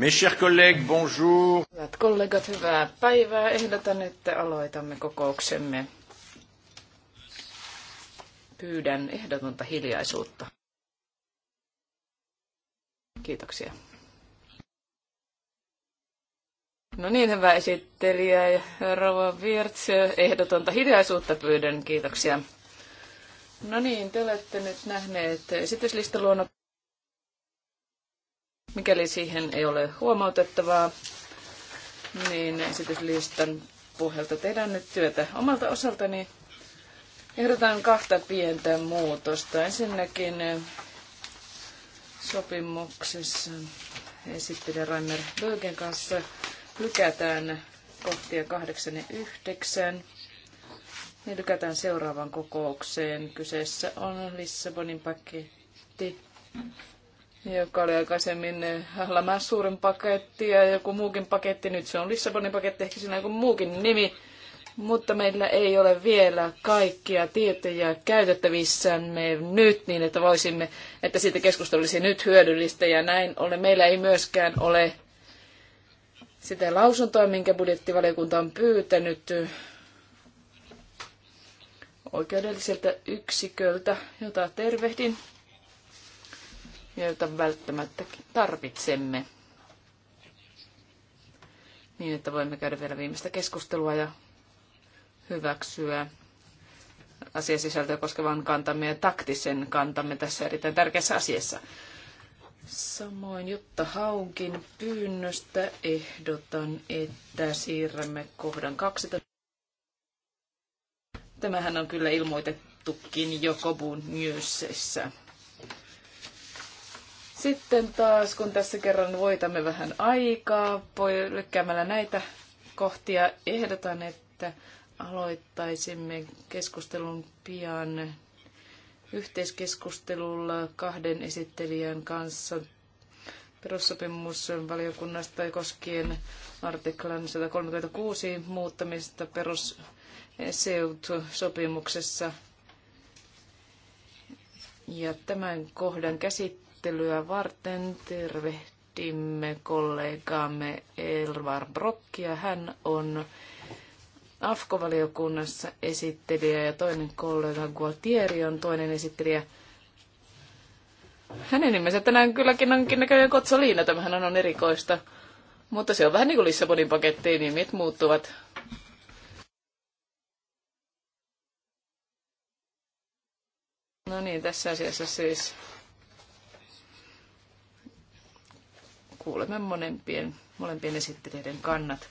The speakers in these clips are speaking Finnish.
Mes chers collègues, bonjour. Hyvät kollegat, hyvää päivää. Ehdotan, että aloitamme kokouksemme. Pyydän ehdotonta hiljaisuutta. Kiitoksia. No niin, hyvä esittelijä ja Rova Virts, ehdotonta hiljaisuutta pyydän, kiitoksia. No niin, te olette nyt nähneet esityslistaluonnoksen. Mikäli siihen ei ole huomautettavaa, niin esityslistan pohjalta tehdään nyt työtä. Omalta osaltani ehdotan kahta pientä muutosta. Ensinnäkin sopimuksessa esittelijä Raimer Bögen kanssa lykätään kohtia 8 ja 9. Ne lykätään seuraavaan kokoukseen. Kyseessä on Lissabonin paketti joka oli aikaisemmin eh, suuren paketti ja joku muukin paketti. Nyt se on Lissabonin paketti, ehkä siinä on joku muukin nimi. Mutta meillä ei ole vielä kaikkia tietoja käytettävissämme nyt niin, että voisimme, että siitä keskustelisi nyt hyödyllistä ja näin ole. Meillä ei myöskään ole sitä lausuntoa, minkä budjettivaliokunta on pyytänyt eh, oikeudelliselta yksiköltä, jota tervehdin joita välttämättä tarvitsemme. Niin, että voimme käydä vielä viimeistä keskustelua ja hyväksyä asiasisältöä koskevan kantamme ja taktisen kantamme tässä erittäin tärkeässä asiassa. Samoin Jutta Haunkin pyynnöstä ehdotan, että siirrämme kohdan 12. Tämähän on kyllä ilmoitettukin jo Kobun newsissa. Sitten taas, kun tässä kerran voitamme vähän aikaa, voi lykkäämällä näitä kohtia, ehdotan, että aloittaisimme keskustelun pian yhteiskeskustelulla kahden esittelijän kanssa perussopimusvaliokunnasta koskien artiklan 136 muuttamista perusseutusopimuksessa. Ja tämän kohdan käsittely esittelyä varten tervehdimme kollegaamme Elvar Brokkia. Hän on AFKO-valiokunnassa esittelijä ja toinen kollega Gualtieri on toinen esittelijä. Hänen nimensä tänään kylläkin onkin näköjään Kotsoliina, tämähän on erikoista. Mutta se on vähän niin kuin Lissabonin pakettiin, nimet muuttuvat. No niin, tässä asiassa siis kuulemme molempien, molempien esittelijöiden kannat.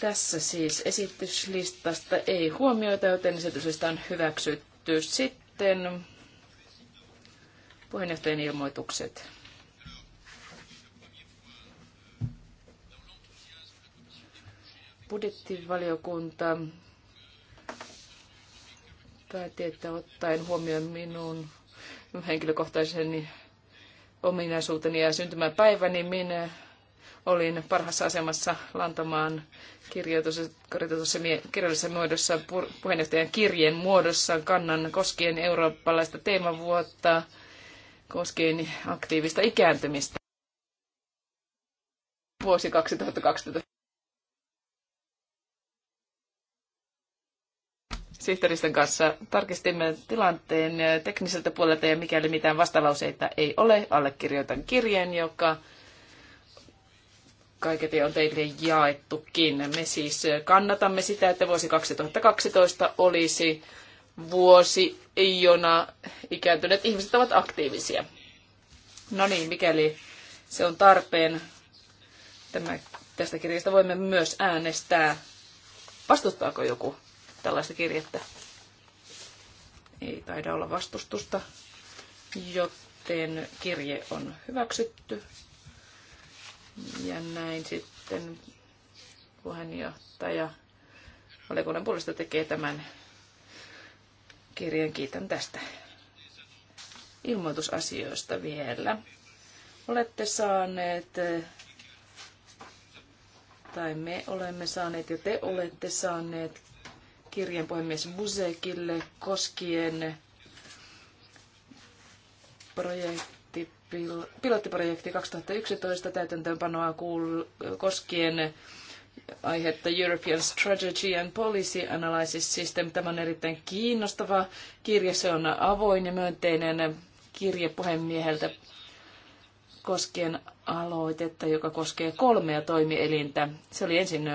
Tässä siis esityslistasta ei huomioita, joten esityslista on hyväksytty. Sitten puheenjohtajan ilmoitukset. Budjettivaliokunta päätti, että ottaen huomioon minun henkilökohtaisen ominaisuuteni ja syntymäpäiväni minä olin parhassa asemassa lantamaan kirjallisessa muodossa, puheenjohtajan kirjeen muodossa kannan koskien eurooppalaista teemavuotta, koskien aktiivista ikääntymistä. Vuosi 2012. sihteeristön kanssa tarkistimme tilanteen tekniseltä puolelta ja mikäli mitään vastalauseita ei ole, allekirjoitan kirjeen, joka kaiketi on teille jaettukin. Me siis kannatamme sitä, että vuosi 2012 olisi vuosi, jona ikääntyneet ihmiset ovat aktiivisia. No niin, mikäli se on tarpeen, tämä, tästä kirjasta voimme myös äänestää. Vastustaako joku? tällaista kirjettä. Ei taida olla vastustusta, joten kirje on hyväksytty. Ja näin sitten puheenjohtaja valiokunnan puolesta tekee tämän kirjeen. Kiitän tästä ilmoitusasioista vielä. Olette saaneet, tai me olemme saaneet ja te olette saaneet kirjeen puhemies Musekille koskien projekti, pilottiprojekti 2011 täytäntöönpanoa kuul, koskien aihetta European Strategy and Policy Analysis System. Tämä on erittäin kiinnostava kirje. Se on avoin ja myönteinen kirje puhemieheltä koskien aloitetta, joka koskee kolmea toimielintä. Se oli ensin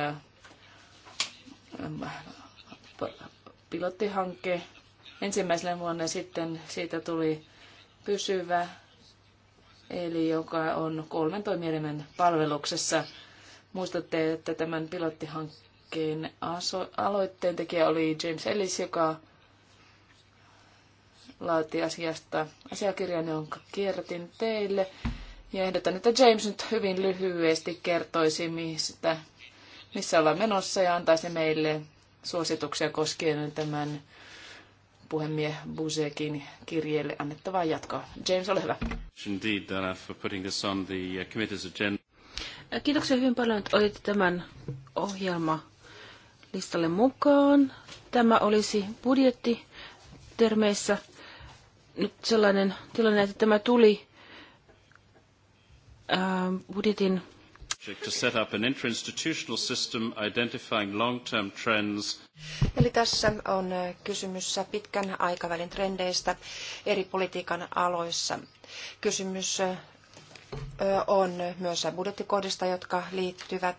pilottihanke ensimmäisellä vuonna sitten siitä tuli pysyvä, eli joka on kolmen toimielimen palveluksessa. Muistatte, että tämän pilottihankkeen aloitteen tekijä oli James Ellis, joka laati asiasta asiakirjan, jonka kierrätin teille. Ja ehdotan, että James nyt hyvin lyhyesti kertoisi, mistä, missä ollaan menossa ja antaisi meille suosituksia koskien tämän puhemie Busekin kirjeelle annettavaa jatkoa. James, ole hyvä. Indeed, Dana, for putting this on the uh, committee's agenda. Kiitoksia hyvin paljon, että otitte tämän ohjelma listalle mukaan. Tämä olisi budjettitermeissä nyt sellainen tilanne, että tämä tuli äh, budjetin to set up an interinstitutional system identifying long-term trends. Eli tässä on kysymys pitkän aikavälin trendeistä eri politiikan aloissa. Kysymys on myös budjettikohdista, jotka liittyvät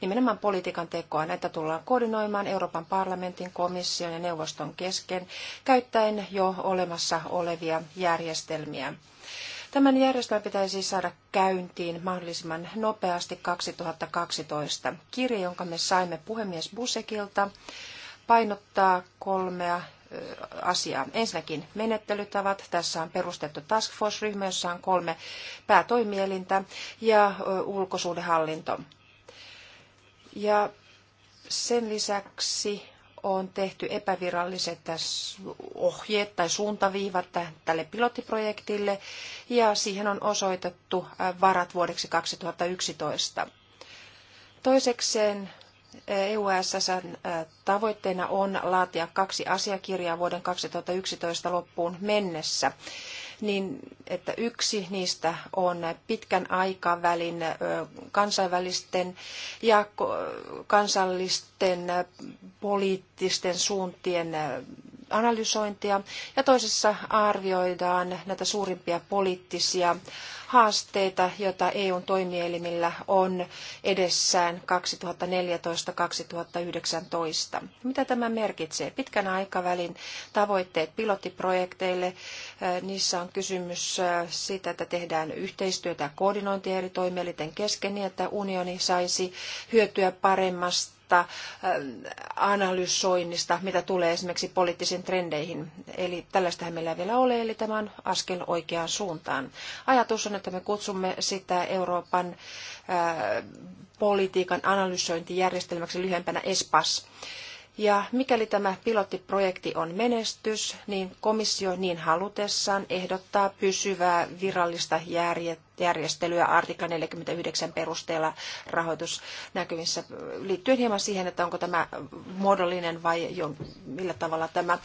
nimenomaan politiikan tekoa. Näitä tullaan koordinoimaan Euroopan parlamentin, komission ja neuvoston kesken käyttäen jo olemassa olevia järjestelmiä. Tämän järjestelmän pitäisi saada käyntiin mahdollisimman nopeasti 2012. Kirje, jonka me saimme puhemies Busekilta, painottaa kolmea asiaa. Ensinnäkin menettelytavat. Tässä on perustettu task force-ryhmä, jossa on kolme päätoimielintä ja ulkosuudenhallinto. Ja sen lisäksi on tehty epäviralliset ohjeet tai suuntaviivat tälle pilottiprojektille ja siihen on osoitettu varat vuodeksi 2011. Toisekseen EUSSn eh, e eh, tavoitteena on laatia kaksi asiakirjaa vuoden 2011 loppuun mennessä niin että yksi niistä on pitkän aikavälin kansainvälisten ja kansallisten poliittisten suuntien analysointia ja toisessa arvioidaan näitä suurimpia poliittisia haasteita, joita EUn toimielimillä on edessään 2014-2019. Mitä tämä merkitsee? Pitkän aikavälin tavoitteet pilottiprojekteille, äh, niissä on kysymys äh, siitä, että tehdään yhteistyötä ja koordinointia eri toimielinten kesken niin, että unioni saisi hyötyä paremmasta tarkasta äh, analysoinnista, mitä tulee esimerkiksi poliittisiin trendeihin. Eli tällaistähän meillä ei vielä ole, eli tämä on askel oikeaan suuntaan. Ajatus on, että me kutsumme sitä Euroopan äh, politiikan analysointijärjestelmäksi lyhyempänä ESPAS. Ja mikäli tämä pilottiprojekti on menestys, niin komissio niin halutessaan ehdottaa pysyvää virallista järjestelyä artikla 49 perusteella rahoitusnäkymissä liittyen hieman siihen, että onko tämä muodollinen vai jo, millä tavalla tämä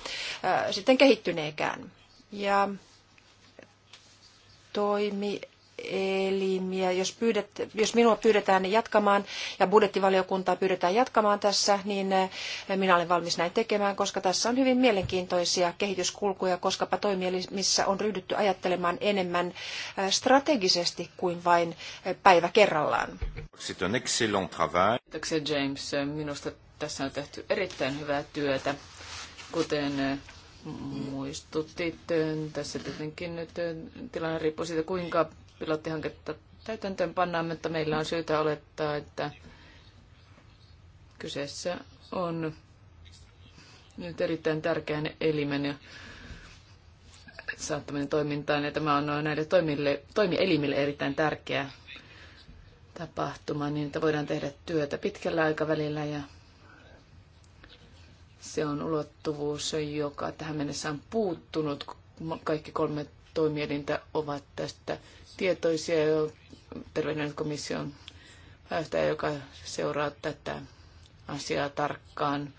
sitten kehittyneekään. Ja toimi elimiä. Jos, pyydet, jos minua pyydetään jatkamaan ja budjettivaliokuntaa pyydetään jatkamaan tässä, niin eh, minä olen valmis näin tekemään, koska tässä on hyvin mielenkiintoisia kehityskulkuja, koskapa toimielimissä on ryhdytty ajattelemaan enemmän eh, strategisesti kuin vain eh, päivä kerrallaan. Kiitoksia James. Minusta tässä on tehty erittäin hyvää työtä, kuten muistutit. Tässä tietenkin nyt tilanne riippuu siitä, kuinka pilottihanketta täytäntöön pannaan, mutta meillä on syytä olettaa, että kyseessä on nyt erittäin tärkeän elimen ja saattaminen toimintaan, ja tämä on näille toimille, toimielimille erittäin tärkeä tapahtuma, niin että voidaan tehdä työtä pitkällä aikavälillä, ja se on ulottuvuus, joka tähän mennessä on puuttunut. Kaikki kolme toimielintä ovat tästä tietoisia terveydenkomission päättäjä, joka seuraa tätä asiaa tarkkaan.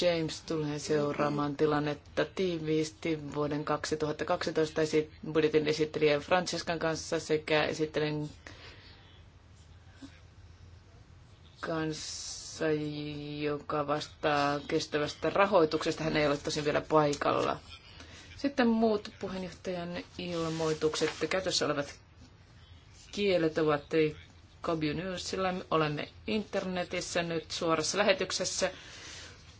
James tulee seuraamaan tilannetta tiiviisti vuoden 2012 budjetin esittelijän Franciscan kanssa sekä esittelen kanssa, joka vastaa kestävästä rahoituksesta. Hän ei ole tosin vielä paikalla. Sitten muut puheenjohtajan ilmoitukset. Käytössä olevat kielet ovat Kobu Newsilla. Olemme internetissä nyt suorassa lähetyksessä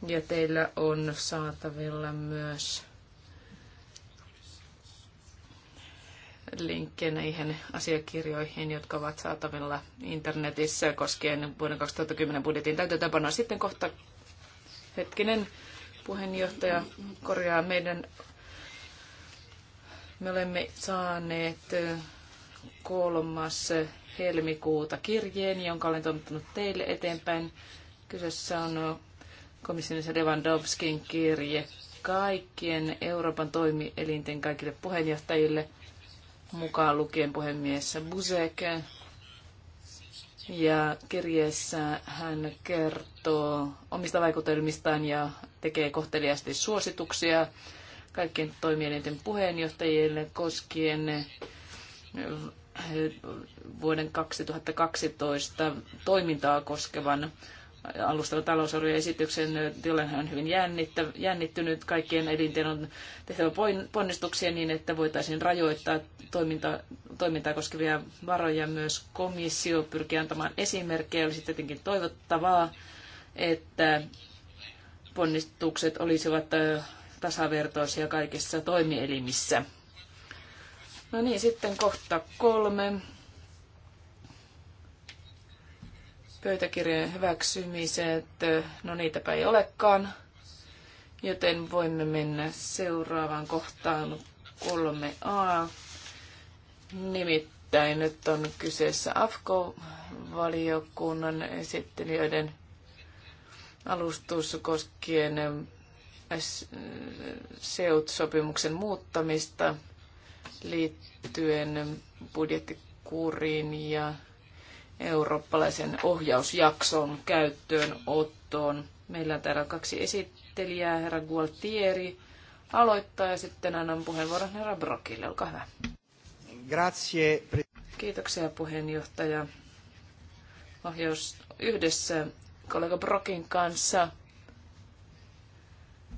ja teillä on saatavilla myös linkkejä näihin asiakirjoihin, jotka ovat saatavilla internetissä koskien vuoden 2010 budjetin täytäntöönpanoa. Sitten kohta hetkinen puheenjohtaja korjaa meidän me olemme saaneet kolmas helmikuuta kirjeen, jonka olen toimittanut teille eteenpäin. Kyseessä on komissionissa Lewandowskin kirje kaikkien Euroopan toimielinten kaikille puheenjohtajille, mukaan lukien puhemies Buzek. Ja kirjeessä hän kertoo omista vaikutelmistaan ja tekee kohteliaasti suosituksia kaikkien toimielinten puheenjohtajille koskien eh, vuoden 2012 toimintaa koskevan alustava talousarvioesityksen. Tilanne on hyvin jännittä, jännittynyt. Kaikkien elinten on tehtävä ponnistuksia niin, että voitaisiin rajoittaa toiminta, toimintaa koskevia varoja. Myös komissio pyrkii antamaan esimerkkejä. Olisi tietenkin toivottavaa, että ponnistukset olisivat eh, tasavertoisia kaikissa toimielimissä. No niin, sitten kohta kolme. Pöytäkirjojen hyväksymiset, no niitäpä ei olekaan, joten voimme mennä seuraavaan kohtaan 3a. Nimittäin nyt on kyseessä AFKO-valiokunnan esittelijöiden alustus koskien SEUT-sopimuksen muuttamista liittyen budjettikuriin ja eurooppalaisen ohjausjakson käyttöönottoon. Meillä on täällä kaksi esittelijää, herra Gualtieri aloittaa ja sitten annan puheenvuoron herra Brokille. Olkaa hyvä. Grazie. Kiitoksia puheenjohtaja. Ohjaus yhdessä kollega Brokin kanssa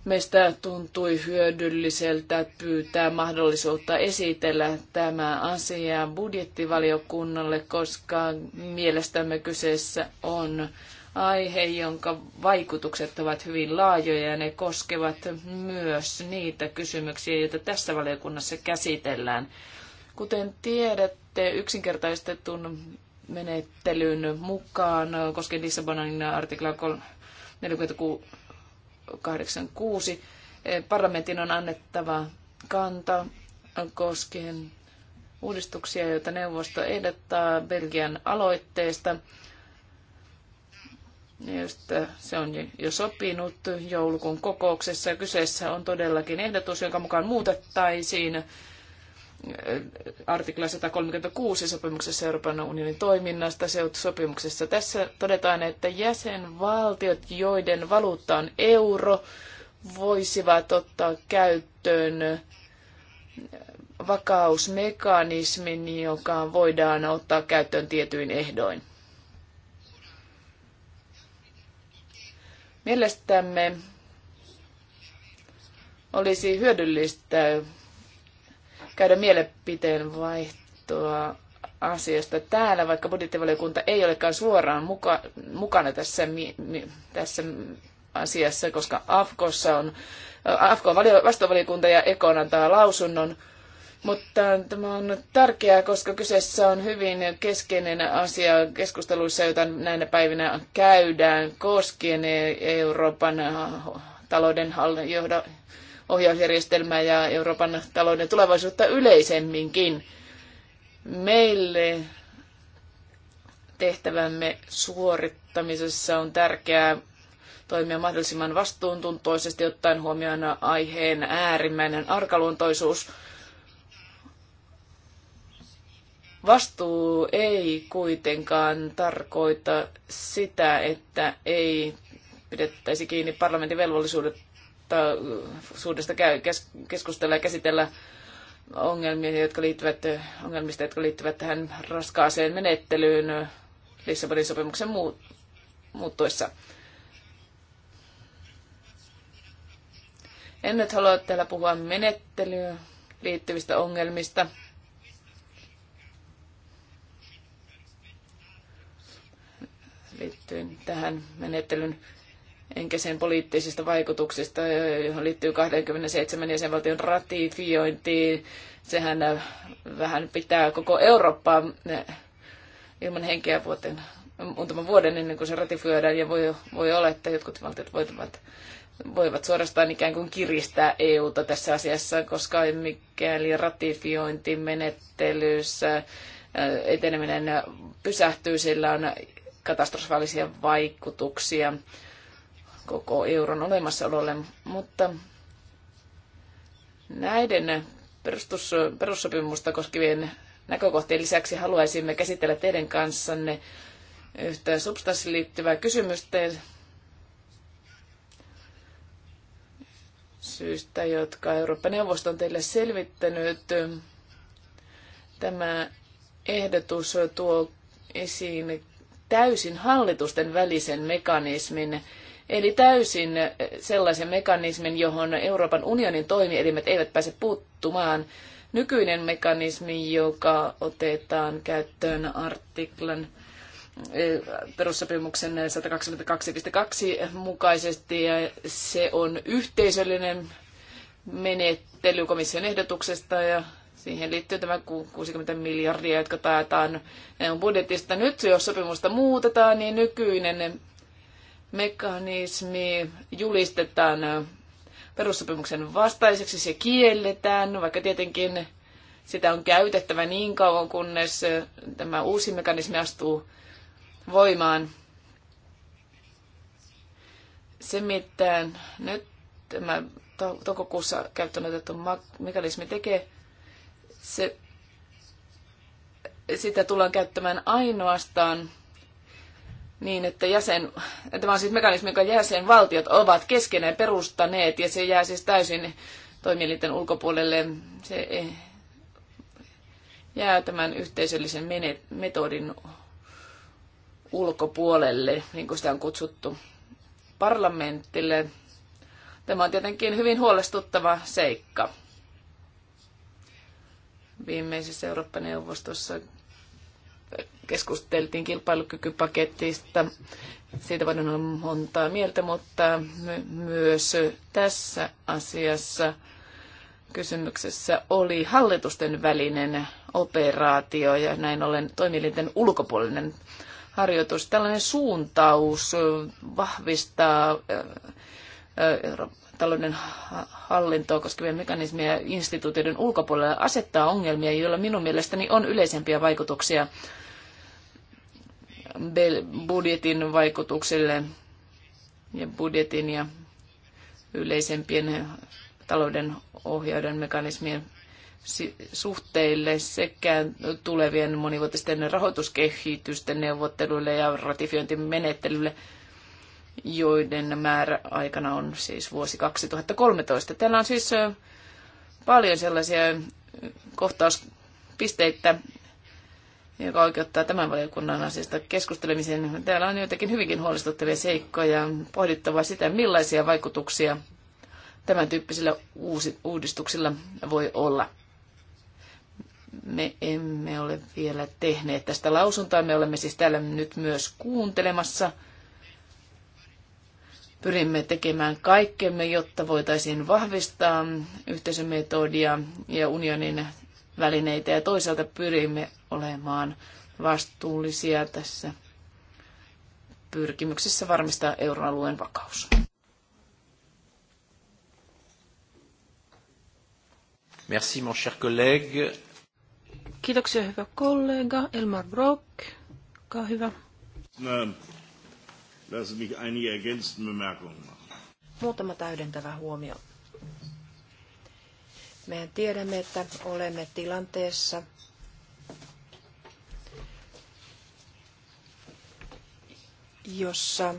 Meistä tuntui hyödylliseltä pyytää mahdollisuutta esitellä tämä asia budjettivaliokunnalle, koska mielestämme kyseessä on aihe, jonka vaikutukset ovat hyvin laajoja ja ne koskevat myös niitä kysymyksiä, joita tässä valiokunnassa käsitellään. Kuten tiedätte, yksinkertaistetun menettelyn mukaan koskien Lissabonin artikla 46 86. Parlamentin on annettava kanta koskien uudistuksia, joita neuvosto ehdottaa Belgian aloitteesta, josta se on jo sopinut joulukuun kokouksessa. Kyseessä on todellakin ehdotus, jonka mukaan muutettaisiin artikla 136 sopimuksessa Euroopan unionin toiminnasta sopimuksessa. Tässä todetaan, että jäsenvaltiot, joiden valuutta on euro, voisivat ottaa käyttöön vakausmekanismin, joka voidaan ottaa käyttöön tietyin ehdoin. Mielestämme olisi hyödyllistä käydä mielipiteen vaihtoa asiasta täällä, vaikka budjettivaliokunta ei olekaan suoraan muka, mukana tässä, mi, mi, tässä asiassa, koska AFKossa on, AFKon vastuuvaliokunta ja Ekon antaa lausunnon, mutta tämä on tärkeää, koska kyseessä on hyvin keskeinen asia keskusteluissa, joita näinä päivinä käydään koskien Euroopan talouden ohjausjärjestelmää ja Euroopan talouden tulevaisuutta yleisemminkin. Meille tehtävämme suorittamisessa on tärkeää toimia mahdollisimman vastuuntuntoisesti ottaen huomioon aiheen äärimmäinen arkaluontoisuus. Vastuu ei kuitenkaan tarkoita sitä, että ei pidettäisi kiinni parlamentin velvollisuudet, Äh, suudesta käy, keskustella ja käsitellä ongelmia, jotka liittyvät, äh, ongelmista, jotka liittyvät tähän raskaaseen menettelyyn äh, Lissabonin sopimuksen muuttuessa. En nyt halua täällä puhua menettelyyn liittyvistä ongelmista. Liittyen tähän menettelyn enkä sen poliittisista vaikutuksista, johon liittyy 27 jäsenvaltion ratifiointiin. Sehän äh, vähän pitää koko Eurooppaa äh, ilman henkeä vuoteen, muutaman vuoden ennen kuin se ratifioidaan, ja voi, voi olla, että jotkut valtiot voivat, voivat suorastaan ikään kuin kiristää EUta tässä asiassa, koska ei mikäli ratifiointimenettelyssä äh, eteneminen pysähtyy, sillä on katastrofaalisia vaikutuksia koko euron olemassaololle, mutta näiden perustus, perussopimusta koskevien näkökohtien lisäksi haluaisimme käsitellä teidän kanssanne yhtä substanssiin liittyvää kysymystä syystä, jotka Euroopan neuvosto on teille selvittänyt. Tämä ehdotus tuo esiin täysin hallitusten välisen mekanismin Eli täysin sellaisen mekanismin, johon Euroopan unionin toimielimet eivät pääse puuttumaan. Nykyinen mekanismi, joka otetaan käyttöön artiklan eh, perussopimuksen 122.2 mukaisesti, ja se on yhteisöllinen menettely komission ehdotuksesta ja siihen liittyy tämä 60 miljardia, jotka taataan budjetista. Nyt jos sopimusta muutetaan, niin nykyinen mekanismi julistetaan perussopimuksen vastaiseksi, se kielletään, vaikka tietenkin sitä on käytettävä niin kauan, kunnes tämä uusi mekanismi astuu voimaan. Se, mitä nyt tämä toukokuussa käyttöön otettu mekanismi tekee, se, sitä tullaan käyttämään ainoastaan niin, että jäsen, tämä on siis mekanismi, jonka jäsenvaltiot ovat keskenään perustaneet ja se jää siis täysin toimielinten ulkopuolelle. Se eh, jää tämän yhteisöllisen metodin ulkopuolelle, niin kuin sitä on kutsuttu parlamentille. Tämä on tietenkin hyvin huolestuttava seikka. Viimeisessä Eurooppa-neuvostossa keskusteltiin kilpailukykypaketista. Siitä voidaan olla montaa mieltä, mutta my- myös tässä asiassa kysymyksessä oli hallitusten välinen operaatio ja näin ollen toimielinten ulkopuolinen harjoitus. Tällainen suuntaus vahvistaa talouden hallintoa koskevia mekanismeja instituutioiden ulkopuolella asettaa ongelmia, joilla minun mielestäni on yleisempiä vaikutuksia budjetin vaikutuksille ja budjetin ja yleisempien talouden ohjauden mekanismien suhteille sekä tulevien monivuotisten rahoituskehitysten neuvotteluille ja ratifiointimenettelylle, joiden määrä aikana on siis vuosi 2013. Täällä on siis paljon sellaisia kohtauspisteitä, joka oikeuttaa tämän valiokunnan asiasta keskustelemisen. Täällä on joitakin hyvinkin huolestuttavia seikkoja. Pohdittava sitä, millaisia vaikutuksia tämän tyyppisillä uusi, uudistuksilla voi olla. Me emme ole vielä tehneet tästä lausuntoa. Me olemme siis täällä nyt myös kuuntelemassa. Pyrimme tekemään kaikkemme, jotta voitaisiin vahvistaa yhteisömetodia ja unionin välineitä ja toisaalta pyrimme olemaan vastuullisia tässä pyrkimyksessä varmistaa euroalueen vakaus. Merci, mon cher collègue. Kiitoksia, hyvä kollega. Elmar Brock, olkaa hyvä. No, lass mich einige ergänzende Bemerkungen machen. Muutama täydentävä huomio. Me tiedämme, että olemme tilanteessa, jossa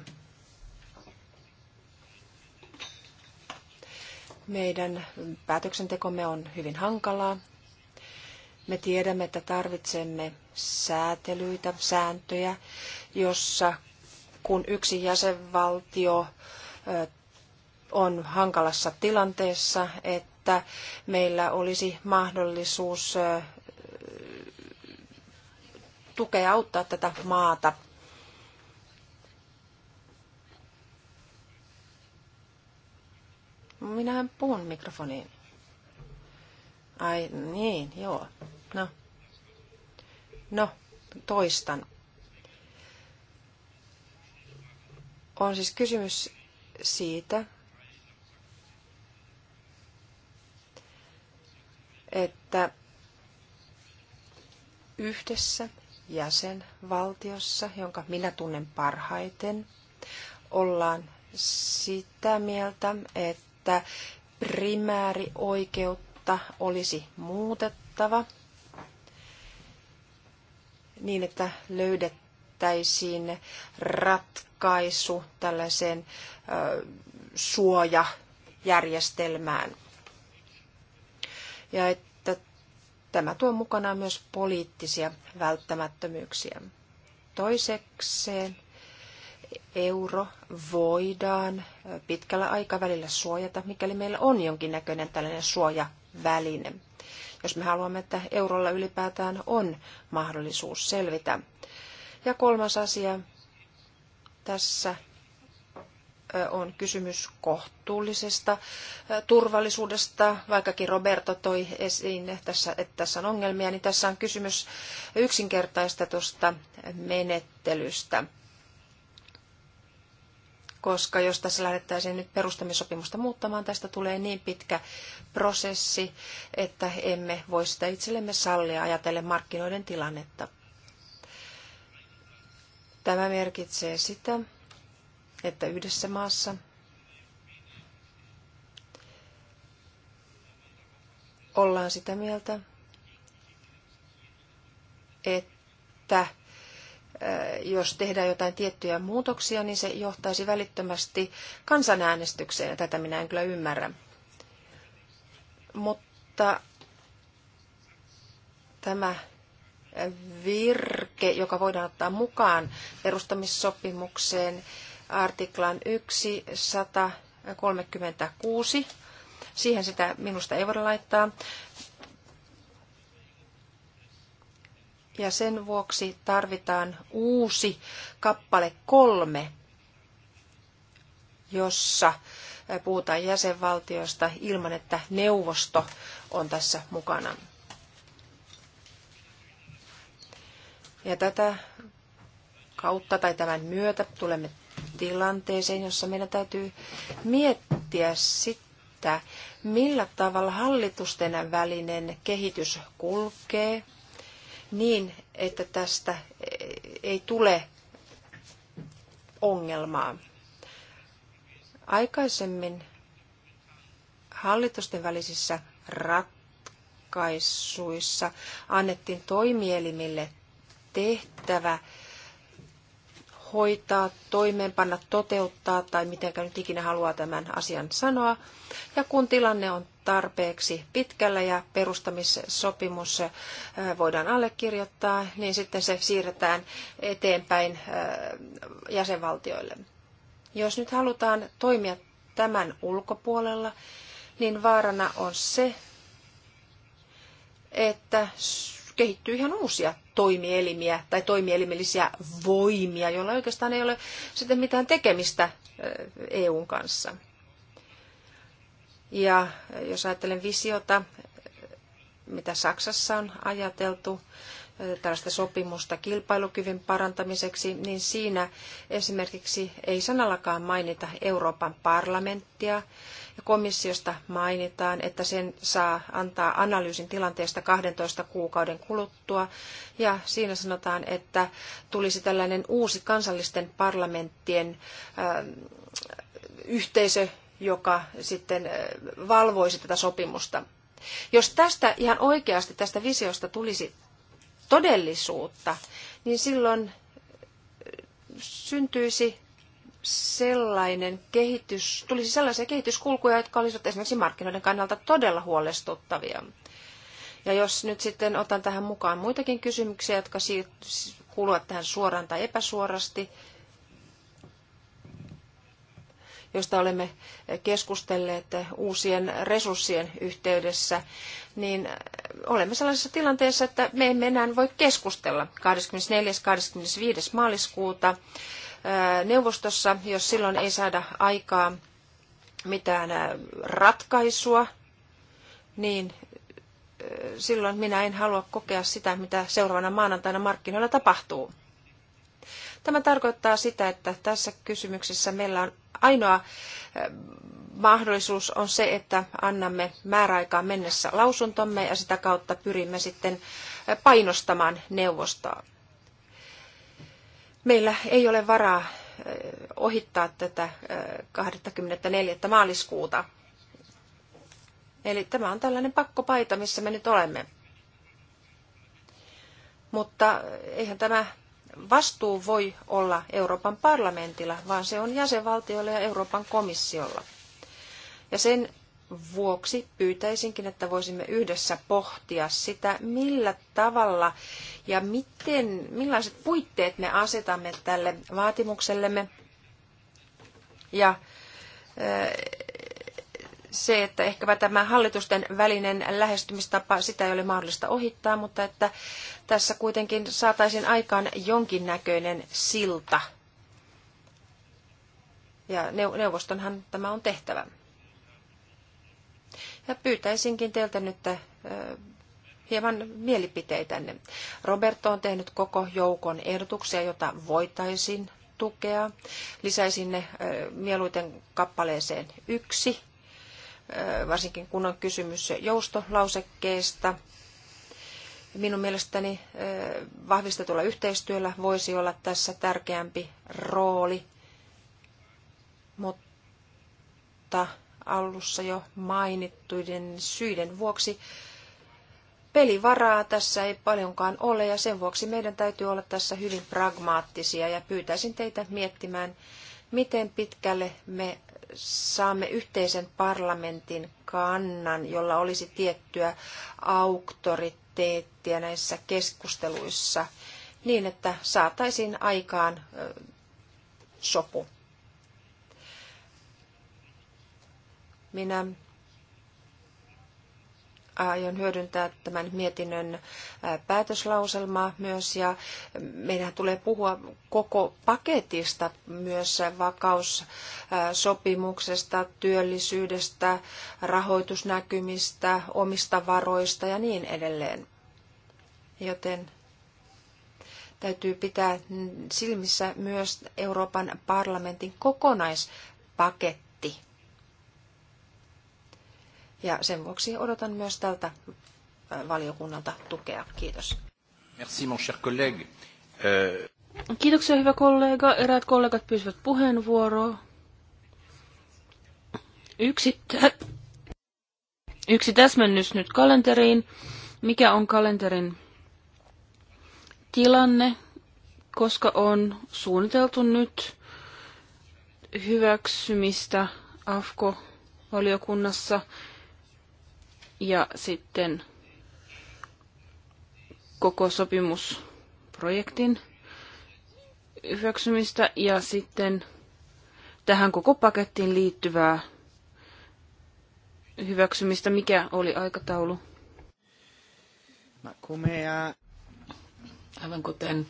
meidän päätöksentekomme on hyvin hankalaa. Me tiedämme, että tarvitsemme säätelyitä, sääntöjä, jossa kun yksi jäsenvaltio on hankalassa tilanteessa, että meillä olisi mahdollisuus tukea auttaa tätä maata Minähän puhun mikrofoniin. Ai niin, joo. No. No, toistan. On siis kysymys siitä, että yhdessä jäsenvaltiossa, jonka minä tunnen parhaiten, ollaan sitä mieltä, että että primäärioikeutta olisi muutettava niin, että löydettäisiin ratkaisu tällaiseen ö, suojajärjestelmään. Ja että tämä tuo mukanaan myös poliittisia välttämättömyyksiä. Toisekseen euro voidaan pitkällä aikavälillä suojata, mikäli meillä on jonkinnäköinen tällainen suojaväline. Jos me haluamme, että eurolla ylipäätään on mahdollisuus selvitä. Ja kolmas asia tässä on kysymys kohtuullisesta turvallisuudesta. Vaikkakin Roberto toi esiin, että tässä on ongelmia, niin tässä on kysymys yksinkertaistetusta menettelystä koska jos tässä lähdettäisiin nyt perustamissopimusta muuttamaan, tästä tulee niin pitkä prosessi, että emme voi sitä itsellemme sallia ajatellen markkinoiden tilannetta. Tämä merkitsee sitä, että yhdessä maassa ollaan sitä mieltä, että jos tehdään jotain tiettyjä muutoksia, niin se johtaisi välittömästi kansanäänestykseen, ja tätä minä en kyllä ymmärrä. Mutta tämä virke, joka voidaan ottaa mukaan perustamissopimukseen, artiklan 1, 136, siihen sitä minusta ei voida laittaa. ja sen vuoksi tarvitaan uusi kappale kolme, jossa puhutaan jäsenvaltiosta ilman, että neuvosto on tässä mukana. Ja tätä kautta tai tämän myötä tulemme tilanteeseen, jossa meidän täytyy miettiä sitä, millä tavalla hallitusten välinen kehitys kulkee – niin, että tästä ei tule ongelmaa. Aikaisemmin hallitusten välisissä ratkaisuissa annettiin toimielimille tehtävä hoitaa, toimeenpanna, toteuttaa tai miten nyt ikinä haluaa tämän asian sanoa. Ja kun tilanne on tarpeeksi pitkällä ja perustamissopimus äh, voidaan allekirjoittaa, niin sitten se siirretään eteenpäin äh, jäsenvaltioille. Jos nyt halutaan toimia tämän ulkopuolella, niin vaarana on se, että kehittyy ihan uusia toimielimiä tai toimielimellisiä voimia, joilla oikeastaan ei ole sitten mitään tekemistä äh, EUn kanssa. Ja jos ajattelen visiota, mitä Saksassa on ajateltu, tällaista sopimusta kilpailukyvyn parantamiseksi, niin siinä esimerkiksi ei sanallakaan mainita Euroopan parlamenttia. Ja komissiosta mainitaan, että sen saa antaa analyysin tilanteesta 12 kuukauden kuluttua. Ja siinä sanotaan, että tulisi tällainen uusi kansallisten parlamenttien yhteisö, joka sitten valvoisi tätä sopimusta. Jos tästä ihan oikeasti, tästä visiosta tulisi todellisuutta, niin silloin syntyisi sellainen kehitys, tulisi sellaisia kehityskulkuja, jotka olisivat esimerkiksi markkinoiden kannalta todella huolestuttavia. Ja jos nyt sitten otan tähän mukaan muitakin kysymyksiä, jotka kuuluvat tähän suoraan tai epäsuorasti, josta olemme keskustelleet uusien resurssien yhteydessä, niin olemme sellaisessa tilanteessa, että me emme enää voi keskustella 24. 25. maaliskuuta neuvostossa, jos silloin ei saada aikaa mitään ratkaisua, niin silloin minä en halua kokea sitä, mitä seuraavana maanantaina markkinoilla tapahtuu. Tämä tarkoittaa sitä, että tässä kysymyksessä meillä on ainoa äh, mahdollisuus on se, että annamme määräaikaan mennessä lausuntomme ja sitä kautta pyrimme sitten äh, painostamaan neuvostoa. Meillä ei ole varaa äh, ohittaa tätä 24. maaliskuuta. Eli tämä on tällainen pakkopaita, missä me nyt olemme. Mutta eihän tämä vastuu voi olla Euroopan parlamentilla, vaan se on jäsenvaltioilla ja Euroopan komissiolla. Ja sen vuoksi pyytäisinkin, että voisimme yhdessä pohtia sitä, millä tavalla ja miten, millaiset puitteet me asetamme tälle vaatimuksellemme ja se, että ehkäpä tämä hallitusten välinen lähestymistapa, sitä ei ole mahdollista ohittaa, mutta että tässä kuitenkin saataisiin aikaan jonkinnäköinen silta. Ja neuvostonhan tämä on tehtävä. Ja pyytäisinkin teiltä nyt hieman mielipiteitänne. Roberto on tehnyt koko joukon ehdotuksia, jota voitaisiin tukea. Lisäisin ne mieluiten kappaleeseen yksi varsinkin kun on kysymys joustolausekkeesta. Minun mielestäni vahvistetulla yhteistyöllä voisi olla tässä tärkeämpi rooli, mutta alussa jo mainittuiden syiden vuoksi pelivaraa tässä ei paljonkaan ole ja sen vuoksi meidän täytyy olla tässä hyvin pragmaattisia ja pyytäisin teitä miettimään, miten pitkälle me saamme yhteisen parlamentin kannan, jolla olisi tiettyä auktoriteettia näissä keskusteluissa, niin että saataisiin aikaan sopu. Minä aion hyödyntää tämän mietinnön päätöslauselmaa myös ja meidän tulee puhua koko paketista myös vakaussopimuksesta, työllisyydestä, rahoitusnäkymistä, omista varoista ja niin edelleen. Joten täytyy pitää silmissä myös Euroopan parlamentin kokonaispaketti. Ja sen vuoksi odotan myös tältä valiokunnalta tukea. Kiitos. Merci, mon cher collègue. Euh, Kiitoksia, hyvä kollega. Eräät kollegat pyysivät puheenvuoroa. Yksi, tä- yksi täsmennys nyt kalenteriin. Mikä on kalenterin tilanne, koska on suunniteltu nyt hyväksymistä AFKO-valiokunnassa ja sitten koko sopimusprojektin hyväksymistä ja sitten tähän koko pakettiin liittyvää hyväksymistä. Mikä oli aikataulu? Makumea. Aivan kuten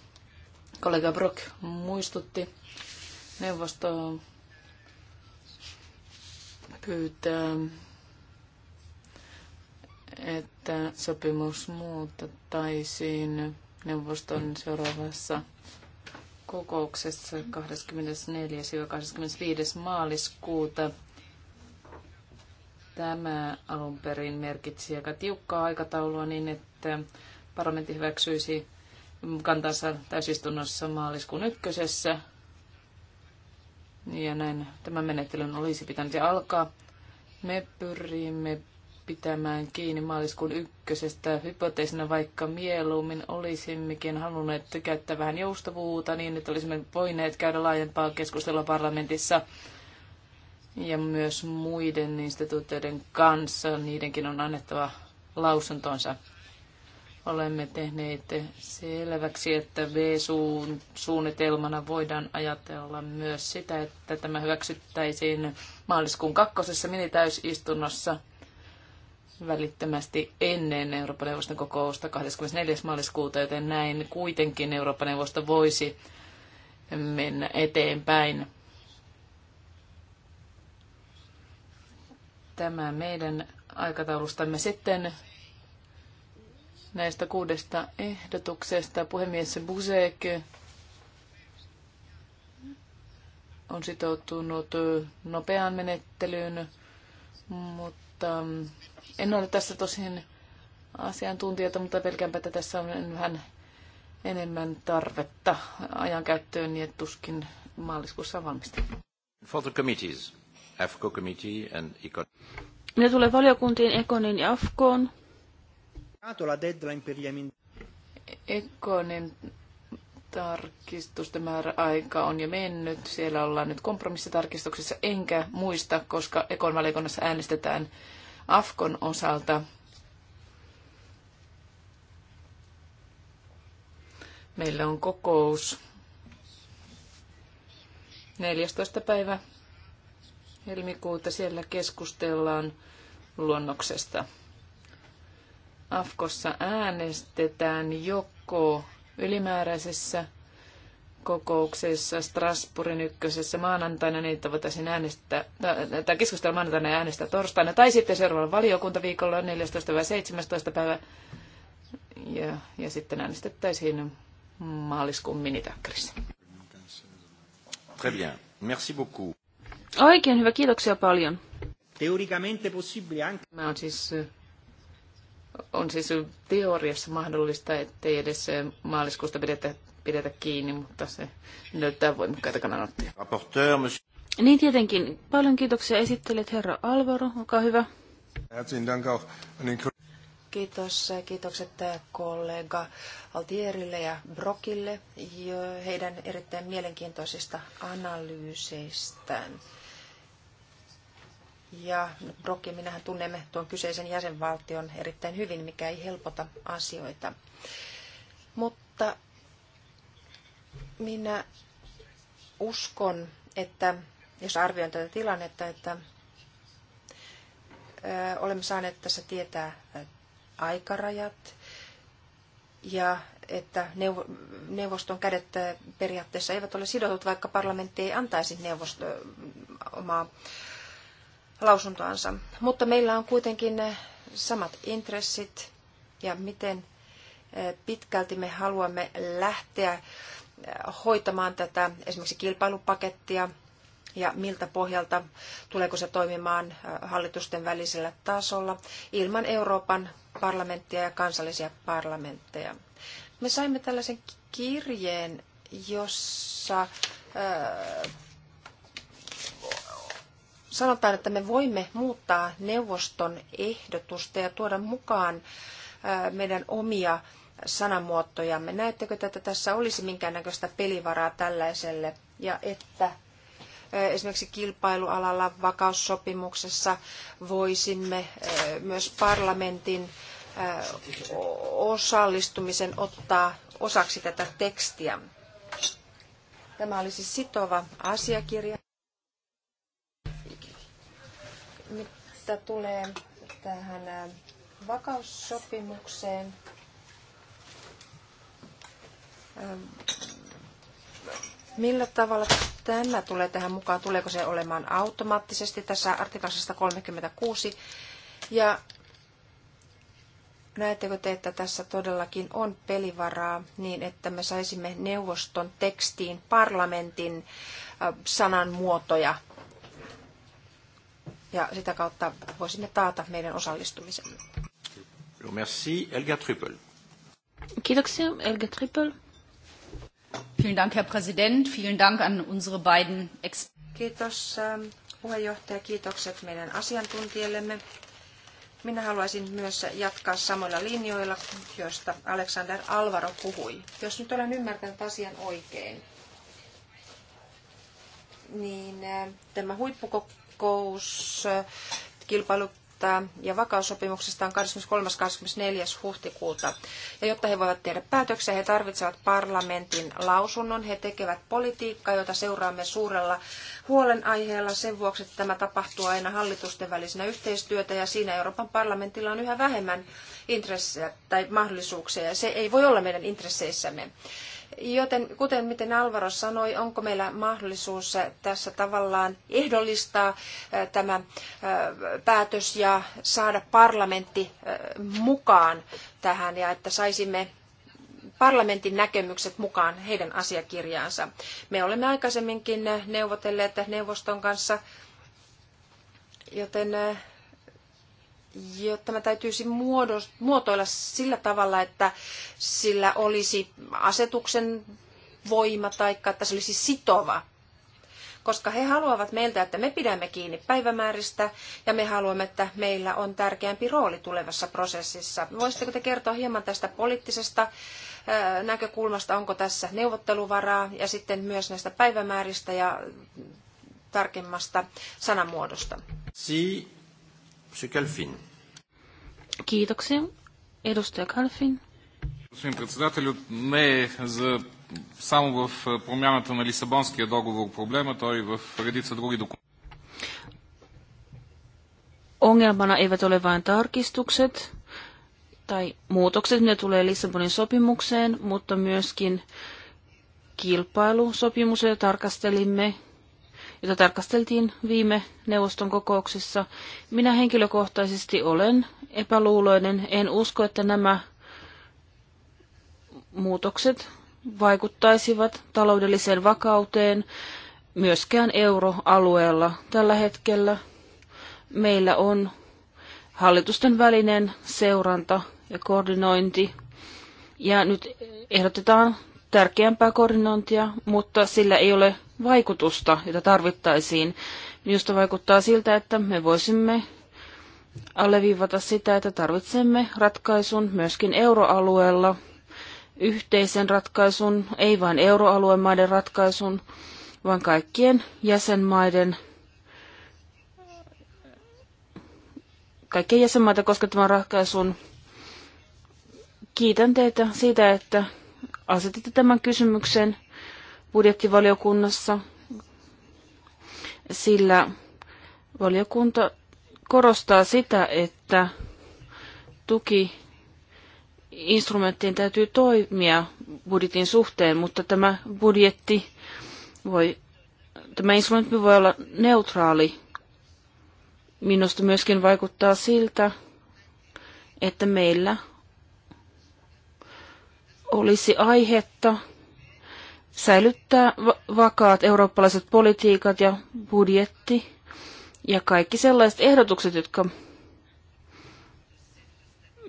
kollega Brock muistutti, neuvosto pyytää että sopimus muutettaisiin neuvoston seuraavassa kokouksessa 24-25. maaliskuuta. Tämä alun perin merkitsi aika tiukkaa aikataulua niin, että parlamentti hyväksyisi kantansa täysistunnossa maaliskuun ykkösessä. Ja näin tämän menettelyn olisi pitänyt alkaa. Me pyrimme pitämään kiinni maaliskuun ykkösestä hypoteesina, vaikka mieluummin olisimmekin halunneet käyttää vähän joustavuutta niin, että olisimme voineet käydä laajempaa keskustelua parlamentissa ja myös muiden instituutioiden kanssa. Niidenkin on annettava lausuntonsa. Olemme tehneet selväksi, että v suunnitelmana voidaan ajatella myös sitä, että tämä hyväksyttäisiin maaliskuun kakkosessa minitäysistunnossa – välittömästi ennen Euroopan neuvoston kokousta 24. maaliskuuta, joten näin kuitenkin Euroopan neuvosto voisi mennä eteenpäin. Tämä meidän aikataulustamme sitten näistä kuudesta ehdotuksesta. Puhemies Busek on sitoutunut nopeaan menettelyyn, mutta mutta ähm, en ole tässä tosin asiantuntijoita, mutta pelkäänpä, että tässä on vähän enemmän tarvetta ajankäyttöön, niin tuskin maaliskuussa on valmista. For the committees, AFCO committee and Ne tulee valiokuntiin Ekonin ja AFCOon. Ekonin tarkistusten määräaika on jo mennyt. Siellä ollaan nyt kompromissitarkistuksessa, enkä muista, koska ekonvalikunnassa äänestetään Afkon osalta. Meillä on kokous 14. päivä helmikuuta. Siellä keskustellaan luonnoksesta. Afkossa äänestetään joko ylimääräisessä kokouksessa Strasbourgin ykkösessä maanantaina, niin että voitaisiin äänestää, äh, tai keskustella maanantaina ja äänestää torstaina, tai sitten seuraavalla valiokuntaviikolla 14. vai 17. päivä, ja, ja sitten äänestettäisiin maaliskuun minitäkkärissä. Très bien. Merci beaucoup. Oikein hyvä, kiitoksia paljon. Teoricamente possibile anche... Tämä on siis on siis teoriassa mahdollista, ettei edes maaliskuusta pidetä, pidetä kiinni, mutta se näyttää voimakkaita kannanottoja. Niin tietenkin. Paljon kiitoksia esittelijät herra Alvaro. Olkaa hyvä. Kiitos. Kiitokset äh, kollega Altierille ja Brokille heidän erittäin mielenkiintoisista analyyseistään. Ja rokki minähän tunnemme tuon kyseisen jäsenvaltion erittäin hyvin, mikä ei helpota asioita. Mutta minä uskon, että jos arvioin tätä tilannetta, että olemme saaneet tässä tietää aikarajat ja että neuvoston kädet periaatteessa eivät ole sidotut, vaikka parlamentti ei antaisi neuvosto omaa lausuntoansa. Mutta meillä on kuitenkin eh, samat intressit ja miten eh, pitkälti me haluamme lähteä eh, hoitamaan tätä esimerkiksi kilpailupakettia ja miltä pohjalta tuleeko se toimimaan hallitusten välisellä tasolla ilman Euroopan parlamenttia ja kansallisia parlamentteja. Me saimme tällaisen kirjeen, jossa sanotaan, että me voimme muuttaa neuvoston ehdotusta ja tuoda mukaan meidän omia sanamuotojamme. Näettekö, että tässä olisi minkäännäköistä pelivaraa tällaiselle ja että esimerkiksi kilpailualalla vakaussopimuksessa voisimme myös parlamentin osallistumisen ottaa osaksi tätä tekstiä. Tämä olisi sitova asiakirja. Mitä tulee tähän äh, vakaussopimukseen, ähm, Millä tavalla tämä tulee tähän mukaan? Tuleeko se olemaan automaattisesti tässä artiklassa 36? Ja näettekö te, että tässä todellakin on pelivaraa niin, että me saisimme neuvoston tekstiin parlamentin äh, sanan muotoja ja sitä kautta voisimme taata meidän osallistumisemme. Merci, Elga Trippel. Kiitoksia, Elga Trippel. Vielen Dank, Herr Präsident. Vielen Dank an unsere beiden Kiitos ähm, puheenjohtaja, kiitokset meidän asiantuntijallemme. Minä haluaisin myös jatkaa samoilla linjoilla, joista Alexander Alvaro puhui. Jos nyt olen ymmärtänyt asian oikein, niin äh, tämä huippukokous kokous äh, kilpailuttaa ja vakaussopimuksesta on 23.24. huhtikuuta. Ja jotta he voivat tehdä päätöksiä, he tarvitsevat parlamentin lausunnon. He tekevät politiikkaa, jota seuraamme suurella huolenaiheella sen vuoksi, että tämä tapahtuu aina hallitusten välisenä yhteistyötä ja siinä Euroopan parlamentilla on yhä vähemmän intressejä tai mahdollisuuksia ja se ei voi olla meidän intresseissämme. Joten kuten miten Alvaro sanoi, onko meillä mahdollisuus tässä tavallaan ehdollistaa tämä päätös ja saada parlamentti mukaan tähän ja että saisimme parlamentin näkemykset mukaan heidän asiakirjaansa. Me olemme aikaisemminkin neuvotelleet neuvoston kanssa, joten tämä täytyisi muodost, muotoilla sillä tavalla, että sillä olisi asetuksen voima tai että se olisi sitova. Koska he haluavat meiltä, että me pidämme kiinni päivämääristä ja me haluamme, että meillä on tärkeämpi rooli tulevassa prosessissa. Voisitteko te kertoa hieman tästä poliittisesta näkökulmasta, onko tässä neuvotteluvaraa ja sitten myös näistä päivämääristä ja tarkemmasta sanamuodosta? Si Kalfin. Kiitoksia. Edustaja Kalfin. Господин председател, не е за само в промяната на Лисабонския договор проблема, той в редица други документи. Ongelmana eivät ole vain tarkistukset tai muutokset, mitä tulee Lissabonin sopimukseen, mutta myöskin kilpailusopimus, jota tarkastelimme jota tarkasteltiin viime neuvoston kokouksessa. Minä henkilökohtaisesti olen epäluuloinen. En usko, että nämä muutokset vaikuttaisivat taloudelliseen vakauteen myöskään euroalueella. Tällä hetkellä meillä on hallitusten välinen seuranta ja koordinointi. Ja nyt ehdotetaan tärkeämpää koordinointia, mutta sillä ei ole vaikutusta, jota tarvittaisiin. Minusta vaikuttaa siltä, että me voisimme alleviivata sitä, että tarvitsemme ratkaisun myöskin euroalueella, yhteisen ratkaisun, ei vain euroalueen maiden ratkaisun, vaan kaikkien jäsenmaiden kaikkien jäsenmaita koskettavan ratkaisun. Kiitän teitä siitä, että asetitte tämän kysymyksen budjettivaliokunnassa, sillä valiokunta korostaa sitä, että tuki instrumenttien täytyy toimia budjetin suhteen, mutta tämä budjetti voi, tämä instrumentti voi olla neutraali. Minusta myöskin vaikuttaa siltä, että meillä olisi aihetta säilyttää vakaat eurooppalaiset politiikat ja budjetti ja kaikki sellaiset ehdotukset, jotka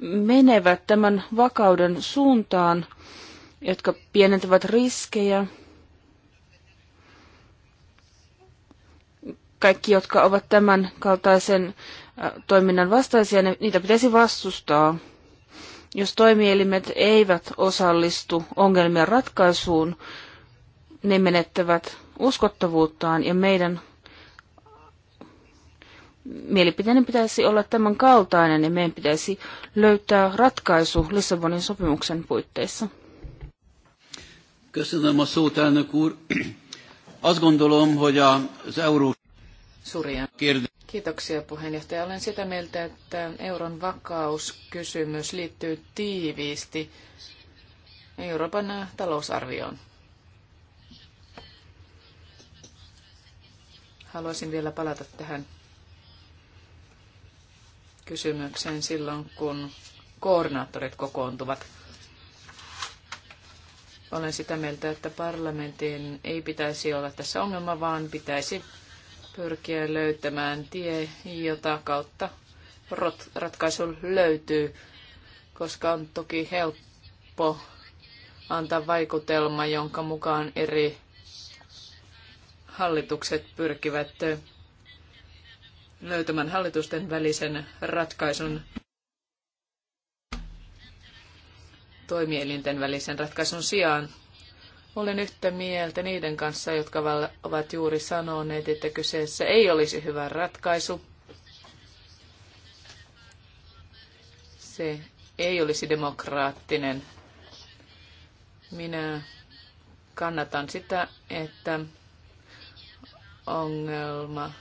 menevät tämän vakauden suuntaan, jotka pienentävät riskejä. Kaikki, jotka ovat tämän kaltaisen toiminnan vastaisia, niitä pitäisi vastustaa. Jos toimielimet eivät osallistu ongelmien ratkaisuun, ne menettävät uskottavuuttaan ja meidän mielipiteinen pitäisi olla tämän kaltainen ja meidän pitäisi löytää ratkaisu Lissabonin sopimuksen puitteissa. Köszönöm a szót, elnök úr. Azt gondolom, hogy az euró... Kiitoksia puheenjohtaja. Olen sitä mieltä, että euron vakauskysymys liittyy tiiviisti Euroopan talousarvioon. Haluaisin vielä palata tähän kysymykseen silloin, kun koordinaattorit kokoontuvat. Olen sitä mieltä, että parlamentin ei pitäisi olla tässä ongelma, vaan pitäisi pyrkiä löytämään tie, jota kautta ratkaisu löytyy, koska on toki helppo antaa vaikutelma, jonka mukaan eri hallitukset pyrkivät löytämään hallitusten välisen ratkaisun toimielinten välisen ratkaisun sijaan. Olen yhtä mieltä niiden kanssa, jotka ovat juuri sanoneet, että kyseessä ei olisi hyvä ratkaisu. Se ei olisi demokraattinen. Minä kannatan sitä, että ongelma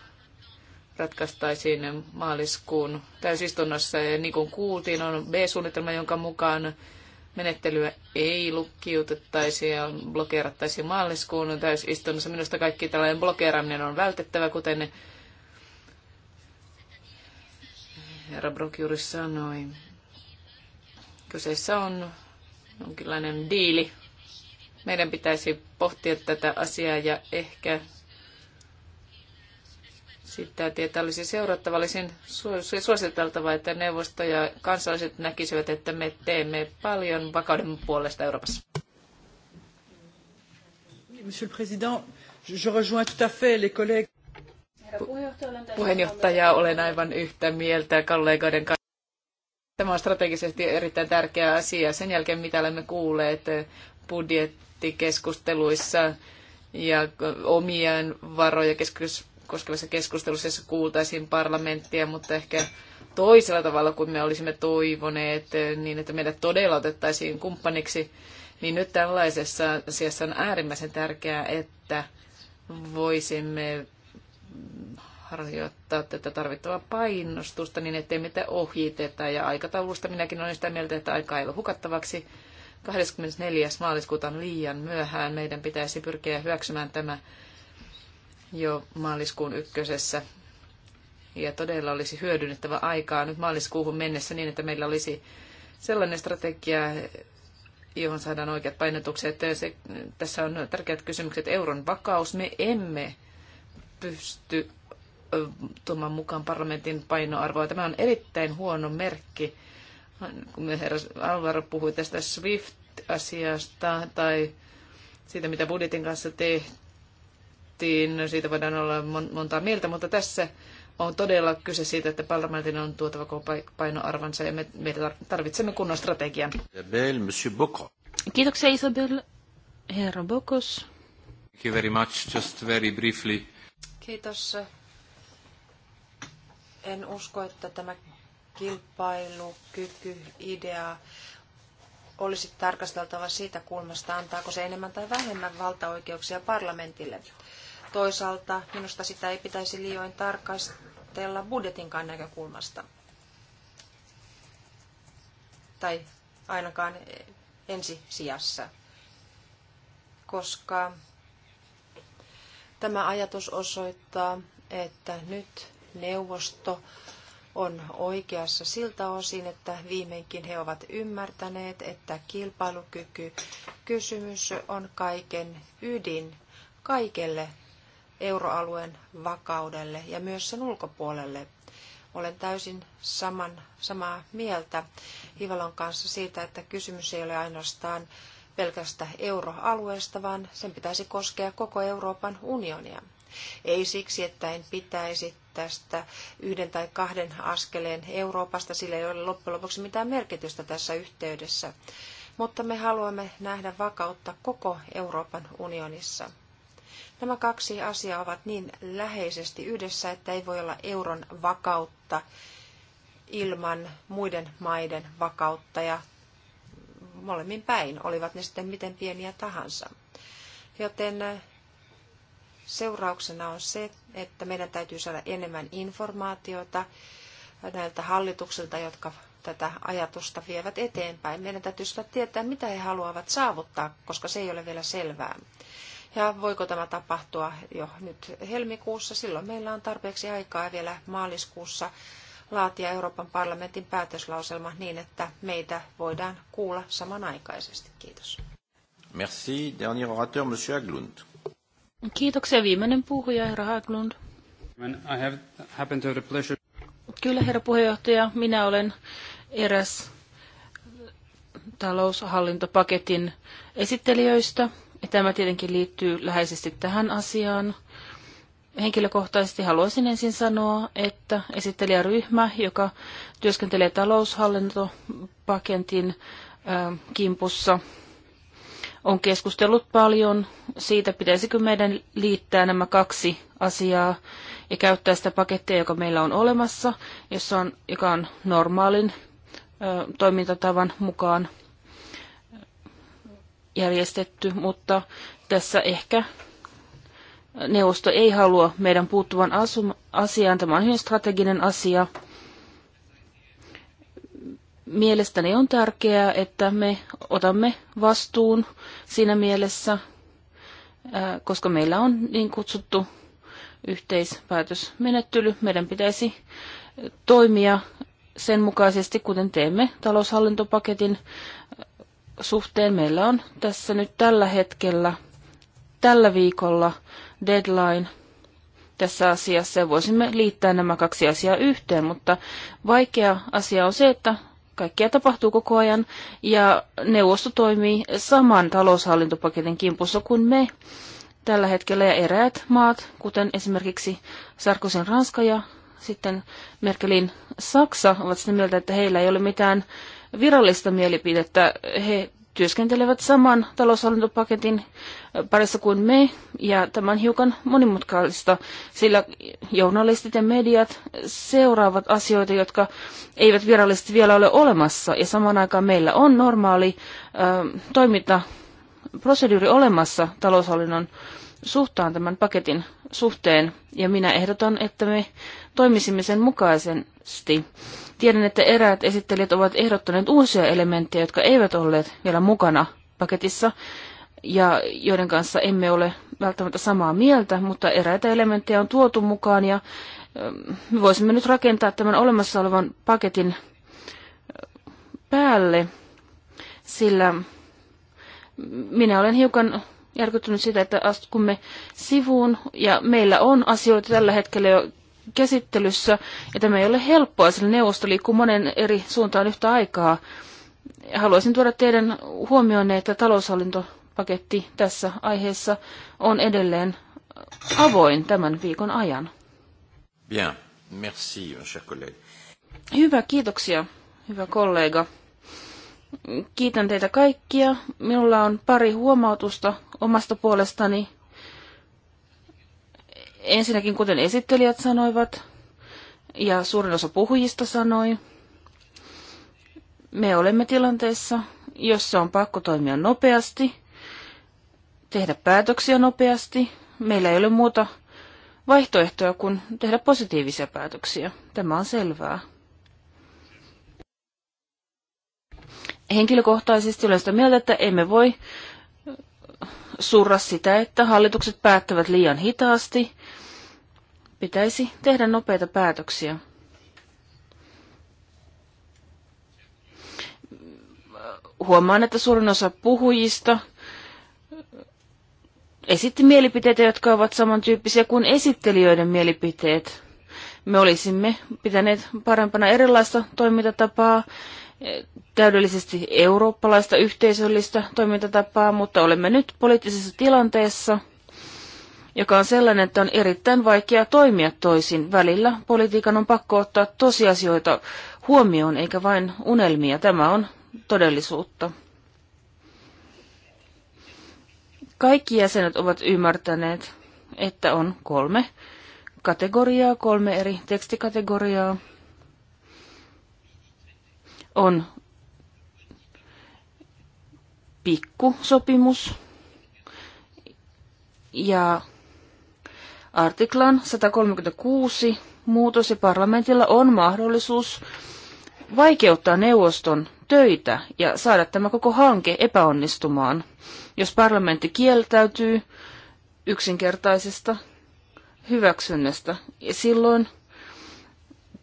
ratkaistaisiin maaliskuun täysistunnossa. Ja niin kuin kuultiin, on B-suunnitelma, jonka mukaan menettelyä ei lukkiutettaisi ja blokeerattaisi maaliskuun täysistunnossa. Minusta kaikki tällainen blokeeraminen on vältettävä, kuten herra Brock juuri sanoi. Kyseessä on jonkinlainen diili. Meidän pitäisi pohtia tätä asiaa ja ehkä sitä tietä olisi seurattava, olisi suositeltava, että neuvosto ja kansalaiset näkisivät, että me teemme paljon vakauden puolesta Euroopassa. Monsieur le Président, je rejoins tout à fait les collègues. Puheenjohtaja, olen aivan yhtä mieltä kollegoiden kanssa. Tämä on strategisesti erittäin tärkeä asia. Sen jälkeen, mitä olemme kuulleet budjettikeskusteluissa ja omien varojen keskus koskevassa keskustelussa, jossa kuultaisiin parlamenttia, mutta ehkä toisella tavalla kuin me olisimme toivoneet, eh, niin että meidät todella otettaisiin kumppaniksi, niin nyt tällaisessa asiassa on äärimmäisen tärkeää, että voisimme harjoittaa tätä tarvittavaa painostusta niin, ettei meitä ohiteta. Ja aikataulusta minäkin olen sitä mieltä, että aika ei ole hukattavaksi. 24. maaliskuuta on liian myöhään. Meidän pitäisi pyrkiä hyväksymään tämä jo maaliskuun ykkösessä. Ja todella olisi hyödynnettävä aikaa nyt maaliskuuhun mennessä niin, että meillä olisi sellainen strategia, johon saadaan oikeat painotukset. Se, tässä on tärkeät kysymykset. Euron vakaus. Me emme pysty tuomaan mukaan parlamentin painoarvoa. Tämä on erittäin huono merkki. Kun herra Alvaro puhui tästä SWIFT-asiasta tai siitä, mitä budjetin kanssa tehtiin, budjettiin. No siitä voidaan olla montaa mieltä, mutta tässä on todella kyse siitä, että parlamentin on tuotava koko painoarvansa ja me, me tarvitsemme kunnon strategian. Kiitoksia Isabel. Herra Bokos. Thank you very much. Just very briefly. Kiitos. En usko, että tämä kilpailukyky-idea olisi tarkasteltava siitä kulmasta, antaako se enemmän tai vähemmän valtaoikeuksia parlamentille. Toisaalta minusta sitä ei pitäisi liioin tarkastella budjetinkaan näkökulmasta. Tai ainakaan ensi sijassa, koska tämä ajatus osoittaa, että nyt neuvosto on oikeassa siltä osin, että viimeinkin he ovat ymmärtäneet, että kilpailukyky kysymys on kaiken ydin kaikelle euroalueen vakaudelle ja myös sen ulkopuolelle. Olen täysin saman, samaa mieltä Ivalon kanssa siitä, että kysymys ei ole ainoastaan pelkästä euroalueesta, vaan sen pitäisi koskea koko Euroopan unionia. Ei siksi, että en pitäisi tästä yhden tai kahden askeleen Euroopasta, sillä ei ole loppujen lopuksi mitään merkitystä tässä yhteydessä. Mutta me haluamme nähdä vakautta koko Euroopan unionissa. Nämä kaksi asiaa ovat niin läheisesti yhdessä, että ei voi olla euron vakautta ilman muiden maiden vakautta ja molemmin päin, olivat ne sitten miten pieniä tahansa. Joten äh, seurauksena on se, että meidän täytyy saada enemmän informaatiota näiltä hallituksilta, jotka tätä ajatusta vievät eteenpäin. Meidän täytyy saada tietää, mitä he haluavat saavuttaa, koska se ei ole vielä selvää. Ja voiko tämä tapahtua jo nyt helmikuussa? Silloin meillä on tarpeeksi aikaa vielä maaliskuussa laatia Euroopan parlamentin päätöslauselma niin, että meitä voidaan kuulla samanaikaisesti. Kiitos. Merci. Dernier orateur, Monsieur Aglund. Kiitoksia. Viimeinen puhuja, herra Haglund. I have happened to have the pleasure... Kyllä, herra puheenjohtaja. Minä olen eräs taloushallintopaketin esittelijöistä Tämä tietenkin liittyy läheisesti tähän asiaan. Henkilökohtaisesti haluaisin ensin sanoa, että esittelijäryhmä, joka työskentelee taloushallintopaketin kimpussa, on keskustellut paljon siitä, pitäisikö meidän liittää nämä kaksi asiaa ja käyttää sitä pakettia, joka meillä on olemassa, jossa on, joka on normaalin ö, toimintatavan mukaan järjestetty, mutta tässä ehkä neuvosto ei halua meidän puuttuvan asum- asiaan. Tämä on hyvin strateginen asia. Mielestäni on tärkeää, että me otamme vastuun siinä mielessä, koska meillä on niin kutsuttu yhteispäätösmenettely. Meidän pitäisi toimia sen mukaisesti, kuten teemme taloushallintopaketin suhteen meillä on tässä nyt tällä hetkellä, tällä viikolla deadline tässä asiassa ja voisimme liittää nämä kaksi asiaa yhteen, mutta vaikea asia on se, että kaikkea tapahtuu koko ajan ja neuvosto toimii saman taloushallintopaketin kimpussa kuin me tällä hetkellä ja eräät maat, kuten esimerkiksi Sarkosin Ranska ja sitten Merkelin Saksa, ovat sitä mieltä, että heillä ei ole mitään virallista mielipidettä. He työskentelevät saman taloushallintopaketin parissa kuin me, ja tämä on hiukan monimutkaista, sillä journalistit ja mediat seuraavat asioita, jotka eivät virallisesti vielä ole olemassa, ja samaan aikaan meillä on normaali ö, toimintaproseduuri olemassa taloushallinnon suhtaan tämän paketin suhteen, ja minä ehdotan, että me toimisimme sen mukaisesti. Tiedän, että eräät esittelijät ovat ehdottaneet uusia elementtejä, jotka eivät olleet vielä mukana paketissa ja joiden kanssa emme ole välttämättä samaa mieltä, mutta eräitä elementtejä on tuotu mukaan ja mm, voisimme nyt rakentaa tämän olemassa olevan paketin päälle, sillä minä olen hiukan järkyttynyt sitä, että astumme sivuun ja meillä on asioita tällä hetkellä jo käsittelyssä, ja tämä ei ole helppoa, sillä neuvosto liikkuu monen eri suuntaan yhtä aikaa. Haluaisin tuoda teidän huomioon, että taloushallintopaketti tässä aiheessa on edelleen avoin tämän viikon ajan. Bien, merci, cher collègue. Hyvä, kiitoksia, hyvä kollega. Kiitän teitä kaikkia. Minulla on pari huomautusta omasta puolestani Ensinnäkin, kuten esittelijät sanoivat ja suurin osa puhujista sanoi, me olemme tilanteessa, jossa on pakko toimia nopeasti, tehdä päätöksiä nopeasti. Meillä ei ole muuta vaihtoehtoja kuin tehdä positiivisia päätöksiä. Tämä on selvää. Henkilökohtaisesti olen sitä mieltä, että emme voi surra sitä, että hallitukset päättävät liian hitaasti pitäisi tehdä nopeita päätöksiä. Huomaan, että suurin osa puhujista esitti mielipiteitä, jotka ovat samantyyppisiä kuin esittelijöiden mielipiteet. Me olisimme pitäneet parempana erilaista toimintatapaa, täydellisesti eurooppalaista yhteisöllistä toimintatapaa, mutta olemme nyt poliittisessa tilanteessa – joka on sellainen, että on erittäin vaikea toimia toisin välillä. Politiikan on pakko ottaa tosiasioita huomioon eikä vain unelmia. Tämä on todellisuutta. Kaikki jäsenet ovat ymmärtäneet, että on kolme kategoriaa, kolme eri tekstikategoriaa. On pikkusopimus ja artiklan 136 muutos ja parlamentilla on mahdollisuus vaikeuttaa neuvoston töitä ja saada tämä koko hanke epäonnistumaan, jos parlamentti kieltäytyy yksinkertaisesta hyväksynnästä. Ja silloin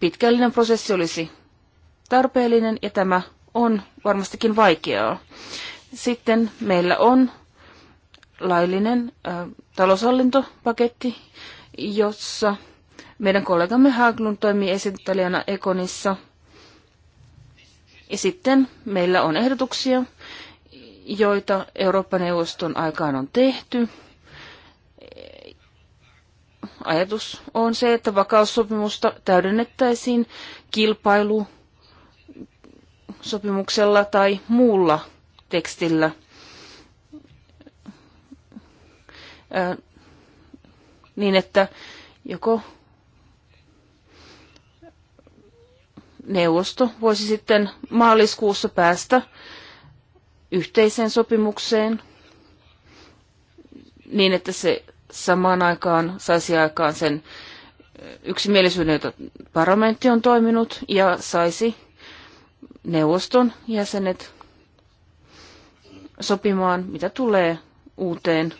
pitkällinen prosessi olisi tarpeellinen ja tämä on varmastikin vaikeaa. Sitten meillä on laillinen äh, taloushallintopaketti, jossa meidän kollegamme Haglund toimii esittelijänä Ekonissa. Ja sitten meillä on ehdotuksia, joita Euroopan neuvoston aikaan on tehty. Ajatus on se, että vakaussopimusta täydennettäisiin kilpailusopimuksella tai muulla tekstillä – niin, että joko neuvosto voisi sitten maaliskuussa päästä yhteiseen sopimukseen niin, että se samaan aikaan saisi aikaan sen yksimielisyyden, jota parlamentti on toiminut, ja saisi neuvoston jäsenet sopimaan, mitä tulee uuteen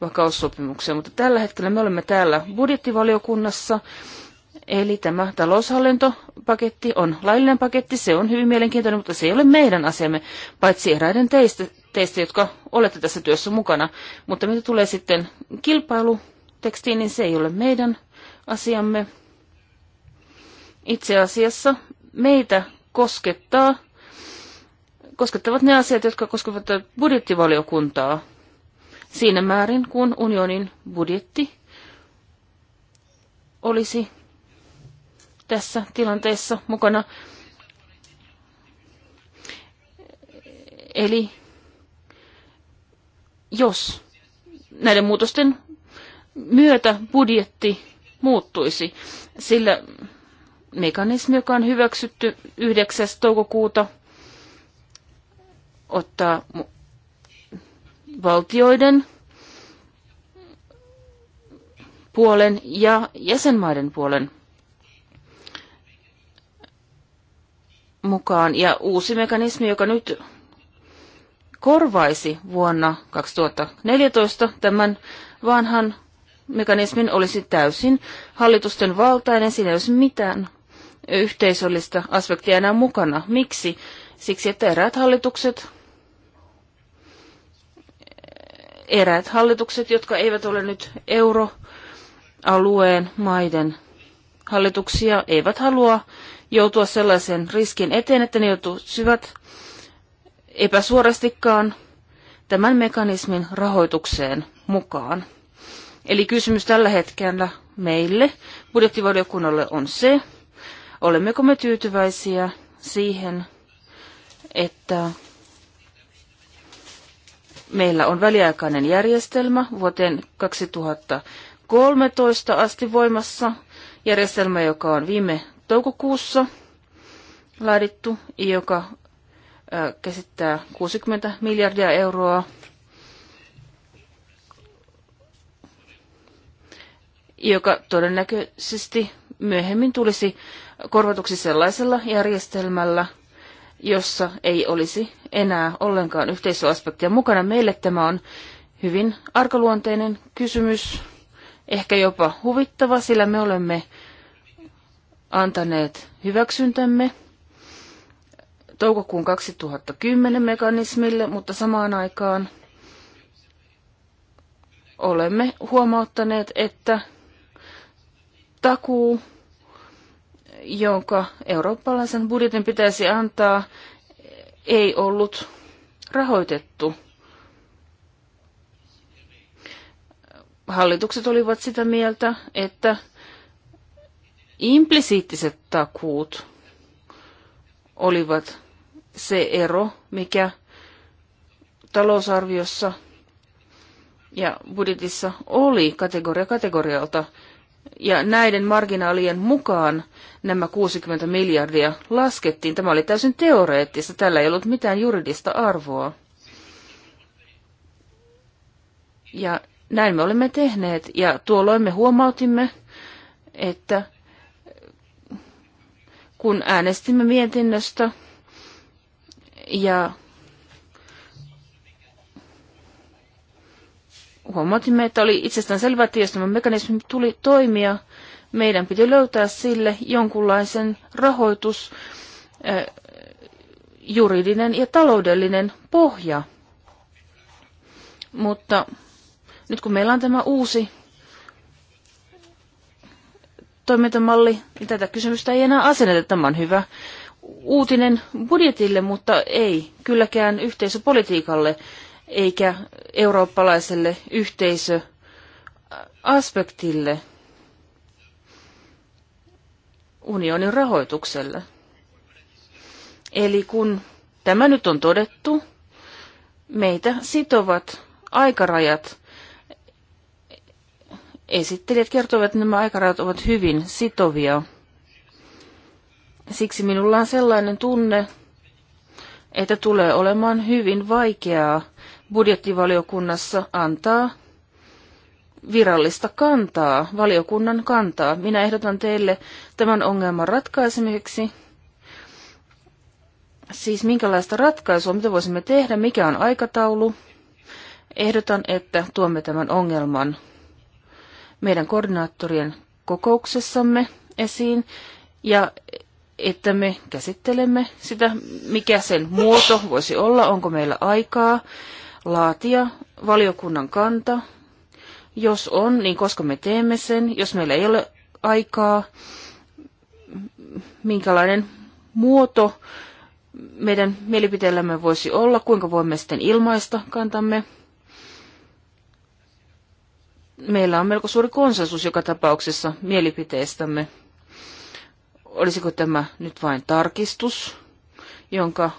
vakaussopimukseen. Mutta tällä hetkellä me olemme täällä budjettivaliokunnassa, eli tämä taloushallintopaketti on laillinen paketti, se on hyvin mielenkiintoinen, mutta se ei ole meidän asiamme, paitsi eräiden teistä, teistä jotka olette tässä työssä mukana. Mutta mitä tulee sitten kilpailutekstiin, niin se ei ole meidän asiamme. Itse asiassa meitä koskettaa, koskettavat ne asiat, jotka koskevat budjettivaliokuntaa siinä määrin, kun unionin budjetti olisi tässä tilanteessa mukana. Eli jos näiden muutosten myötä budjetti muuttuisi, sillä mekanismi, joka on hyväksytty 9. toukokuuta, ottaa valtioiden puolen ja jäsenmaiden puolen mukaan. Ja uusi mekanismi, joka nyt korvaisi vuonna 2014 tämän vanhan mekanismin, olisi täysin hallitusten valtainen. Siinä ei olisi mitään yhteisöllistä aspektia enää mukana. Miksi? Siksi, että eräät hallitukset eräät hallitukset, jotka eivät ole nyt euroalueen maiden hallituksia, eivät halua joutua sellaisen riskin eteen, että ne joutuisivat epäsuorastikaan tämän mekanismin rahoitukseen mukaan. Eli kysymys tällä hetkellä meille budjettivaliokunnalle on se, olemmeko me tyytyväisiä siihen, että meillä on väliaikainen järjestelmä vuoteen 2013 asti voimassa. Järjestelmä, joka on viime toukokuussa laadittu, joka äh, käsittää 60 miljardia euroa. joka todennäköisesti myöhemmin tulisi korvatuksi sellaisella järjestelmällä, jossa ei olisi enää ollenkaan yhteisöaspektia mukana. Meille tämä on hyvin arkaluonteinen kysymys, ehkä jopa huvittava, sillä me olemme antaneet hyväksyntämme toukokuun 2010 mekanismille, mutta samaan aikaan olemme huomauttaneet, että takuu jonka eurooppalaisen budjetin pitäisi antaa, ei ollut rahoitettu. Hallitukset olivat sitä mieltä, että implisiittiset takuut olivat se ero, mikä talousarviossa ja budjetissa oli kategoria kategorialta – ja näiden marginaalien mukaan nämä 60 miljardia laskettiin. Tämä oli täysin teoreettista, tällä ei ollut mitään juridista arvoa. Ja näin me olemme tehneet, ja tuolloin me huomautimme, että kun äänestimme mietinnöstä ja huomautimme, että oli itsestään selvää, että jos tämä mekanismi tuli toimia, meidän piti löytää sille jonkunlaisen rahoitus, juridinen ja taloudellinen pohja. Mutta nyt kun meillä on tämä uusi toimintamalli, niin tätä kysymystä ei enää asenneta. Tämä on hyvä uutinen budjetille, mutta ei kylläkään yhteisöpolitiikalle eikä eurooppalaiselle yhteisöaspektille unionin rahoitukselle. Eli kun tämä nyt on todettu, meitä sitovat aikarajat. Esittelijät kertovat, että nämä aikarajat ovat hyvin sitovia. Siksi minulla on sellainen tunne, että tulee olemaan hyvin vaikeaa budjettivaliokunnassa antaa virallista kantaa, valiokunnan kantaa. Minä ehdotan teille tämän ongelman ratkaisemiseksi. Siis minkälaista ratkaisua, mitä voisimme tehdä, mikä on aikataulu. Ehdotan, että tuomme tämän ongelman meidän koordinaattorien kokouksessamme esiin ja että me käsittelemme sitä, mikä sen muoto voisi olla, onko meillä aikaa, laatia valiokunnan kanta. Jos on, niin koska me teemme sen. Jos meillä ei ole aikaa, minkälainen muoto meidän mielipiteellämme voisi olla, kuinka voimme sitten ilmaista kantamme. Meillä on melko suuri konsensus joka tapauksessa mielipiteistämme. Olisiko tämä nyt vain tarkistus, jonka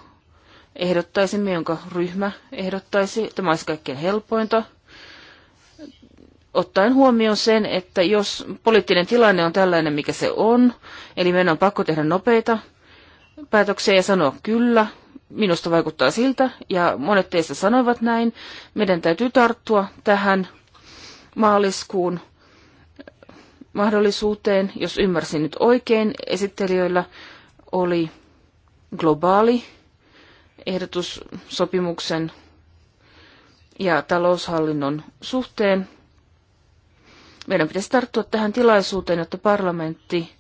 ehdottaisimme, jonka ryhmä ehdottaisi. Tämä olisi kaikkein helpointa. Ottaen huomioon sen, että jos poliittinen tilanne on tällainen, mikä se on, eli meidän on pakko tehdä nopeita päätöksiä ja sanoa kyllä, minusta vaikuttaa siltä, ja monet teistä sanoivat näin, meidän täytyy tarttua tähän maaliskuun mahdollisuuteen, jos ymmärsin nyt oikein, esittelijöillä oli globaali sopimuksen ja taloushallinnon suhteen. Meidän pitäisi tarttua tähän tilaisuuteen, jotta parlamentti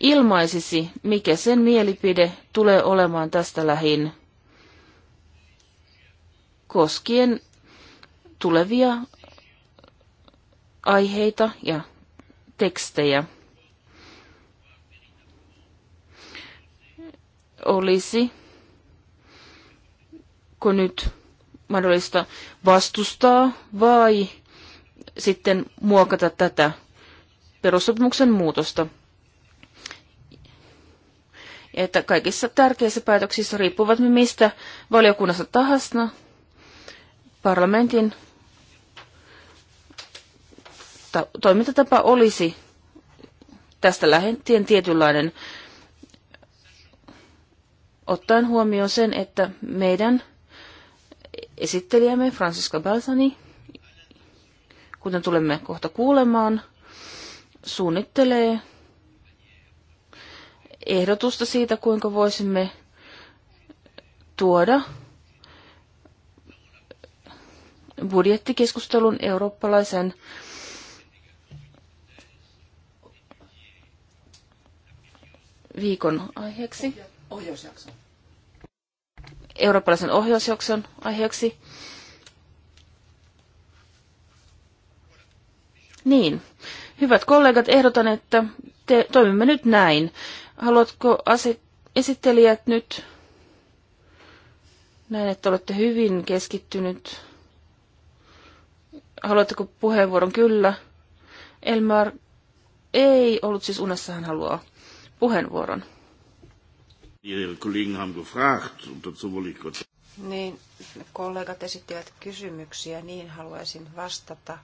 ilmaisisi, mikä sen mielipide tulee olemaan tästä lähin koskien tulevia aiheita ja tekstejä. Olisi onko nyt mahdollista vastustaa vai sitten muokata tätä perussopimuksen muutosta. Että kaikissa tärkeissä päätöksissä, riippuvat me mistä valiokunnassa tahansa, parlamentin ta- toimintatapa olisi tästä lähentien tietynlainen, ottaen huomioon sen, että meidän esittelijämme Francisco Balsani, kuten tulemme kohta kuulemaan, suunnittelee ehdotusta siitä, kuinka voisimme tuoda budjettikeskustelun eurooppalaisen viikon aiheeksi. Ohjausjakso eurooppalaisen ohjausjakson aiheeksi. Niin. Hyvät kollegat, ehdotan, että te, toimimme nyt näin. Haluatko aset, esittelijät nyt näin, että olette hyvin keskittynyt? Haluatteko puheenvuoron? Kyllä. Elmar ei ollut siis unessa, hän haluaa puheenvuoron. Niin, kollegat esittivät kysymyksiä, niin haluaisin vastata.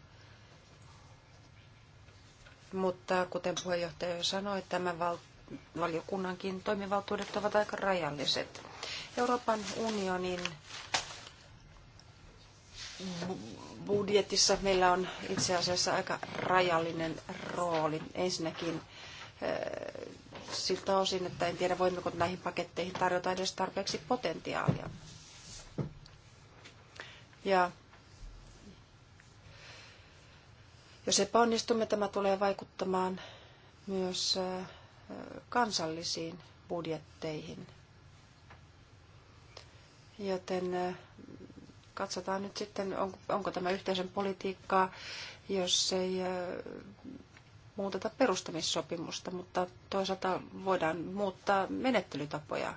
Mutta kuten puheenjohtaja jo sanoi, tämän val- valiokunnankin toimivaltuudet ovat aika rajalliset. Euroopan unionin budjetissa meillä on itse asiassa aika rajallinen rooli. Ensinnäkin eh, siltä osin, että en tiedä voimmeko näihin paketteihin tarjota edes tarpeeksi potentiaalia. Ja jos epäonnistumme, tämä tulee vaikuttamaan myös äh, kansallisiin budjetteihin. Joten äh, katsotaan nyt sitten, onko tämä yhteisön politiikkaa, jos ei äh, muuteta perustamissopimusta, mutta toisaalta voidaan muuttaa menettelytapoja.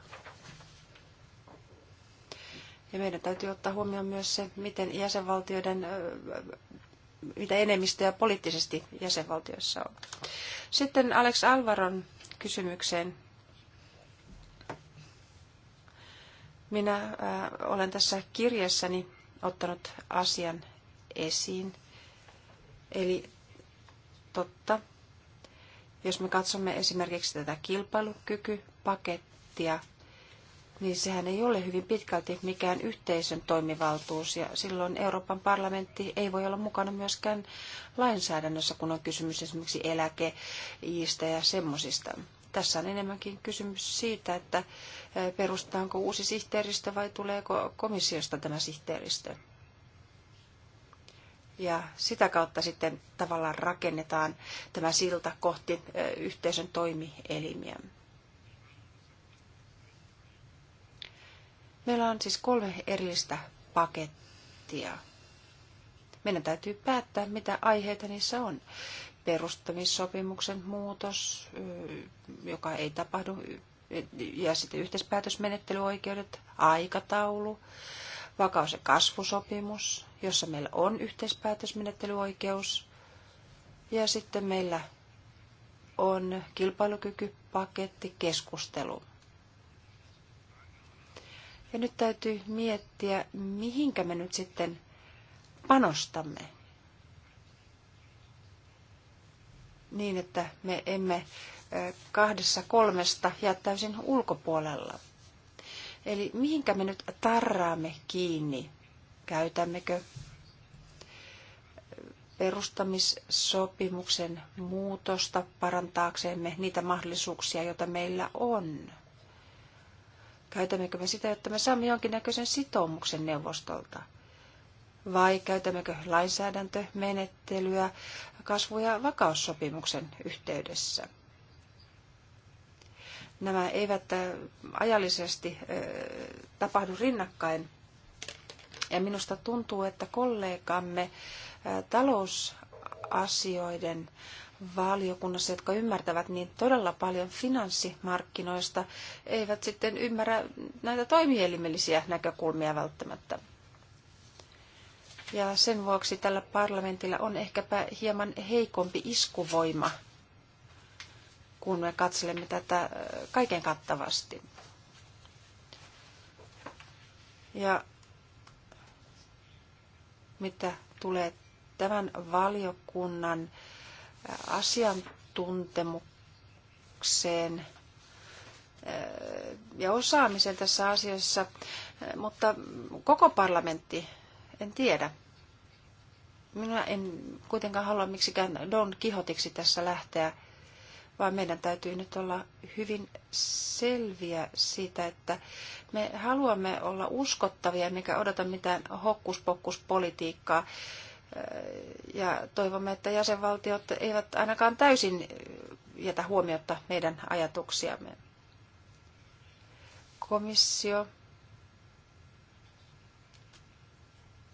Ja meidän täytyy ottaa huomioon myös se, miten jäsenvaltioiden, mitä enemmistöjä poliittisesti jäsenvaltioissa on. Sitten Alex Alvaron kysymykseen. Minä äh, olen tässä kirjassani ottanut asian esiin. Eli totta, jos me katsomme esimerkiksi tätä kilpailukykypakettia, niin sehän ei ole hyvin pitkälti mikään yhteisön toimivaltuus ja silloin Euroopan parlamentti ei voi olla mukana myöskään lainsäädännössä, kun on kysymys esimerkiksi eläkeiistä ja semmoisista. Tässä on enemmänkin kysymys siitä, että perustaanko uusi sihteeristö vai tuleeko komissiosta tämä sihteeristö ja sitä kautta sitten tavallaan rakennetaan tämä silta kohti yhteisön toimielimiä. Meillä on siis kolme erillistä pakettia. Meidän täytyy päättää, mitä aiheita niissä on. Perustamissopimuksen muutos, joka ei tapahdu, ja sitten yhteispäätösmenettelyoikeudet, aikataulu, vakaus- ja kasvusopimus, jossa meillä on yhteispäätösmenettelyoikeus. Ja sitten meillä on kilpailukykypaketti keskustelu. Ja nyt täytyy miettiä, mihinkä me nyt sitten panostamme. Niin, että me emme kahdessa kolmesta jää täysin ulkopuolella. Eli mihinkä me nyt tarraamme kiinni käytämmekö perustamissopimuksen muutosta parantaaksemme niitä mahdollisuuksia, joita meillä on? Käytämmekö me sitä, jotta me saamme jonkinnäköisen sitoumuksen neuvostolta? Vai käytämmekö lainsäädäntömenettelyä kasvu- ja vakaussopimuksen yhteydessä? Nämä eivät äh, ajallisesti äh, tapahdu rinnakkain, ja minusta tuntuu, että kollegamme talousasioiden valiokunnassa, jotka ymmärtävät niin todella paljon finanssimarkkinoista, eivät sitten ymmärrä näitä toimielimellisiä näkökulmia välttämättä. Ja sen vuoksi tällä parlamentilla on ehkäpä hieman heikompi iskuvoima, kun me katselemme tätä kaiken kattavasti. Ja mitä tulee tämän valiokunnan asiantuntemukseen ja osaamiseen tässä asiassa, mutta koko parlamentti, en tiedä. Minä en kuitenkaan halua miksikään Don Kihotiksi tässä lähteä vaan meidän täytyy nyt olla hyvin selviä siitä, että me haluamme olla uskottavia, mikä odota mitään hokkuspokkuspolitiikkaa. Ja toivomme, että jäsenvaltiot eivät ainakaan täysin jätä huomiota meidän ajatuksiamme. Komissio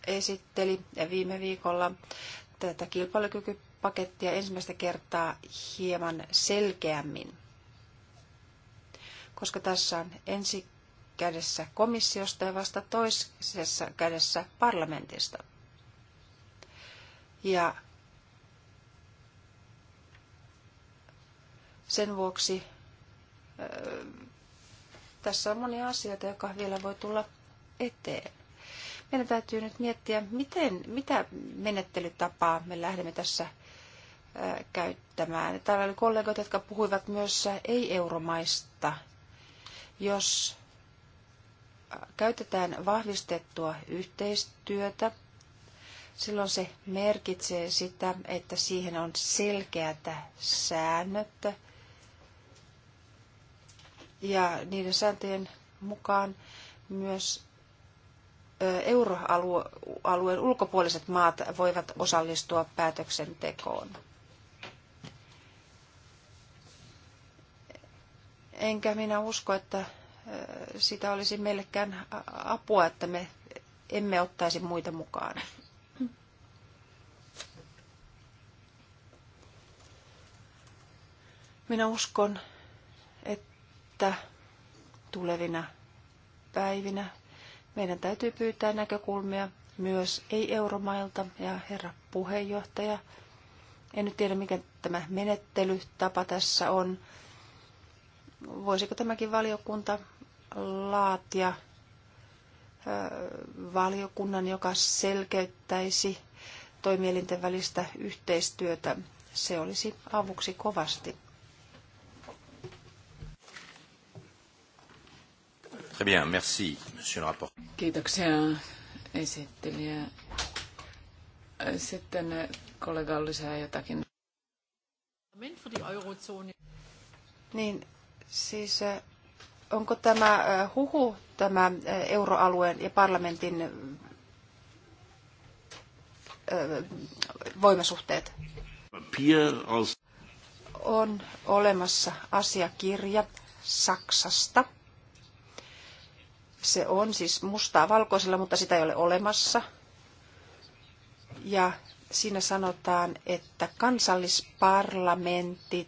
esitteli viime viikolla tätä kilpailukyky pakettia ensimmäistä kertaa hieman selkeämmin, koska tässä on ensi kädessä komissiosta ja vasta toisessa kädessä parlamentista. Ja sen vuoksi tässä on monia asioita, jotka vielä voi tulla eteen. Meidän täytyy nyt miettiä, miten, mitä menettelytapaa me lähdemme tässä käyttämään. Täällä oli kollegoita, jotka puhuivat myös ei-euromaista. Jos käytetään vahvistettua yhteistyötä, silloin se merkitsee sitä, että siihen on selkeät säännöt. Ja niiden sääntöjen mukaan myös euroalueen ulkopuoliset maat voivat osallistua päätöksentekoon. enkä minä usko, että sitä olisi meillekään apua, että me emme ottaisi muita mukaan. Minä uskon, että tulevina päivinä meidän täytyy pyytää näkökulmia myös ei-euromailta ja herra puheenjohtaja. En nyt tiedä, mikä tämä menettelytapa tässä on voisiko tämäkin valiokunta laatia valiokunnan, joka selkeyttäisi toimielinten välistä yhteistyötä. Se olisi avuksi kovasti. Très bien, merci, monsieur le rapport. Kiitoksia esittelijä. Sitten kollega on lisää jotakin. Niin, Siis onko tämä huhu, tämä euroalueen ja parlamentin voimasuhteet? On olemassa asiakirja Saksasta. Se on siis mustaa valkoisella, mutta sitä ei ole olemassa. Ja siinä sanotaan, että kansallisparlamentit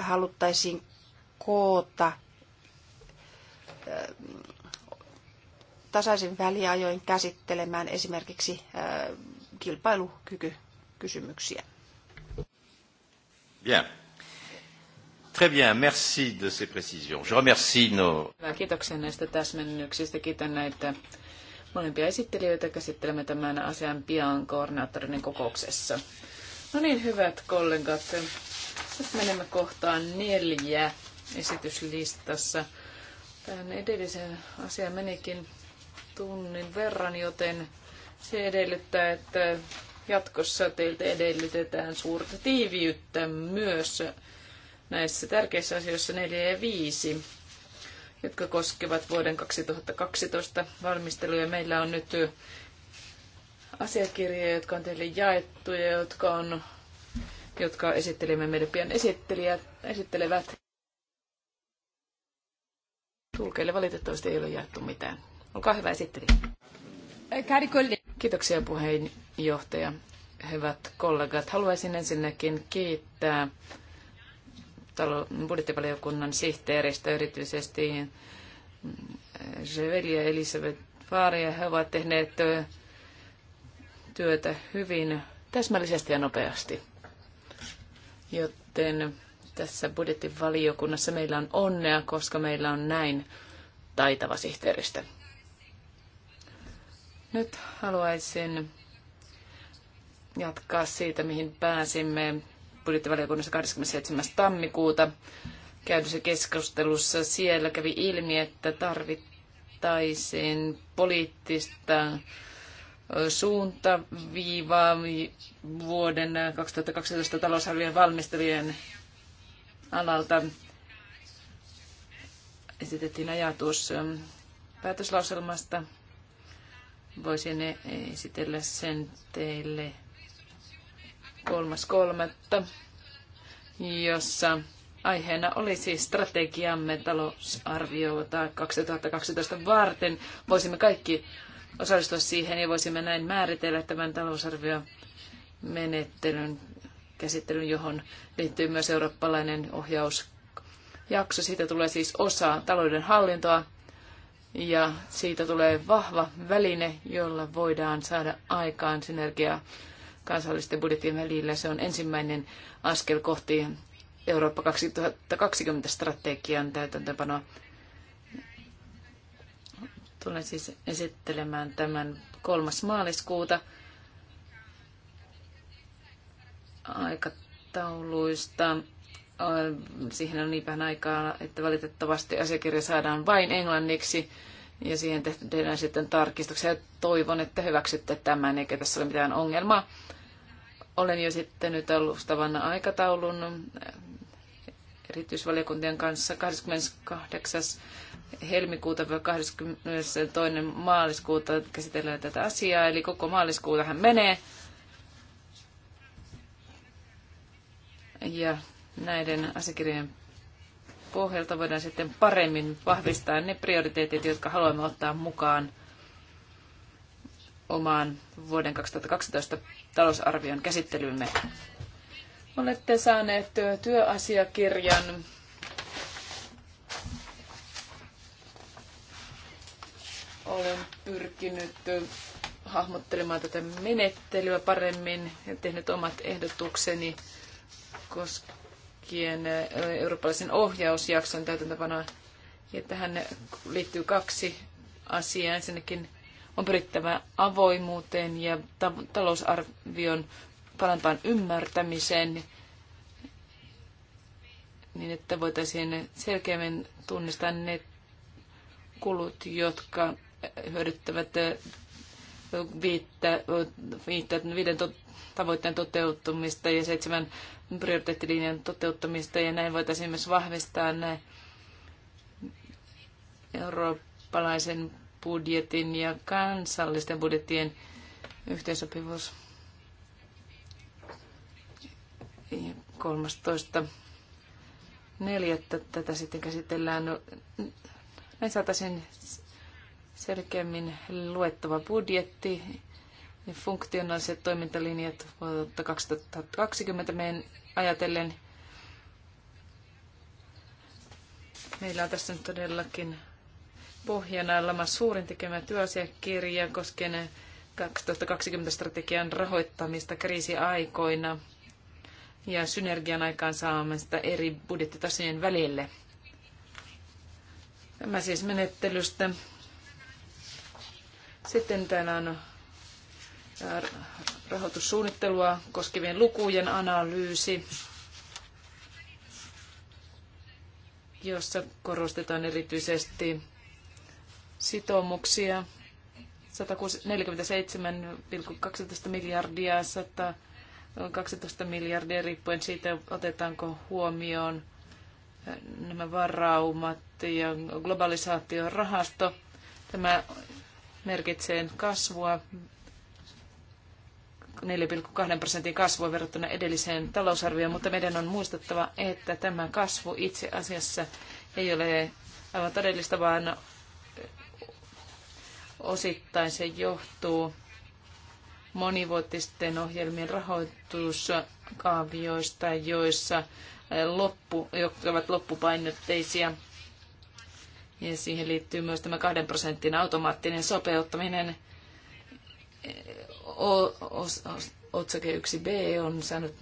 haluttaisiin koota tasaisin väliajoin käsittelemään esimerkiksi kilpailukykykysymyksiä. Bien. Très bien, merci de ces précisions. Je remercie nos... Kiitoksia näistä täsmennyksistä. Kiitän näitä molempia esittelijöitä. Käsittelemme tämän asian pian koordinaattorinen kokouksessa. No niin, hyvät kollegat. Nyt menemme kohtaan neljä esityslistassa. Tähän edelliseen asiaan menikin tunnin verran, joten se edellyttää, että jatkossa teiltä edellytetään suurta tiiviyttä myös näissä tärkeissä asioissa 4 ja 5, jotka koskevat vuoden 2012 valmisteluja. Meillä on nyt asiakirjoja, jotka on teille jaettu ja jotka, on, jotka esittelemme meidän pian esittelijät, esittelevät. Tulkeille valitettavasti ei ole jaettu mitään. Olkaa hyvä esitteli. Eh, Kiitoksia puheenjohtaja. Hyvät kollegat, haluaisin ensinnäkin kiittää budjettivaliokunnan sihteeristä erityisesti mm, Jeveli ja Elisabeth Faaria. He ovat tehneet työtä hyvin täsmällisesti ja nopeasti, joten tässä budjettivaliokunnassa meillä on onnea, koska meillä on näin taitava sihteeristö. Nyt haluaisin jatkaa siitä, mihin pääsimme budjettivaliokunnassa 27. tammikuuta käydyssä keskustelussa. Siellä kävi ilmi, että tarvittaisiin poliittista suuntaviivaa vuoden 2012 talousarvion valmistelujen alalta esitettiin ajatus ähm, päätöslauselmasta. Voisin esitellä sen teille kolmas kolmatta, jossa aiheena oli siis strategiamme talousarviota 2012 varten. Voisimme kaikki osallistua siihen ja voisimme näin määritellä tämän menettelyn käsittelyn, johon liittyy myös eurooppalainen ohjausjakso. Siitä tulee siis osa talouden hallintoa ja siitä tulee vahva väline, jolla voidaan saada aikaan synergiaa kansallisten budjettien välillä. Se on ensimmäinen askel kohti Eurooppa 2020 strategian täytäntöpanoa. Tulen siis esittelemään tämän 3. maaliskuuta aikatauluista. Siihen on niin vähän aikaa, että valitettavasti asiakirja saadaan vain englanniksi ja siihen tehdään sitten tarkistuksia. Toivon, että hyväksytte tämän, eikä tässä ole mitään ongelmaa. Olen jo sitten nyt alustavan aikataulun erityisvaliokuntien kanssa 28. helmikuuta 22. maaliskuuta käsitellään tätä asiaa, eli koko maaliskuutahan menee. Ja näiden asiakirjojen pohjalta voidaan sitten paremmin vahvistaa ne prioriteetit, jotka haluamme ottaa mukaan omaan vuoden 2012 talousarvion käsittelymme. Olette saaneet työasiakirjan olen pyrkinyt hahmottelemaan tätä menettelyä paremmin ja tehnyt omat ehdotukseni koskien eurooppalaisen ohjausjakson täytäntöpanoa. Ja tähän liittyy kaksi asiaa. Ensinnäkin on pyrittävä avoimuuteen ja talousarvion parantaan ymmärtämiseen niin, että voitaisiin selkeämmin tunnistaa ne kulut, jotka hyödyttävät viittä, viittä, viiden to, tavoitteen toteuttamista ja seitsemän prioriteettilinjan toteuttamista ja näin voitaisiin myös vahvistaa näin eurooppalaisen budjetin ja kansallisten budjettien yhteensopivuus. 13. neljättä tätä sitten käsitellään. No, näin saataisiin selkeämmin luettava budjetti ja funktionaaliset toimintalinjat vuotta 2020 meidän ajatellen. Meillä on tässä nyt todellakin pohjana lama suurin tekemä työasiakirja koskien 2020 strategian rahoittamista kriisiaikoina ja synergian aikaansaamista eri budjettitasojen välille. Tämä siis menettelystä sitten täällä on äh, rahoitussuunnittelua koskevien lukujen analyysi, jossa korostetaan erityisesti sitoumuksia 147,12 miljardia, 112 miljardia riippuen siitä, otetaanko huomioon äh, nämä varaumat ja globalisaatiorahasto. rahasto. Tämä merkitsee kasvua 4,2 prosentin kasvua verrattuna edelliseen talousarvioon, mutta meidän on muistettava, että tämä kasvu itse asiassa ei ole aivan todellista, vaan osittain se johtuu monivuotisten ohjelmien rahoituskaavioista, joissa loppu, jotka ovat loppupainotteisia ja siihen liittyy myös tämä kahden prosentin automaattinen sopeuttaminen. O, os, os, otsake 1b on saanut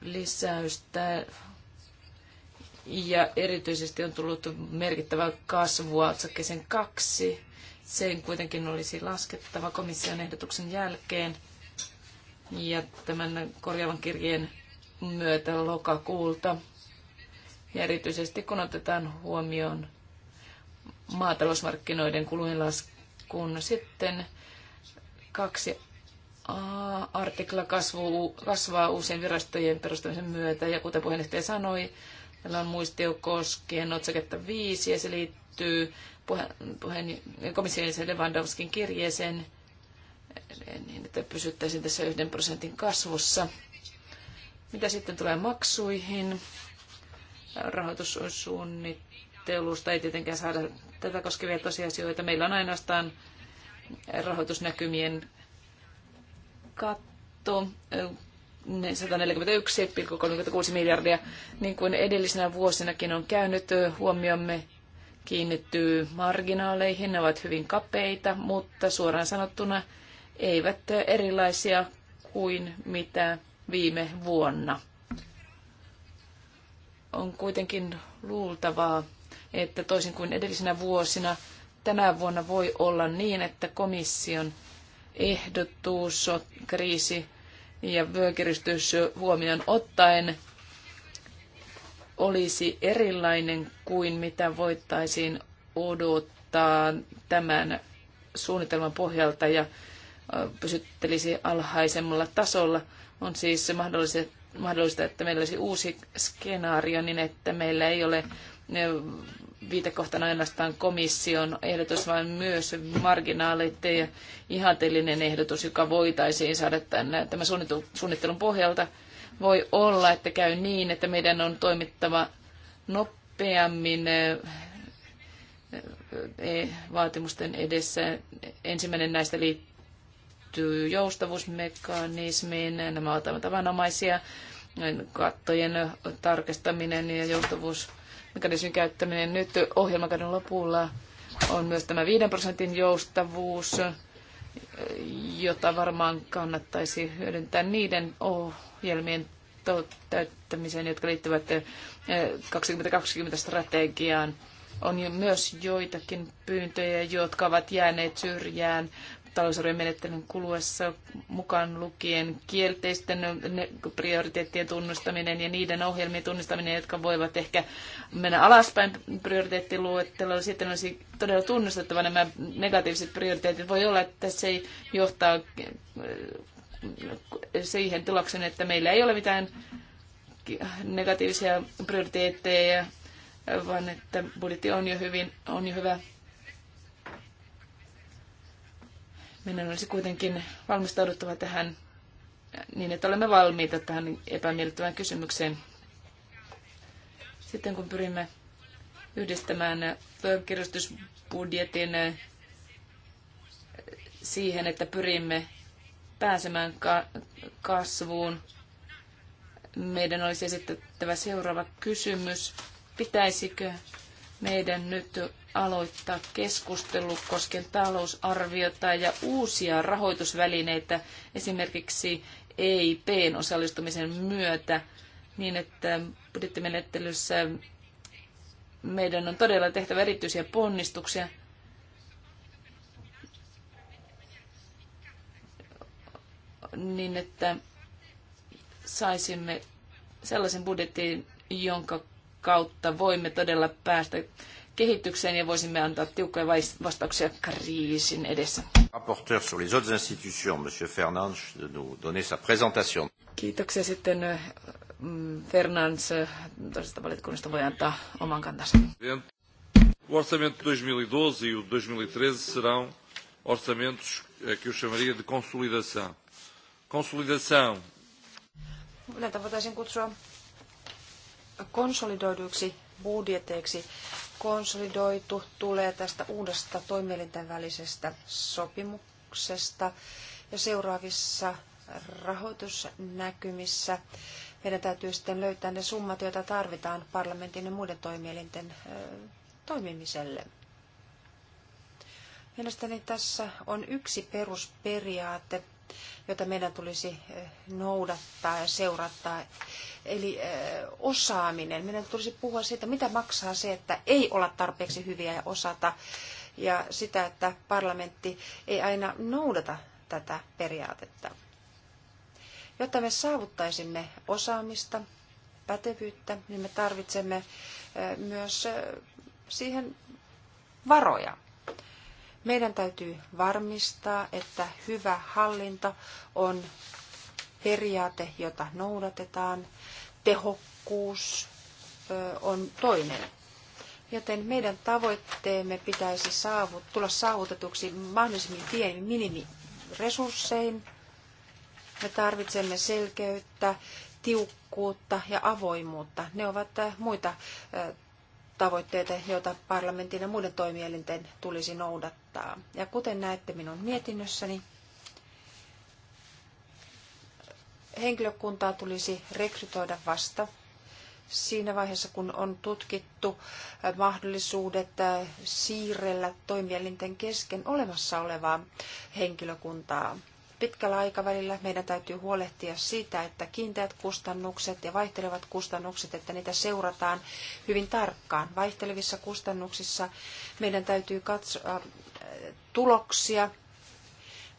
lisäystä ja erityisesti on tullut merkittävä kasvua otsakkeeseen kaksi. Sen kuitenkin olisi laskettava komission ehdotuksen jälkeen. Ja tämän korjaavan kirjeen myötä lokakuulta ja erityisesti kun otetaan huomioon maatalousmarkkinoiden kulujen laskun sitten kaksi artikla kasvaa uusien virastojen perustamisen myötä. Ja kuten puheenjohtaja sanoi, tällä on muistio koskien otsaketta 5 ja se liittyy puheen, komission jäsen Lewandowskin kirjeeseen niin, että pysyttäisiin tässä yhden prosentin kasvussa. Mitä sitten tulee maksuihin? rahoitussuunnittelusta ei tietenkään saada tätä koskevia tosiasioita. Meillä on ainoastaan rahoitusnäkymien katto 141,36 miljardia, niin kuin edellisenä vuosinakin on käynyt. Huomiomme kiinnittyy marginaaleihin, ne ovat hyvin kapeita, mutta suoraan sanottuna eivät erilaisia kuin mitä viime vuonna on kuitenkin luultavaa, että toisin kuin edellisinä vuosina, tänä vuonna voi olla niin, että komission ehdotus, kriisi ja vyökiristys huomioon ottaen olisi erilainen kuin mitä voitaisiin odottaa tämän suunnitelman pohjalta ja pysyttelisi alhaisemmalla tasolla. On siis mahdollista, mahdollista, että meillä olisi uusi skenaario niin, että meillä ei ole viitekohtana ainoastaan komission ehdotus, vaan myös marginaaleiden ja ihanteellinen ehdotus, joka voitaisiin saada tänne. tämän suunnittelun pohjalta. Voi olla, että käy niin, että meidän on toimittava nopeammin eh, eh, vaatimusten edessä. Ensimmäinen näistä liittyy liittyy joustavuusmekanismiin. Nämä ovat tavanomaisia kattojen tarkistaminen ja joustavuusmekanismin käyttäminen. Nyt ohjelmakauden lopulla on myös tämä 5 prosentin joustavuus, jota varmaan kannattaisi hyödyntää niiden ohjelmien täyttämiseen, jotka liittyvät 2020-strategiaan. Eh, on myös joitakin pyyntöjä, jotka ovat jääneet syrjään talousarviomenettelyn kuluessa mukaan lukien kielteisten prioriteettien tunnustaminen ja niiden ohjelmien tunnistaminen, jotka voivat ehkä mennä alaspäin prioriteettiluettelolla. Sitten olisi todella tunnustettava nämä negatiiviset prioriteetit. Voi olla, että se johtaa äh, siihen tulokseen, että meillä ei ole mitään negatiivisia prioriteetteja, vaan että budjetti on jo, hyvin, on jo hyvä Meidän olisi kuitenkin valmistauduttava tähän niin, että olemme valmiita tähän epämiellyttävään kysymykseen. Sitten kun pyrimme yhdistämään kirjastusbudjetin siihen, että pyrimme pääsemään kasvuun, meidän olisi esitettävä seuraava kysymys. Pitäisikö meidän nyt aloittaa keskustelu koskien talousarviota ja uusia rahoitusvälineitä esimerkiksi EIPn osallistumisen myötä niin, että budjettimenettelyssä meidän on todella tehtävä erityisiä ponnistuksia. niin, että saisimme sellaisen budjetin, jonka kautta voimme todella päästä kehitykseen ja voisimme antaa tiukkoja vastauksia kriisin edessä. Rapporteur sur les autres institutions, Monsieur Fernandes, de nous donner sa présentation. Kiitoksia sitten mm, Fernandes toisesta valiokunnasta voi antaa oman kantansa. O orçamento 2012 e, e o 2013 e serão orçamentos que eu chamaria de consolidação. Consolidação. Yleensä voitaisiin kutsua konsolidoiduiksi budjeteiksi. Konsolidoitu tulee tästä uudesta toimielinten välisestä sopimuksesta ja seuraavissa rahoitusnäkymissä meidän täytyy sitten löytää ne summat, joita tarvitaan parlamentin ja muiden toimielinten toimimiselle. Mielestäni tässä on yksi perusperiaate, jota meidän tulisi eh, noudattaa ja seurata. Eli eh, osaaminen. Meidän tulisi puhua siitä, mitä maksaa se, että ei olla tarpeeksi hyviä ja osata. Ja sitä, että parlamentti ei aina noudata tätä periaatetta. Jotta me saavuttaisimme osaamista, pätevyyttä, niin me tarvitsemme eh, myös siihen varoja. Meidän täytyy varmistaa, että hyvä hallinto on periaate, jota noudatetaan. Tehokkuus on toinen. Joten meidän tavoitteemme pitäisi saavut, tulla saavutetuksi mahdollisimmin pienin minimiresurssein. Me tarvitsemme selkeyttä, tiukkuutta ja avoimuutta. Ne ovat muita tavoitteita, joita parlamentin ja muiden toimielinten tulisi noudattaa. Ja kuten näette minun mietinnössäni, henkilökuntaa tulisi rekrytoida vasta siinä vaiheessa, kun on tutkittu mahdollisuudet siirrellä toimielinten kesken olemassa olevaa henkilökuntaa pitkällä aikavälillä meidän täytyy huolehtia siitä, että kiinteät kustannukset ja vaihtelevat kustannukset, että niitä seurataan hyvin tarkkaan. Vaihtelevissa kustannuksissa meidän täytyy katsoa äh, tuloksia.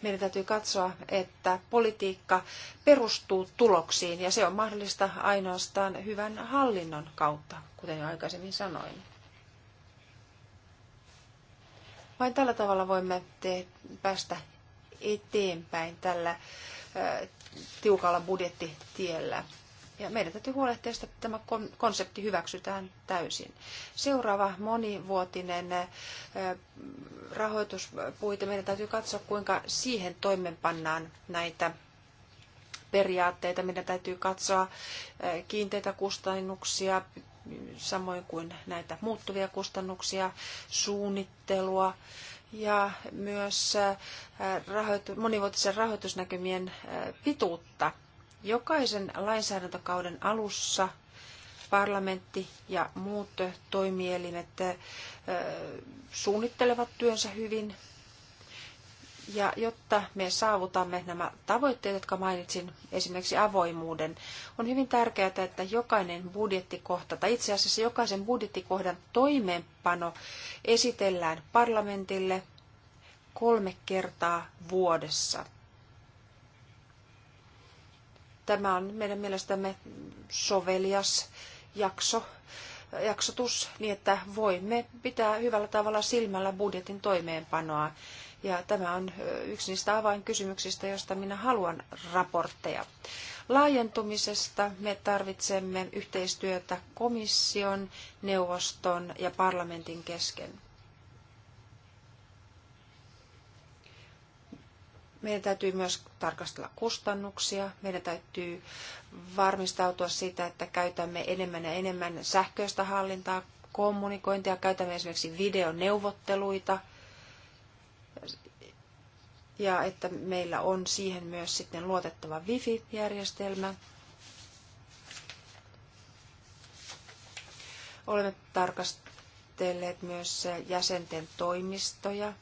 Meidän täytyy katsoa, että politiikka perustuu tuloksiin ja se on mahdollista ainoastaan hyvän hallinnon kautta, kuten jo aikaisemmin sanoin. Vain tällä tavalla voimme te- päästä eteenpäin tällä tiukalla budjettitiellä. Ja meidän täytyy huolehtia sitä, että tämä konsepti hyväksytään täysin. Seuraava monivuotinen rahoituspuite, meidän täytyy katsoa, kuinka siihen toimenpannaan näitä periaatteita. Meidän täytyy katsoa kiinteitä kustannuksia, samoin kuin näitä muuttuvia kustannuksia, suunnittelua, ja myös äh, rahoitu, monivuotisen rahoitusnäkymien äh, pituutta. Jokaisen lainsäädäntökauden alussa parlamentti ja muut toimielimet äh, suunnittelevat työnsä hyvin ja jotta me saavutamme nämä tavoitteet, jotka mainitsin, esimerkiksi avoimuuden, on hyvin tärkeää, että jokainen budjettikohta, tai itse asiassa jokaisen budjettikohdan toimeenpano esitellään parlamentille kolme kertaa vuodessa. Tämä on meidän mielestämme sovelias jakso, jaksotus, niin että voimme pitää hyvällä tavalla silmällä budjetin toimeenpanoa ja tämä on yksi niistä avainkysymyksistä, josta minä haluan raportteja. Laajentumisesta me tarvitsemme yhteistyötä komission, neuvoston ja parlamentin kesken. meidän täytyy myös tarkastella kustannuksia. Meidän täytyy varmistautua siitä, että käytämme enemmän ja enemmän sähköistä hallintaa, kommunikointia, käytämme esimerkiksi videoneuvotteluita – ja että meillä on siihen myös sitten luotettava wifi-järjestelmä. Olemme tarkastelleet myös jäsenten toimistoja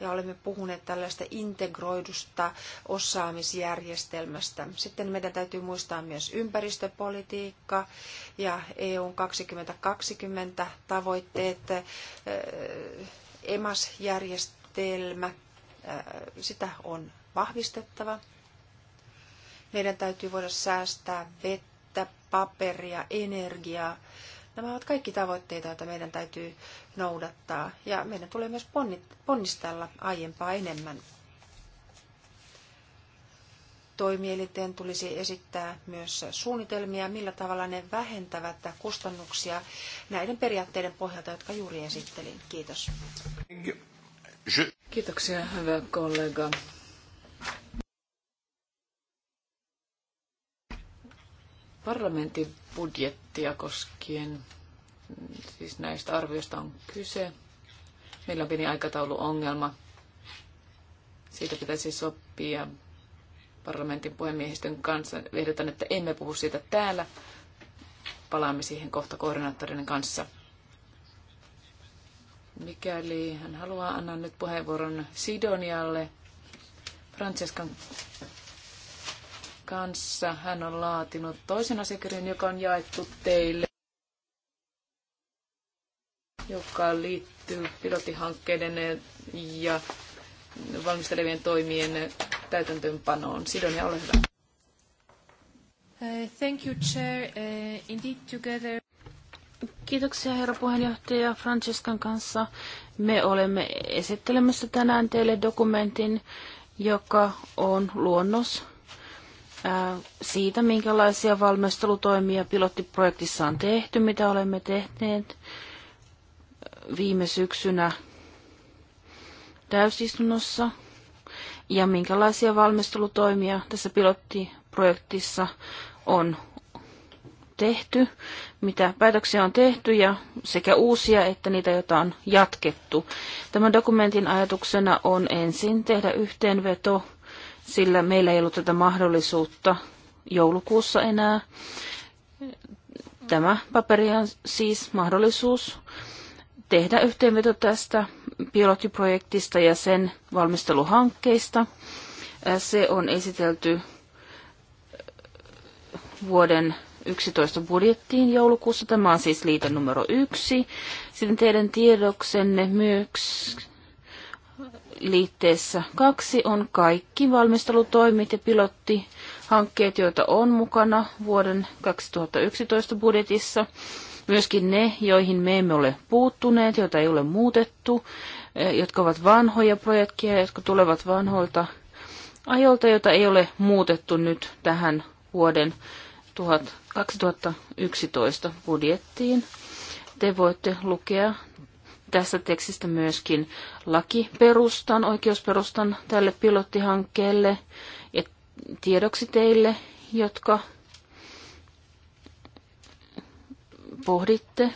ja olemme puhuneet tällaista integroidusta osaamisjärjestelmästä. Sitten meidän täytyy muistaa myös ympäristöpolitiikka ja EUn 2020 tavoitteet, EMAS-järjestelmä eh, e järjestelmä, sitä on vahvistettava. Meidän täytyy voida säästää vettä, paperia, energiaa. Nämä ovat kaikki tavoitteita, joita meidän täytyy noudattaa. Ja meidän tulee myös ponnistella aiempaa enemmän. Toimielinten tulisi esittää myös suunnitelmia, millä tavalla ne vähentävät kustannuksia näiden periaatteiden pohjalta, jotka juuri esittelin. Kiitos. Je... Kiitoksia, hyvä kollega. Parlamentin budjettia koskien, siis näistä arvioista on kyse. Meillä on pieni aikatauluongelma. Siitä pitäisi sopia parlamentin puhemiehistön kanssa. Ehdotan, että emme puhu siitä täällä. Palaamme siihen kohta koordinaattorinen kanssa. Mikäli hän haluaa, annan nyt puheenvuoron Sidonialle. Franceskan kanssa hän on laatinut toisen asiakirjan, joka on jaettu teille, joka liittyy pilotihankkeiden ja valmistelevien toimien täytäntöönpanoon. Sidonia, ole hyvä. Uh, thank you, Chair. Uh, indeed, together... Kiitoksia herra puheenjohtaja Francescan kanssa. Me olemme esittelemässä tänään teille dokumentin, joka on luonnos äh, siitä, minkälaisia valmistelutoimia pilottiprojektissa on tehty, mitä olemme tehneet viime syksynä täysistunnossa ja minkälaisia valmistelutoimia tässä pilottiprojektissa on tehty, mitä päätöksiä on tehty ja sekä uusia että niitä, joita on jatkettu. Tämän dokumentin ajatuksena on ensin tehdä yhteenveto, sillä meillä ei ollut tätä mahdollisuutta joulukuussa enää. Tämä paperi on siis mahdollisuus tehdä yhteenveto tästä pilottiprojektista ja sen valmisteluhankkeista. Äh, se on esitelty vuoden 11 budjettiin joulukuussa. Tämä on siis liite numero yksi. Sitten teidän tiedoksenne myös liitteessä kaksi on kaikki valmistelutoimit ja pilottihankkeet, joita on mukana vuoden 2011 budjetissa. Myöskin ne, joihin me emme ole puuttuneet, joita ei ole muutettu, eh, jotka ovat vanhoja projekteja, jotka tulevat vanhoilta ajoilta, joita ei ole muutettu nyt tähän vuoden 1000 2011 budjettiin. Te voitte lukea tässä tekstistä myöskin lakiperustan, oikeusperustan tälle pilottihankkeelle ja tiedoksi teille, jotka pohditte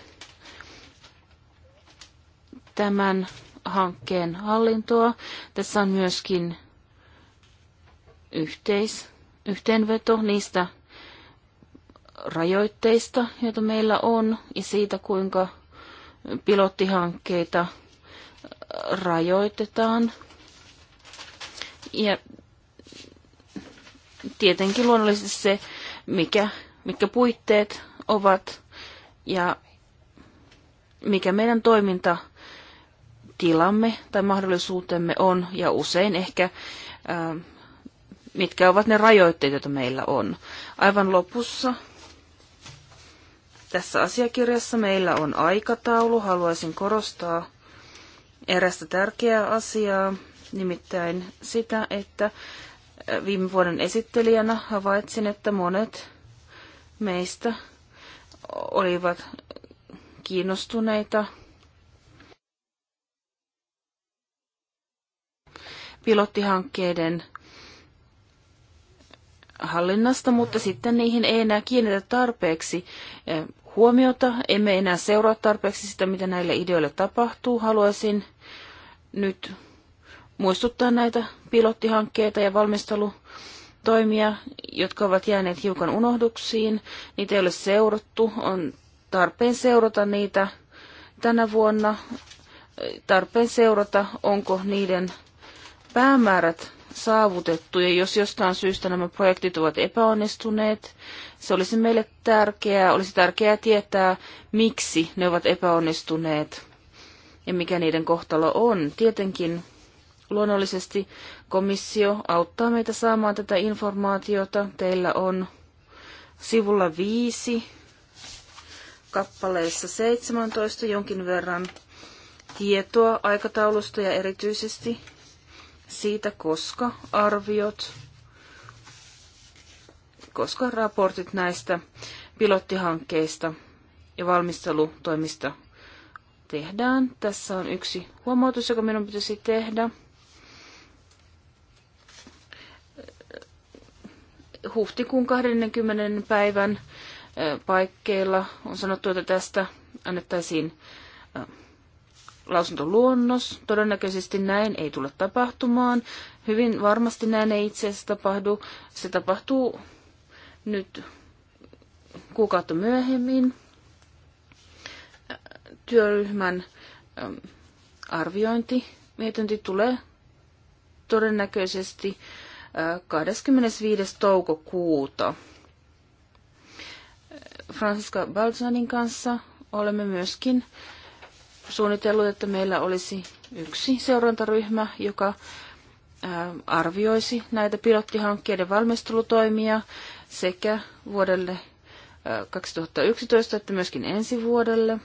tämän hankkeen hallintoa. Tässä on myöskin yhteis, yhteenveto niistä rajoitteista, joita meillä on, ja siitä, kuinka pilottihankkeita rajoitetaan. Ja tietenkin luonnollisesti se, mikä, mitkä puitteet ovat ja mikä meidän toiminta tilamme tai mahdollisuutemme on ja usein ehkä mitkä ovat ne rajoitteet, joita meillä on. Aivan lopussa tässä asiakirjassa meillä on aikataulu. Haluaisin korostaa erästä tärkeää asiaa, nimittäin sitä, että äh, viime vuoden esittelijänä havaitsin, että monet meistä olivat kiinnostuneita pilottihankkeiden hallinnasta, mutta sitten niihin ei enää kiinnitä tarpeeksi äh, huomiota. Emme enää seuraa tarpeeksi sitä, mitä näille ideoille tapahtuu. Haluaisin nyt muistuttaa näitä pilottihankkeita ja valmistelutoimia, jotka ovat jääneet hiukan unohduksiin. Niitä ei ole seurattu. On tarpeen seurata niitä tänä vuonna. Tarpeen seurata, onko niiden päämäärät saavutettu. Ja jos jostain syystä nämä projektit ovat epäonnistuneet, se olisi meille tärkeää. Olisi tärkeää tietää, miksi ne ovat epäonnistuneet ja mikä niiden kohtalo on. Tietenkin luonnollisesti komissio auttaa meitä saamaan tätä informaatiota. Teillä on sivulla viisi kappaleessa 17 jonkin verran tietoa aikataulusta ja erityisesti siitä, koska arviot, koska raportit näistä pilottihankkeista ja valmistelutoimista tehdään. Tässä on yksi huomautus, joka minun pitäisi tehdä. Huhtikuun 20. päivän paikkeilla on sanottu, että tästä annettaisiin lausuntoluonnos. Todennäköisesti näin ei tule tapahtumaan. Hyvin varmasti näin ei itse asiassa tapahdu. Se tapahtuu nyt kuukautta myöhemmin työryhmän ähm, arviointi, mietinti tulee todennäköisesti 25. Äh, toukokuuta. Äh, Francisca Balzanin kanssa olemme myöskin suunnitellut, että meillä olisi yksi seurantaryhmä, joka arvioisi näitä pilottihankkeiden valmistelutoimia sekä vuodelle 2011 että myöskin ensi vuodelle.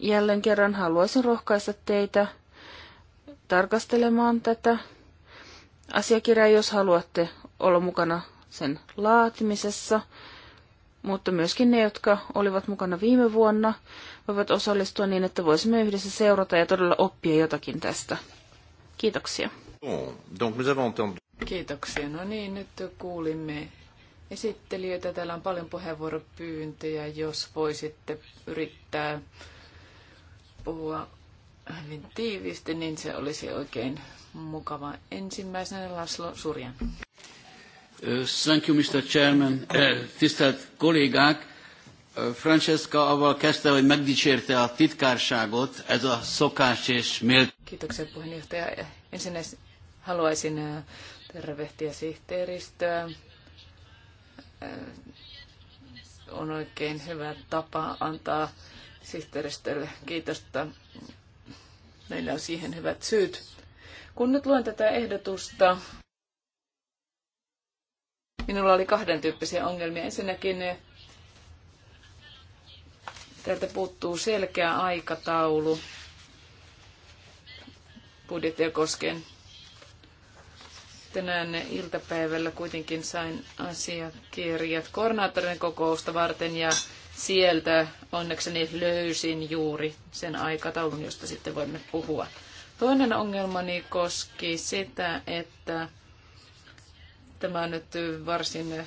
Jälleen kerran haluaisin rohkaista teitä tarkastelemaan tätä asiakirjaa, jos haluatte olla mukana sen laatimisessa, mutta myöskin ne, jotka olivat mukana viime vuonna, voivat osallistua niin, että voisimme yhdessä seurata ja todella oppia jotakin tästä. Kiitoksia. Kiitoksia. No niin, nyt kuulimme esittelijöitä. Täällä on paljon puheenvuoropyyntöjä. Jos voisitte yrittää puhua hyvin tiiviisti, niin se olisi oikein mukava. Ensimmäisenä Laslo Surjan. Thank you, Mr. Chairman. Eh, kollegat. Uh, Francesca avval kezdte, hogy megdicsérte a titkárságot, ez a szokás és mélt. Kiitoksia puheenjohtaja. Ensin haluaisin tervehtiä sihteeristöä. On oikein hyvä tapa antaa sihteeristölle kiitosta. Meillä on siihen hyvät syyt. Kun nyt luen tätä ehdotusta, minulla oli kahden tyyppisiä ongelmia. Ensinnäkin Täältä puuttuu selkeä aikataulu budjettia koskien. Tänään iltapäivällä kuitenkin sain asiakirjat koordinaattorin kokousta varten ja sieltä onnekseni löysin juuri sen aikataulun, josta sitten voimme puhua. Toinen ongelmani koski sitä, että tämä on nyt varsin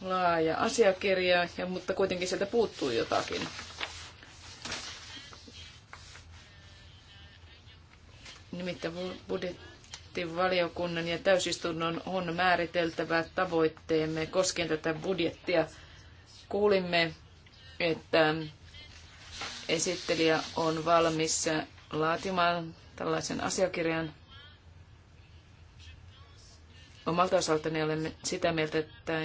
laaja asiakirja, ja, mutta kuitenkin sieltä puuttuu jotakin. Nimittäin budjettivaliokunnan ja täysistunnon on määriteltävä tavoitteemme koskien tätä budjettia. Kuulimme, että esittelijä on valmis laatimaan tällaisen asiakirjan. Omalta osaltani olemme sitä mieltä, että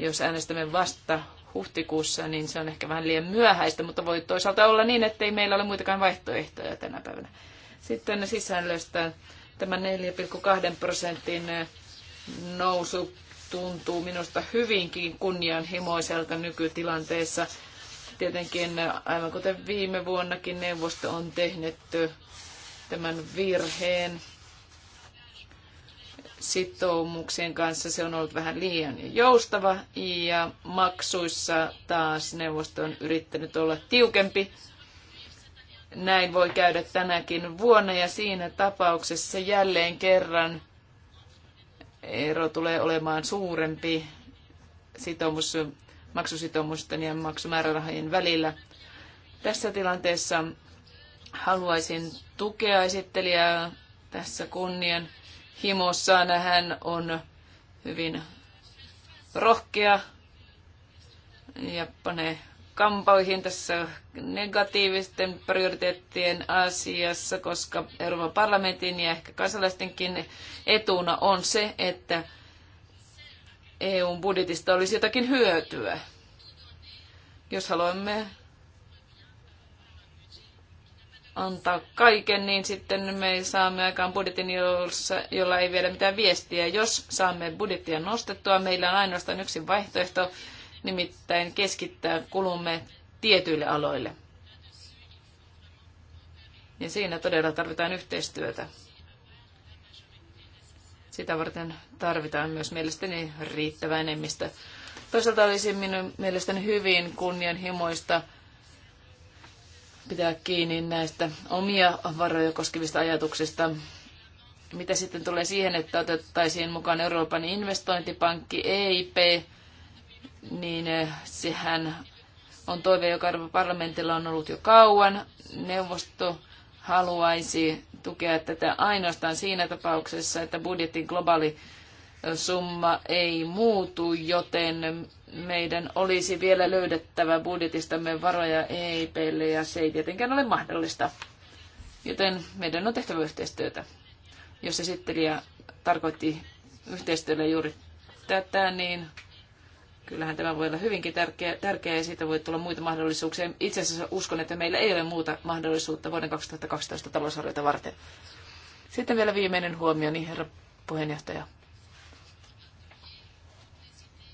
jos äänestämme vasta huhtikuussa, niin se on ehkä vähän liian myöhäistä, mutta voi toisaalta olla niin, että ei meillä ole muitakaan vaihtoehtoja tänä päivänä. Sitten sisällöstä tämä 4,2 prosentin nousu tuntuu minusta hyvinkin kunnianhimoiselta nykytilanteessa. Tietenkin aivan kuten viime vuonnakin neuvosto on tehnyt tämän virheen sitoumuksien kanssa se on ollut vähän liian joustava ja maksuissa taas neuvosto on yrittänyt olla tiukempi. Näin voi käydä tänäkin vuonna ja siinä tapauksessa jälleen kerran ero tulee olemaan suurempi sitoumus, maksusitoumusten ja maksumäärärahojen välillä. Tässä tilanteessa haluaisin tukea esittelijää tässä kunnian himossaan. Hän on hyvin rohkea ja panee kampoihin tässä negatiivisten prioriteettien asiassa, koska Euroopan parlamentin ja ehkä kansalaistenkin etuna on se, että EUn budjetista olisi jotakin hyötyä. Jos haluamme antaa kaiken, niin sitten me saamme aikaan budjetin, jolla ei vielä mitään viestiä. Jos saamme budjettia nostettua, meillä on ainoastaan yksi vaihtoehto, nimittäin keskittää kulumme tietyille aloille. Ja siinä todella tarvitaan yhteistyötä. Sitä varten tarvitaan myös mielestäni riittävä enemmistö. Toisaalta olisi minun mielestäni hyvin kunnianhimoista pitää kiinni näistä omia varoja koskevista ajatuksista. Mitä sitten tulee siihen, että otettaisiin mukaan Euroopan investointipankki EIP, niin eh, sehän on toive, joka Euroopan parlamentilla on ollut jo kauan. Neuvosto haluaisi tukea tätä ainoastaan siinä tapauksessa, että budjetin globaali eh, summa ei muutu, joten meidän olisi vielä löydettävä budjetistamme varoja EIPlle ja se ei tietenkään ole mahdollista. Joten meidän on tehtävä yhteistyötä. Jos esittelijä tarkoitti yhteistyöllä juuri tätä, niin kyllähän tämä voi olla hyvinkin tärkeä, tärkeä ja siitä voi tulla muita mahdollisuuksia. Itse asiassa uskon, että meillä ei ole muuta mahdollisuutta vuoden 2012 talousarviota varten. Sitten vielä viimeinen huomio, niin herra puheenjohtaja.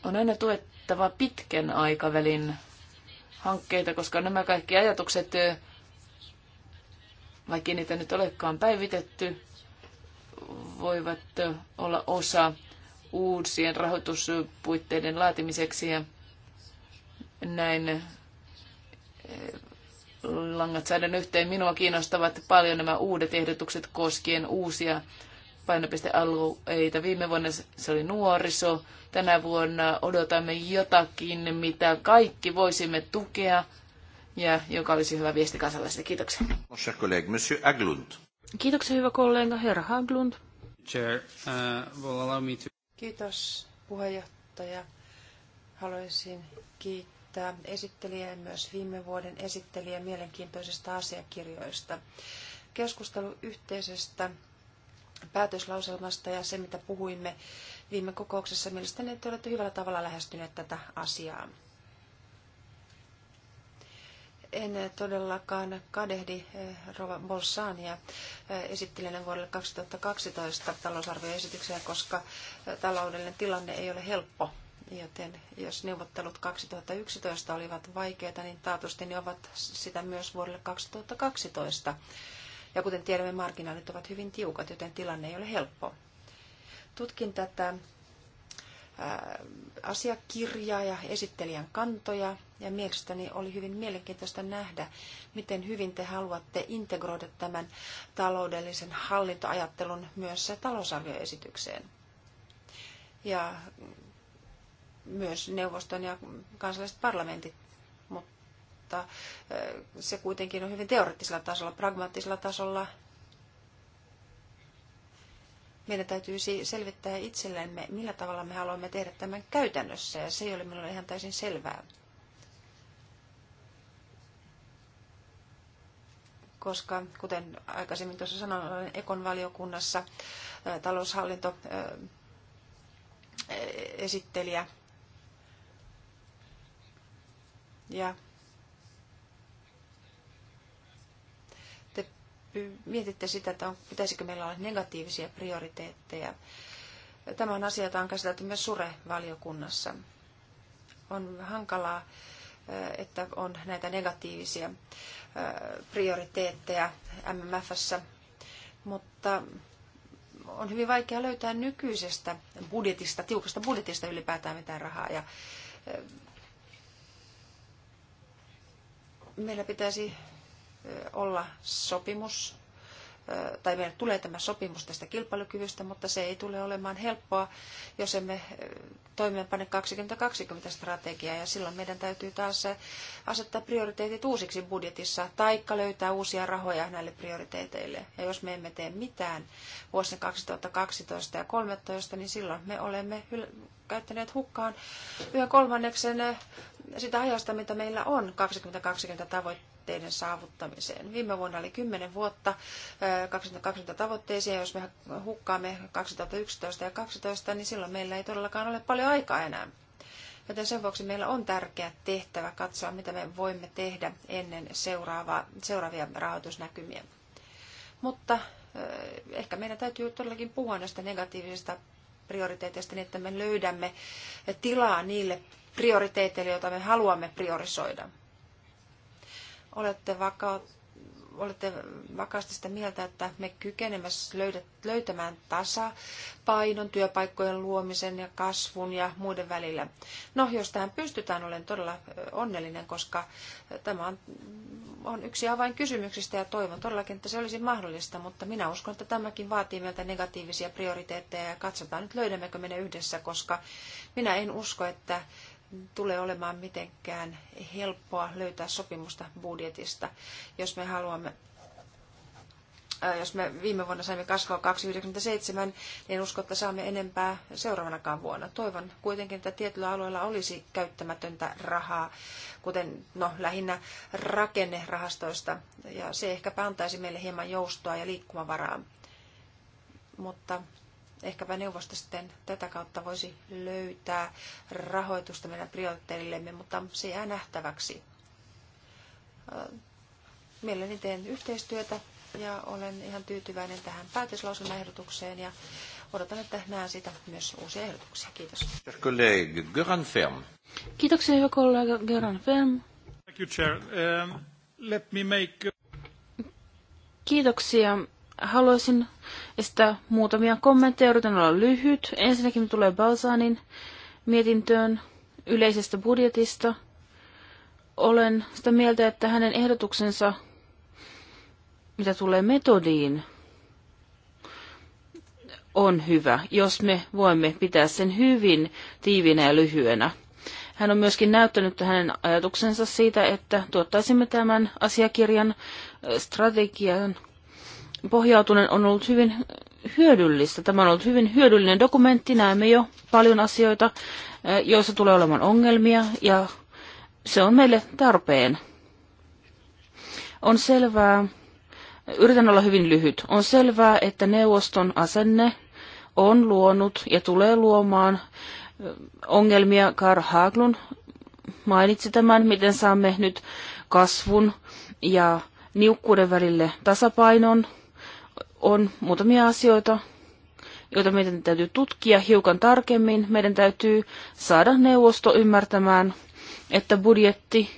On aina tuettu mittava pitkän aikavälin hankkeita, koska nämä kaikki ajatukset, vaikka niitä nyt olekaan päivitetty, voivat olla osa uusien rahoituspuitteiden laatimiseksi ja näin langat saadaan yhteen. Minua kiinnostavat paljon nämä uudet ehdotukset koskien uusia painopistealueita. Viime vuonna se oli nuoriso. Tänä vuonna odotamme jotakin, mitä kaikki voisimme tukea ja joka olisi hyvä viesti kansalaisille. Kiitoksia. Monsieur Aglund. Kiitoksia hyvä kollega, herra Haglund. Chair, uh, will allow me to... Kiitos puheenjohtaja. Haluaisin kiittää esittelijää ja myös viime vuoden esittelijää mielenkiintoisista asiakirjoista. Keskustelu yhteisestä päätöslauselmasta ja se, mitä puhuimme viime kokouksessa. Mielestäni te olette hyvällä tavalla lähestyneet tätä asiaa. En todellakaan kadehdi eh, Rova Bolsania eh, esittelijänä vuodelle 2012 talousarvioesitykseen, koska eh, taloudellinen tilanne ei ole helppo. Joten jos neuvottelut 2011 olivat vaikeita, niin taatusti ne ovat sitä myös vuodelle 2012 ja kuten tiedämme, marginaalit ovat hyvin tiukat, joten tilanne ei ole helppo. Tutkin tätä asiakirjaa ja esittelijän kantoja. Ja mielestäni oli hyvin mielenkiintoista nähdä, miten hyvin te haluatte integroida tämän taloudellisen hallintoajattelun myös talousarvioesitykseen. Ja myös neuvoston ja kansalliset parlamentit mutta eh, se kuitenkin on hyvin teoreettisella tasolla, pragmaattisella tasolla. Meidän täytyy selvittää itsellemme, millä tavalla me haluamme tehdä tämän käytännössä, ja se ei ole minulle ihan täysin selvää. koska kuten aikaisemmin tuossa sanoin, olen Ekon valiokunnassa eh, taloushallinto eh, esittelijä. Ja mietitte sitä, että on, pitäisikö meillä olla negatiivisia prioriteetteja. Tämä on asia, jota on käsitelty myös Sure-valiokunnassa. On hankalaa, eh, että on näitä negatiivisia eh, prioriteetteja MMFssä, mutta on hyvin vaikea löytää nykyisestä budjetista, tiukasta budjetista ylipäätään mitään rahaa. Ja eh, meillä pitäisi olla sopimus, tai meille tulee tämä sopimus tästä kilpailukyvystä, mutta se ei tule olemaan helppoa, jos emme toimeenpane 2020-strategiaa, ja silloin meidän täytyy taas asettaa prioriteetit uusiksi budjetissa, taikka löytää uusia rahoja näille prioriteeteille. Ja jos me emme tee mitään vuosina 2012 ja 2013, niin silloin me olemme käyttäneet hukkaan yhden kolmanneksen sitä ajasta, mitä meillä on 2020 tavoitteena tavoitteiden saavuttamiseen. Viime vuonna oli 10 vuotta 2020 tavoitteisiin, jos me hukkaamme 2011 ja 2012, niin silloin meillä ei todellakaan ole paljon aikaa enää. Joten sen vuoksi meillä on tärkeä tehtävä katsoa, mitä me voimme tehdä ennen seuraavaa, seuraavia rahoitusnäkymiä. Mutta ehkä meidän täytyy todellakin puhua näistä negatiivisista prioriteeteista niin, että me löydämme tilaa niille prioriteeteille, joita me haluamme priorisoida olette, vaka- olette vakaasti sitä mieltä, että me kykenemme löytämään tasapainon työpaikkojen luomisen ja kasvun ja muiden välillä. No, jos tähän pystytään, olen todella onnellinen, koska tämä on, on yksi avainkysymyksistä ja toivon todellakin, että se olisi mahdollista, mutta minä uskon, että tämäkin vaatii meiltä negatiivisia prioriteetteja ja katsotaan nyt löydämmekö me ne yhdessä, koska minä en usko, että tule olemaan mitenkään helppoa löytää sopimusta budjetista, jos me haluamme jos me viime vuonna saimme kasvua 297, niin en usko, että saamme enempää seuraavanakaan vuonna. Toivon kuitenkin, että tietyllä alueella olisi käyttämätöntä rahaa, kuten no, lähinnä rakennerahastoista, ja se ehkä antaisi meille hieman joustoa ja liikkumavaraa. Mutta Ehkäpä neuvosto sitten tätä kautta voisi löytää rahoitusta meidän prioriteetillemme, mutta se jää nähtäväksi. Mielelläni teen yhteistyötä ja olen ihan tyytyväinen tähän päätöslauselmaehdotukseen ja odotan, että näen siitä myös uusia ehdotuksia. Kiitos. Kiitoksia, hyvä kollega Göran Ferm. Thank you, Chair. Um, let me make... Kiitoksia. Haluaisin sitä muutamia kommentteja yritän olla lyhyt. Ensinnäkin tulee Balsanin mietintöön yleisestä budjetista. Olen sitä mieltä, että hänen ehdotuksensa, mitä tulee metodiin, on hyvä, jos me voimme pitää sen hyvin tiivinä ja lyhyenä. Hän on myöskin näyttänyt hänen ajatuksensa siitä, että tuottaisimme tämän asiakirjan äh, strategian pohjautuneen on ollut hyvin hyödyllistä. Tämä on ollut hyvin hyödyllinen dokumentti. Näemme jo paljon asioita, eh, joissa tulee olemaan ongelmia ja se on meille tarpeen. On selvää, yritän olla hyvin lyhyt, on selvää, että neuvoston asenne on luonut ja tulee luomaan eh, ongelmia. Karl Haglund mainitsi tämän, miten saamme nyt kasvun ja niukkuuden välille tasapainon on muutamia asioita, joita meidän täytyy tutkia hiukan tarkemmin. Meidän täytyy saada neuvosto ymmärtämään, että budjetti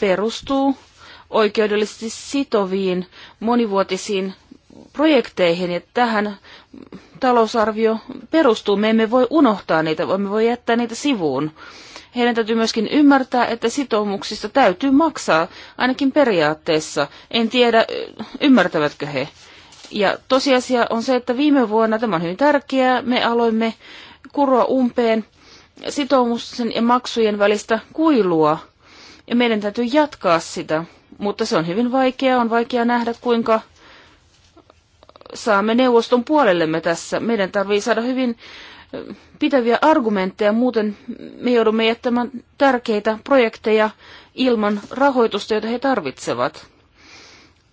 perustuu oikeudellisesti sitoviin monivuotisiin projekteihin ja tähän talousarvio perustuu. Me emme voi unohtaa niitä, me voi jättää niitä sivuun. Heidän täytyy myöskin ymmärtää, että sitoumuksista täytyy maksaa, ainakin periaatteessa. En tiedä, ymmärtävätkö he. Ja tosiasia on se, että viime vuonna, tämä on hyvin tärkeää, me aloimme kuroa umpeen sitoumusten ja maksujen välistä kuilua. Ja meidän täytyy jatkaa sitä, mutta se on hyvin vaikeaa. On vaikea nähdä, kuinka saamme neuvoston puolellemme tässä. Meidän tarvii saada hyvin pitäviä argumentteja, muuten me joudumme jättämään tärkeitä projekteja ilman rahoitusta, jota he tarvitsevat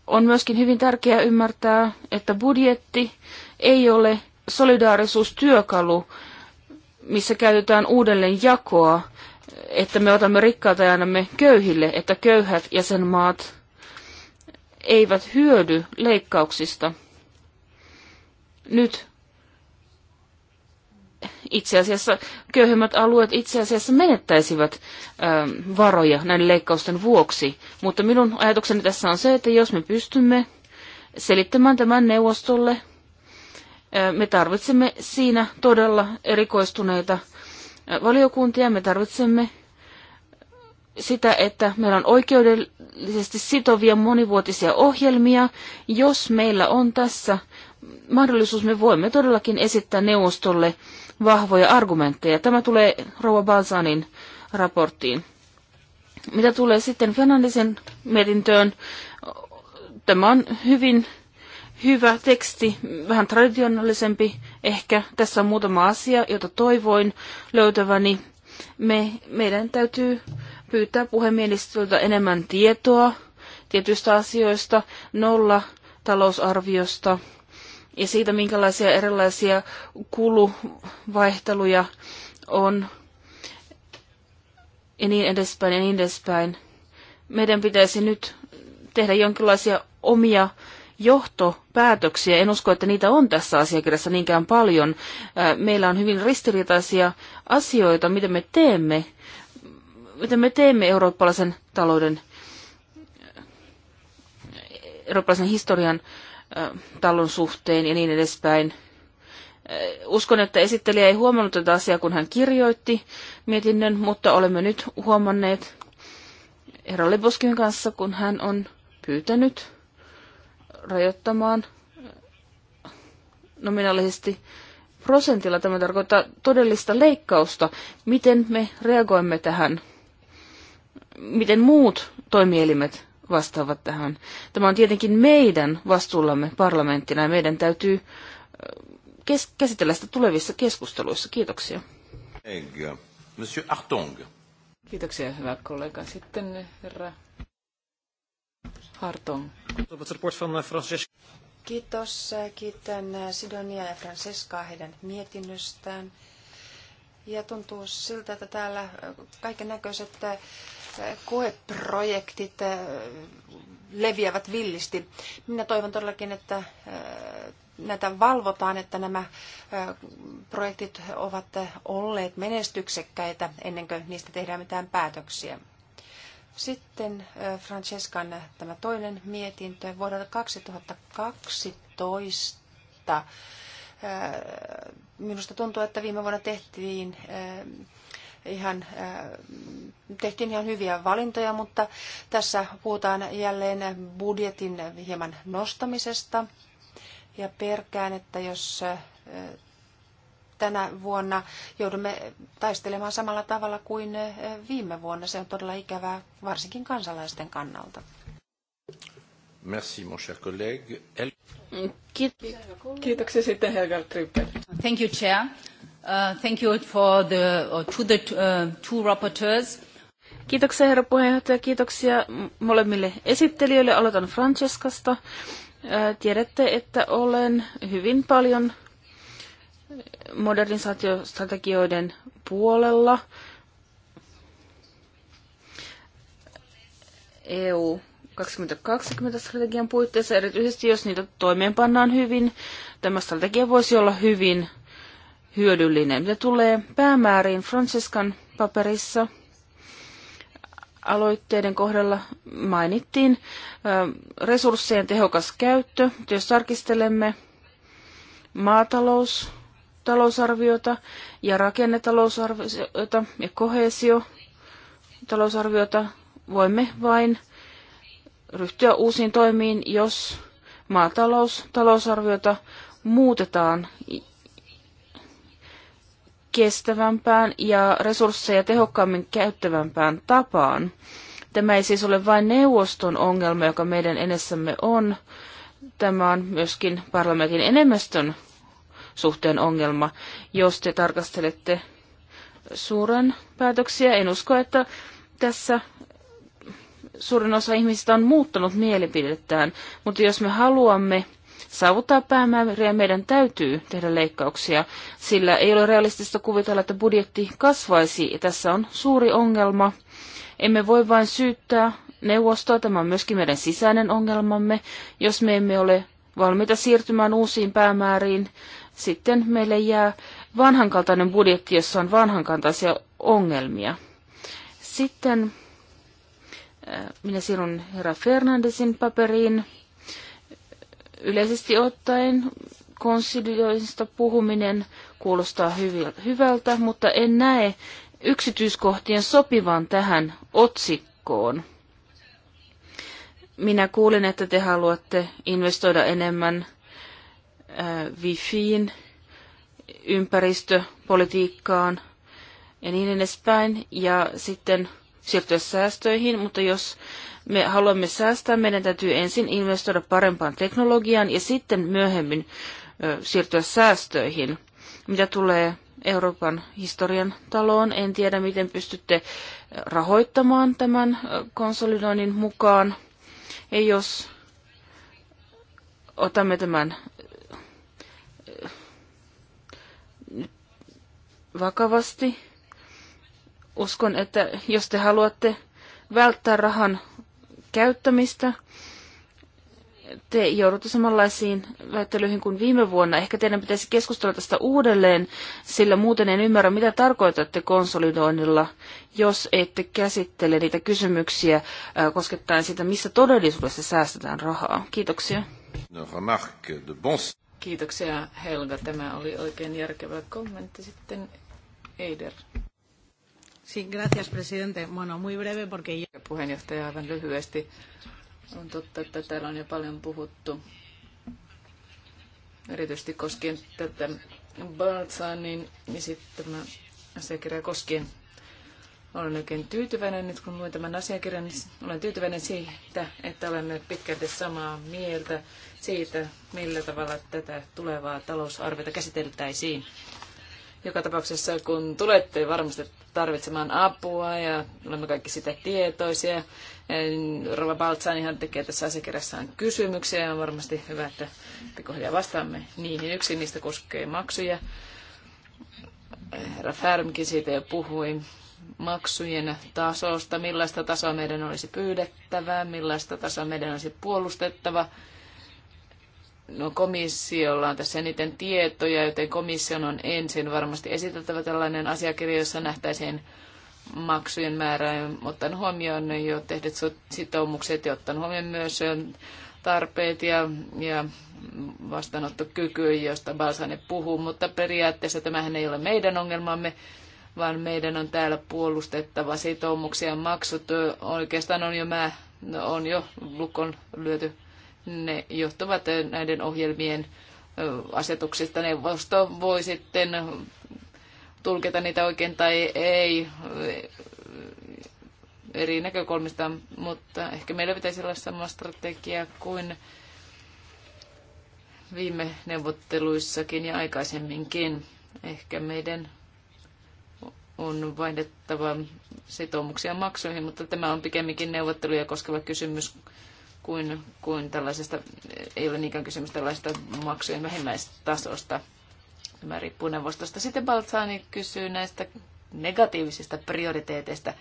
on myöskin hyvin tärkeää ymmärtää, että budjetti ei ole solidaarisuustyökalu, missä käytetään uudelleen jakoa, että me otamme rikkaita ja annamme köyhille, että köyhät jäsenmaat eivät hyödy leikkauksista. Nyt itse asiassa köyhemmät alueet itse asiassa menettäisivät ähm, varoja näiden leikkausten vuoksi. Mutta minun ajatukseni tässä on se, että jos me pystymme selittämään tämän neuvostolle, äh, me tarvitsemme siinä todella erikoistuneita äh, valiokuntia, me tarvitsemme sitä, että meillä on oikeudellisesti sitovia monivuotisia ohjelmia. Jos meillä on tässä mahdollisuus, me voimme todellakin esittää neuvostolle vahvoja argumentteja. Tämä tulee Rouva Balsanin raporttiin. Mitä tulee sitten Fernandisen mietintöön, tämä on hyvin hyvä teksti, vähän traditionaalisempi ehkä. Tässä on muutama asia, jota toivoin löytäväni. Me, meidän täytyy pyytää puhemiehistöltä enemmän tietoa tietyistä asioista, nolla talousarviosta, ja siitä, minkälaisia erilaisia kuluvaihteluja on ja niin edespäin ja niin edespäin. Meidän pitäisi nyt tehdä jonkinlaisia omia johtopäätöksiä. En usko, että niitä on tässä asiakirjassa niinkään paljon. Meillä on hyvin ristiriitaisia asioita, mitä me teemme, mitä me teemme eurooppalaisen talouden, eurooppalaisen historian äh, talon suhteen ja niin edespäin. Uskon, että esittelijä ei huomannut tätä asiaa, kun hän kirjoitti mietinnön, mutta olemme nyt huomanneet herra Leboskin kanssa, kun hän on pyytänyt rajoittamaan nominaalisesti prosentilla. Tämä tarkoittaa todellista leikkausta. Miten me reagoimme tähän? Miten muut toimielimet vastaavat tähän. Tämä on tietenkin meidän vastuullamme parlamenttina ja meidän täytyy äh, käsitellä sitä tulevissa keskusteluissa. Kiitoksia. Monsieur Hartong. Kiitoksia, hyvä kollega. Sitten herra Hartong. Kiitos. Kiitän Sidonia ja Franceskaa heidän mietinnöstään. Ja tuntuu siltä, että täällä kaiken näköiset koeprojektit äh, leviävät villisti. Minä toivon todellakin, että äh, näitä valvotaan, että nämä äh, projektit ovat olleet menestyksekkäitä ennen kuin niistä tehdään mitään päätöksiä. Sitten Francescan tämä toinen mietintö vuodelta 2012. Minusta tuntuu, että viime vuonna tehtiin ihan, äh, tehtiin ihan hyviä valintoja, mutta tässä puhutaan jälleen budjetin hieman nostamisesta. Ja perkään, että jos äh, tänä vuonna joudumme taistelemaan samalla tavalla kuin äh, viime vuonna, se on todella ikävää, varsinkin kansalaisten kannalta. Merci, mon cher collègue. Kiitoksia sitten Helga Tryppel. Thank you, Chair. Uh, thank you for the, uh, to the uh, two rapporteurs. Kiitoksia herra puheenjohtaja, kiitoksia molemmille esittelijöille. Aloitan Francescasta. Äh, tiedätte, että olen hyvin paljon modernisaatiostrategioiden puolella. EU 2020-strategian puitteissa, erityisesti jos niitä toimeenpannaan hyvin, tämä strategia voisi olla hyvin hyödyllinen. ja tulee päämääriin Franciscan paperissa, aloitteiden kohdalla mainittiin resurssien tehokas käyttö. Jos tarkistelemme maatalous, talousarviota ja rakennetalousarviota ja kohesio talousarviota, voimme vain ryhtyä uusiin toimiin, jos maatalous talousarviota muutetaan kestävämpään ja resursseja tehokkaammin käyttävämpään tapaan. Tämä ei siis ole vain neuvoston ongelma, joka meidän edessämme on. Tämä on myöskin parlamentin enemmistön suhteen ongelma. Jos te tarkastelette suuren päätöksiä, en usko, että tässä suurin osa ihmisistä on muuttanut mielipidettään, mutta jos me haluamme saavuttaa päämääriä, meidän täytyy tehdä leikkauksia, sillä ei ole realistista kuvitella, että budjetti kasvaisi. Ja tässä on suuri ongelma. Emme voi vain syyttää neuvostoa, tämä on myöskin meidän sisäinen ongelmamme. Jos me emme ole valmiita siirtymään uusiin päämääriin, sitten meille jää vanhankaltainen budjetti, jossa on vanhankantaisia ongelmia. Sitten äh, minä siirryn herra Fernandesin paperiin yleisesti ottaen konsilioista puhuminen kuulostaa hyvältä, mutta en näe yksityiskohtien sopivan tähän otsikkoon. Minä kuulin, että te haluatte investoida enemmän äh, wifiin, ympäristöpolitiikkaan ja niin edespäin. Ja sitten siirtyä säästöihin, mutta jos me haluamme säästää, meidän täytyy ensin investoida parempaan teknologiaan ja sitten myöhemmin ö, siirtyä säästöihin. Mitä tulee Euroopan historian taloon, en tiedä miten pystytte rahoittamaan tämän konsolidoinnin mukaan. Ja jos otamme tämän vakavasti, uskon, että jos te haluatte välttää rahan käyttämistä, te joudutte samanlaisiin väittelyihin kuin viime vuonna. Ehkä teidän pitäisi keskustella tästä uudelleen, sillä muuten en ymmärrä, mitä tarkoitatte konsolidoinnilla, jos ette käsittele niitä kysymyksiä koskettaen sitä, missä todellisuudessa säästetään rahaa. Kiitoksia. Kiitoksia Helga. Tämä oli oikein järkevä kommentti sitten. Eider. Sí, gracias, presidente. Bueno, muy breve porque... Puheenjohtaja aivan lyhyesti. On totta, että täällä on jo paljon puhuttu, erityisesti koskien tätä Baltsanin esittämä asiakirja koskien. Olen oikein tyytyväinen nyt, kun luin tämän asiakirjan. Niin olen tyytyväinen siitä, että olemme pitkälti samaa mieltä siitä, millä tavalla tätä tulevaa talousarviota käsiteltäisiin. Joka tapauksessa, kun tulette varmasti tarvitsemaan apua ja olemme kaikki sitä tietoisia. Niin Rova Baltsan ihan tekee tässä asiakirjassaan kysymyksiä ja on varmasti hyvä, että pikkuhiljaa vastaamme niihin. Yksi niistä koskee maksuja. Herra Färmkin siitä jo puhui maksujen tasosta, millaista tasoa meidän olisi pyydettävää, millaista tasoa meidän olisi puolustettava No komissiolla on tässä eniten tietoja, joten komission on ensin varmasti esiteltävä tällainen asiakirja, jossa nähtäisiin maksujen määrä, mutta huomioon jo tehdyt sitoumukset ja ottanut huomioon myös tarpeet ja, ja vastaanottokyky, josta Balsane puhuu, mutta periaatteessa tämähän ei ole meidän ongelmamme, vaan meidän on täällä puolustettava sitoumuksia. Maksut oikeastaan on jo, mä, on jo lukon lyöty ne johtuvat eh, näiden ohjelmien eh, asetuksista. Neuvosto voi sitten tulkita niitä oikein tai ei eh, eri näkökulmista, mutta ehkä meillä pitäisi olla sama strategia kuin viime neuvotteluissakin ja aikaisemminkin. Ehkä meidän on vaihdettava sitoumuksia maksuihin, mutta tämä on pikemminkin neuvotteluja koskeva kysymys kuin, kuin tällaisesta, ei ole niinkään kysymys tällaista maksujen vähimmäistasosta. Tämä riippuu neuvostosta. Sitten Baltsani kysyy näistä negatiivisista prioriteeteista.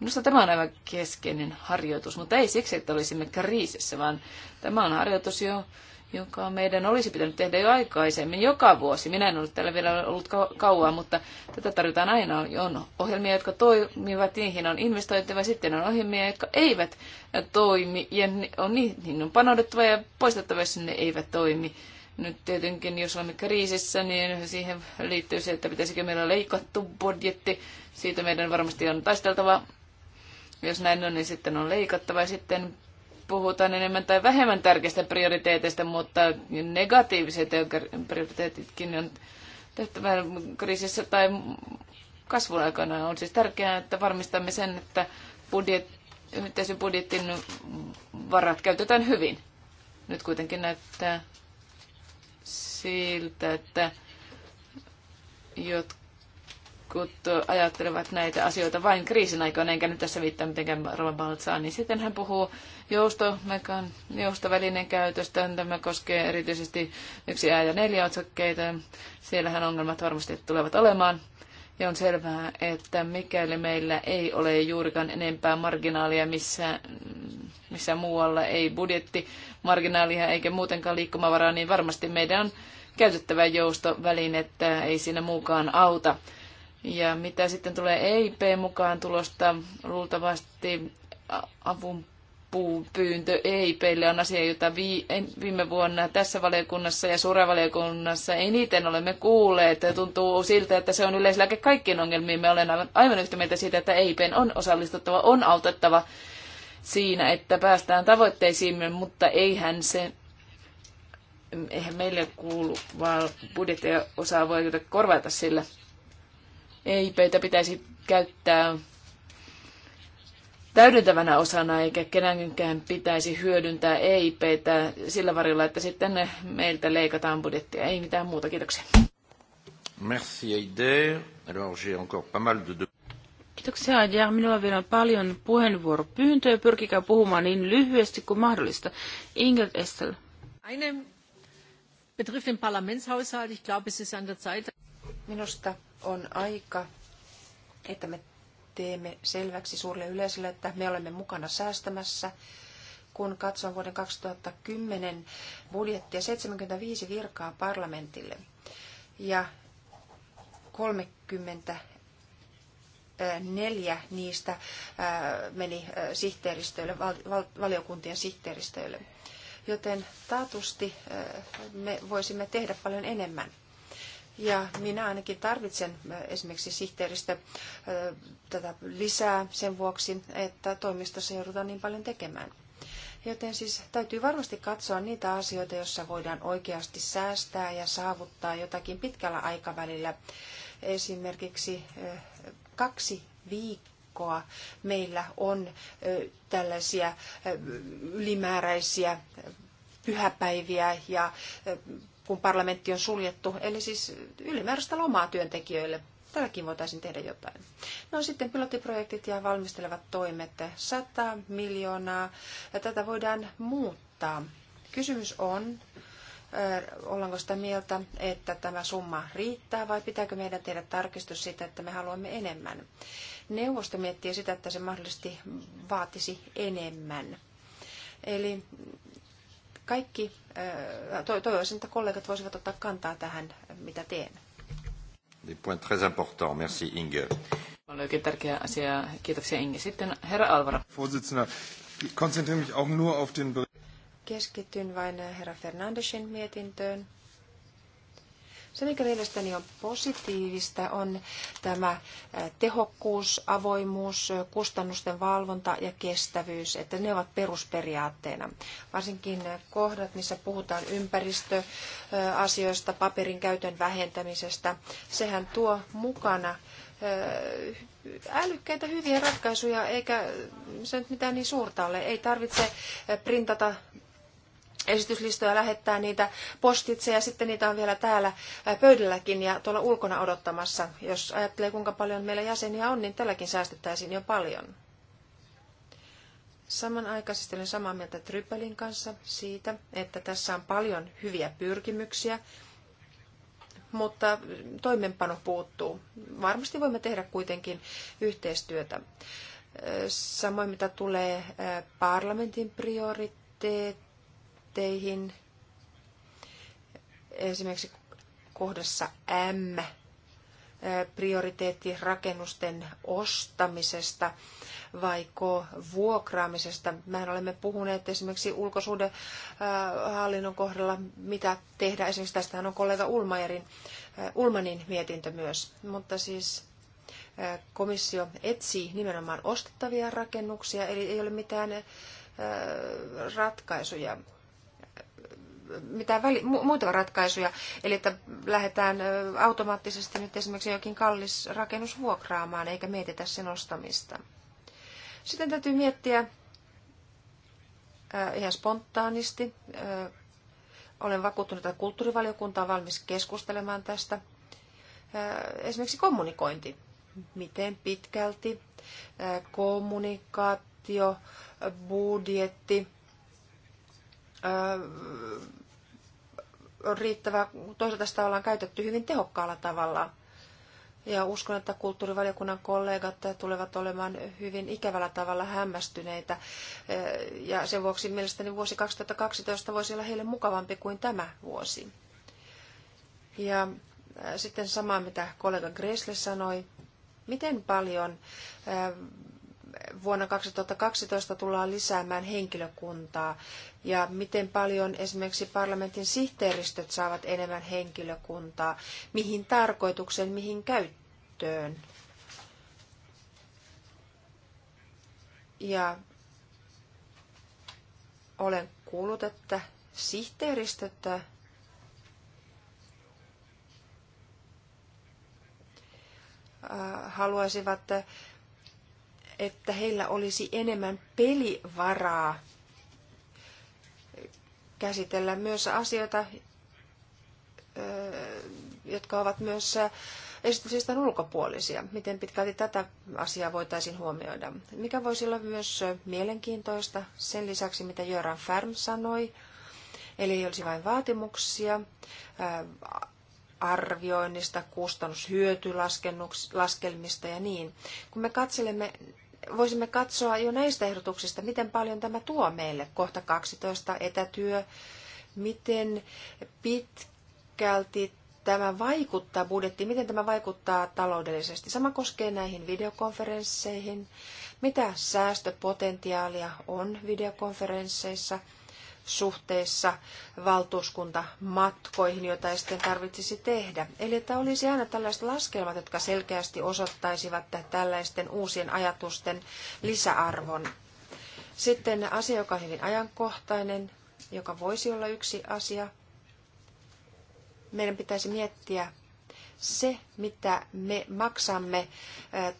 Minusta tämä on aivan keskeinen harjoitus, mutta ei siksi, että olisimme kriisissä, vaan tämä on harjoitus, jo, joka meidän olisi pitänyt tehdä jo aikaisemmin, joka vuosi. Minä en ole täällä vielä ollut kauan, mutta tätä tarvitaan aina. On ohjelmia, jotka toimivat, niihin on investointeja, sitten on ohjelmia, jotka eivät toimi, ja on, niihin on panoudettava ja poistettava, jos ne eivät toimi. Nyt tietenkin, jos olemme kriisissä, niin siihen liittyy se, että pitäisikö meillä leikattu budjetti. Siitä meidän varmasti on taisteltava. Jos näin on, niin sitten on leikattava. Ja sitten puhutaan enemmän tai vähemmän tärkeistä prioriteeteista, mutta negatiiviset prioriteetitkin on tehtävä kriisissä tai kasvun aikana. On siis tärkeää, että varmistamme sen, että budjet, yhteisön budjetin varat käytetään hyvin. Nyt kuitenkin näyttää siltä, että jot, jotkut ajattelevat näitä asioita vain kriisin aikana, enkä nyt tässä viittaa mitenkään Roman Baltsaan, niin sitten hän puhuu joustomekan, joustovälineen käytöstä. Tämä koskee erityisesti yksi ja neljä otsakkeita. Siellähän ongelmat varmasti tulevat olemaan. Ja on selvää, että mikäli meillä ei ole juurikaan enempää marginaalia missä, missä muualla, ei budjetti marginaalia eikä muutenkaan liikkumavaraa, niin varmasti meidän on käytettävä joustovälinettä, ei siinä muukaan auta. Ja mitä sitten tulee EIP mukaan tulosta, luultavasti avun pyyntö EiPille on asia, jota viime vuonna tässä valiokunnassa ja suurevaliokunnassa eniten olemme kuulleet. Tuntuu siltä, että se on yleislääke kaikkien ongelmiin. Me olen aivan yhtä mieltä siitä, että EIPn on osallistuttava, on autettava siinä, että päästään tavoitteisiimme, mutta eihän se eihän meille budjettia osaa voida korvata sillä. EIPtä pitäisi käyttää täydentävänä osana, eikä kenenkään pitäisi hyödyntää EIPtä sillä varilla, että sitten meiltä leikataan budjettia. Ei mitään muuta, kiitoksia. Merci Alors j'ai encore pas mal de... Kiitoksia Aider. Minulla on vielä paljon puheenvuoropyyntöjä. Pyrkikää puhumaan niin lyhyesti kuin mahdollista. Ingrid Estel. Eine betrifft den Parlamentshaushalt. Ich glaube, es ist an der Zeit... Minusta on aika, että me teemme selväksi suurelle yleisölle, että me olemme mukana säästämässä. Kun katson vuoden 2010 budjettia, 75 virkaa parlamentille ja 34 niistä meni sihteeristöille, valiokuntien sihteeristöille. Joten taatusti me voisimme tehdä paljon enemmän. Ja minä ainakin tarvitsen esimerkiksi sihteeristä tätä lisää sen vuoksi, että toimistossa joudutaan niin paljon tekemään. Joten siis täytyy varmasti katsoa niitä asioita, joissa voidaan oikeasti säästää ja saavuttaa jotakin pitkällä aikavälillä. Esimerkiksi kaksi viikkoa meillä on tällaisia ylimääräisiä pyhäpäiviä ja kun parlamentti on suljettu. Eli siis ylimääräistä lomaa työntekijöille. Tälläkin voitaisiin tehdä jotain. No sitten pilottiprojektit ja valmistelevat toimet. 100 miljoonaa. Ja tätä voidaan muuttaa. Kysymys on, eh, ollaanko sitä mieltä, että tämä summa riittää vai pitääkö meidän tehdä tarkistus siitä, että me haluamme enemmän. Neuvosto miettii sitä, että se mahdollisesti vaatisi enemmän. Eli kaikki, äh, toivoisin, että kollegat voisivat ottaa kantaa tähän, mitä teen. Des points très importants. Merci Inge. On oikein tärkeä asia. Kiitoksia Inge. Sitten herra Alvaro. konzentriere mich auch nur auf den Keskityn vain äh, herra Fernandesin mietintöön. Se, mikä mielestäni on positiivista, on tämä tehokkuus, avoimuus, kustannusten valvonta ja kestävyys, että ne ovat perusperiaatteena. Varsinkin kohdat, missä puhutaan ympäristöasioista, paperin käytön vähentämisestä, sehän tuo mukana älykkäitä hyviä ratkaisuja, eikä se nyt mitään niin suurta ole. Ei tarvitse printata esityslistoja lähettää niitä postitse ja sitten niitä on vielä täällä pöydälläkin ja tuolla ulkona odottamassa. Jos ajattelee kuinka paljon meillä jäseniä on, niin tälläkin säästettäisiin jo paljon. Samanaikaisesti olen samaa mieltä Tryppelin kanssa siitä, että tässä on paljon hyviä pyrkimyksiä, mutta toimenpano puuttuu. Varmasti voimme tehdä kuitenkin yhteistyötä. Samoin mitä tulee parlamentin prioriteetti, kommentteihin. Esimerkiksi kohdassa M prioriteetti rakennusten ostamisesta vaiko vuokraamisesta. Mehän olemme puhuneet esimerkiksi hallinnon kohdalla, mitä tehdä. Esimerkiksi tästähän on kollega Ulmanin, Ulmanin mietintö myös. Mutta siis komissio etsii nimenomaan ostettavia rakennuksia, eli ei ole mitään ratkaisuja mitään väli, mu- muita ratkaisuja. Eli että lähdetään automaattisesti nyt esimerkiksi jokin kallis rakennus vuokraamaan, eikä mietitä sen ostamista. Sitten täytyy miettiä äh, ihan spontaanisti. Äh, olen vakuuttunut, että kulttuurivaliokunta on valmis keskustelemaan tästä. Äh, esimerkiksi kommunikointi. Miten pitkälti äh, kommunikaatio, budjetti, on riittävä. Toisaalta sitä ollaan käytetty hyvin tehokkaalla tavalla. Ja uskon, että kulttuurivaliokunnan kollegat tulevat olemaan hyvin ikävällä tavalla hämmästyneitä. Ja sen vuoksi mielestäni vuosi 2012 voisi olla heille mukavampi kuin tämä vuosi. Ja sitten sama, mitä kollega Gressle sanoi. Miten paljon vuonna 2012 tullaan lisäämään henkilökuntaa ja miten paljon esimerkiksi parlamentin sihteeristöt saavat enemmän henkilökuntaa, mihin tarkoitukseen, mihin käyttöön. Ja olen kuullut, että sihteeristöt äh, haluaisivat että heillä olisi enemmän pelivaraa käsitellä myös asioita, jotka ovat myös esityslistan ulkopuolisia. Miten pitkälti tätä asiaa voitaisiin huomioida? Mikä voisi olla myös mielenkiintoista sen lisäksi, mitä Jöran Färm sanoi, eli ei olisi vain vaatimuksia arvioinnista, kustannushyötylaskelmista ja niin. Kun me katselemme voisimme katsoa jo näistä ehdotuksista, miten paljon tämä tuo meille. Kohta 12 etätyö, miten pitkälti tämä vaikuttaa budjettiin, miten tämä vaikuttaa taloudellisesti. Sama koskee näihin videokonferensseihin. Mitä säästöpotentiaalia on videokonferensseissa? suhteessa valtuuskuntamatkoihin, joita ei sitten tarvitsisi tehdä. Eli että olisi aina tällaiset laskelmat, jotka selkeästi osoittaisivat tällaisten uusien ajatusten lisäarvon. Sitten asia, joka on hyvin ajankohtainen, joka voisi olla yksi asia. Meidän pitäisi miettiä se, mitä me maksamme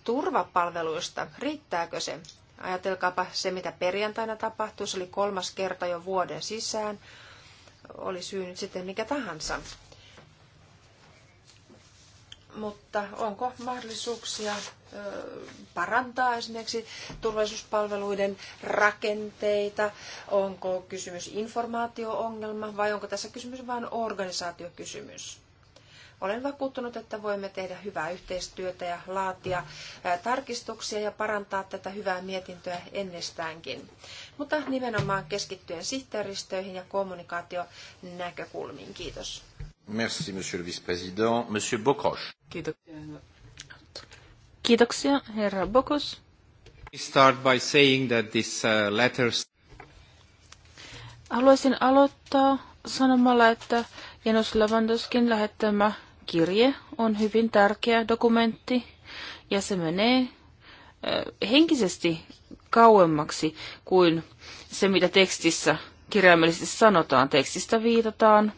turvapalveluista, riittääkö se? Ajatelkaapa se, mitä perjantaina tapahtui. Se oli kolmas kerta jo vuoden sisään. Oli syy nyt sitten mikä tahansa. Mutta onko mahdollisuuksia parantaa esimerkiksi turvallisuuspalveluiden rakenteita? Onko kysymys informaatio-ongelma vai onko tässä kysymys vain organisaatiokysymys? Olen vakuuttunut, että voimme tehdä hyvää yhteistyötä ja laatia tarkistuksia ja parantaa tätä hyvää mietintöä ennestäänkin, mutta nimenomaan keskittyen sihteeristöihin ja kommunikaationäkökulmiin. Kiitos. Merci, monsieur le vice-président. Monsieur Bokos. Kiitoksia. herra Bokos. Start by saying that this uh, letters. Haluaisin aloittaa sanomalla, että Janus Lewandowskin lähettämä kirje on hyvin tärkeä dokumentti ja se menee henkisesti kauemmaksi kuin se, mitä tekstissä kirjaimellisesti sanotaan. Tekstistä viitataan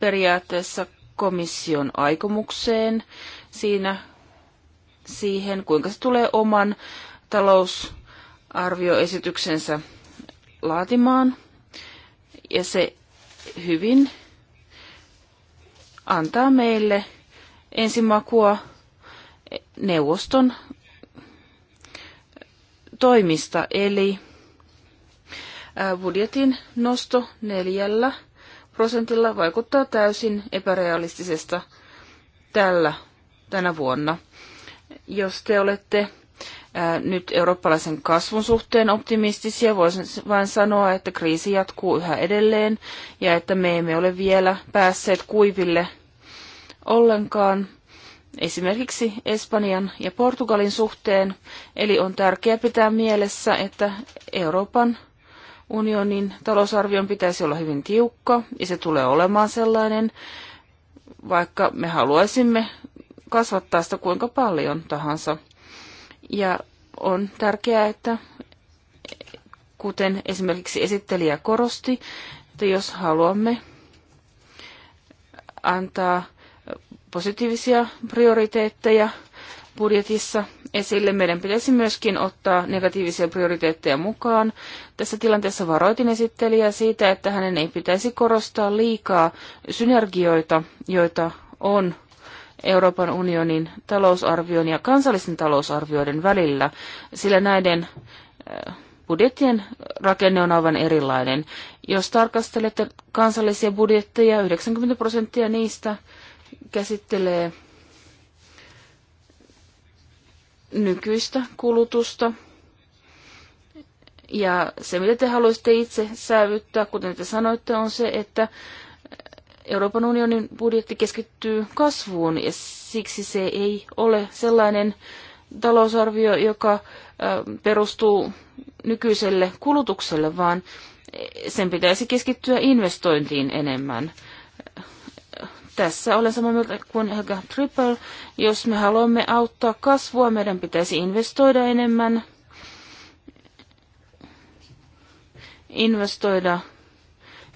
periaatteessa komission aikomukseen siinä siihen, kuinka se tulee oman talousarvioesityksensä laatimaan. Ja se hyvin antaa meille ensimakua neuvoston toimista, eli budjetin nosto neljällä prosentilla vaikuttaa täysin epärealistisesta tällä tänä vuonna. Jos te olette nyt eurooppalaisen kasvun suhteen optimistisia, voisin vain sanoa, että kriisi jatkuu yhä edelleen ja että me emme ole vielä päässeet kuiville ollenkaan esimerkiksi Espanjan ja Portugalin suhteen. Eli on tärkeää pitää mielessä, että Euroopan unionin talousarvion pitäisi olla hyvin tiukka ja se tulee olemaan sellainen, vaikka me haluaisimme kasvattaa sitä kuinka paljon tahansa. Ja on tärkeää, että kuten esimerkiksi esittelijä korosti, että jos haluamme antaa positiivisia prioriteetteja budjetissa esille. Meidän pitäisi myöskin ottaa negatiivisia prioriteetteja mukaan. Tässä tilanteessa varoitin esittelijää siitä, että hänen ei pitäisi korostaa liikaa synergioita, joita on Euroopan unionin talousarvion ja kansallisten talousarvioiden välillä, sillä näiden äh, budjettien rakenne on aivan erilainen. Jos tarkastelette kansallisia budjetteja, 90 prosenttia niistä – käsittelee nykyistä kulutusta. Ja se, mitä te haluaisitte itse säilyttää, kuten te sanoitte, on se, että Euroopan unionin budjetti keskittyy kasvuun ja siksi se ei ole sellainen talousarvio, joka perustuu nykyiselle kulutukselle, vaan sen pitäisi keskittyä investointiin enemmän. Tässä olen samaa mieltä kuin Helga Triple. Jos me haluamme auttaa kasvua, meidän pitäisi investoida enemmän, investoida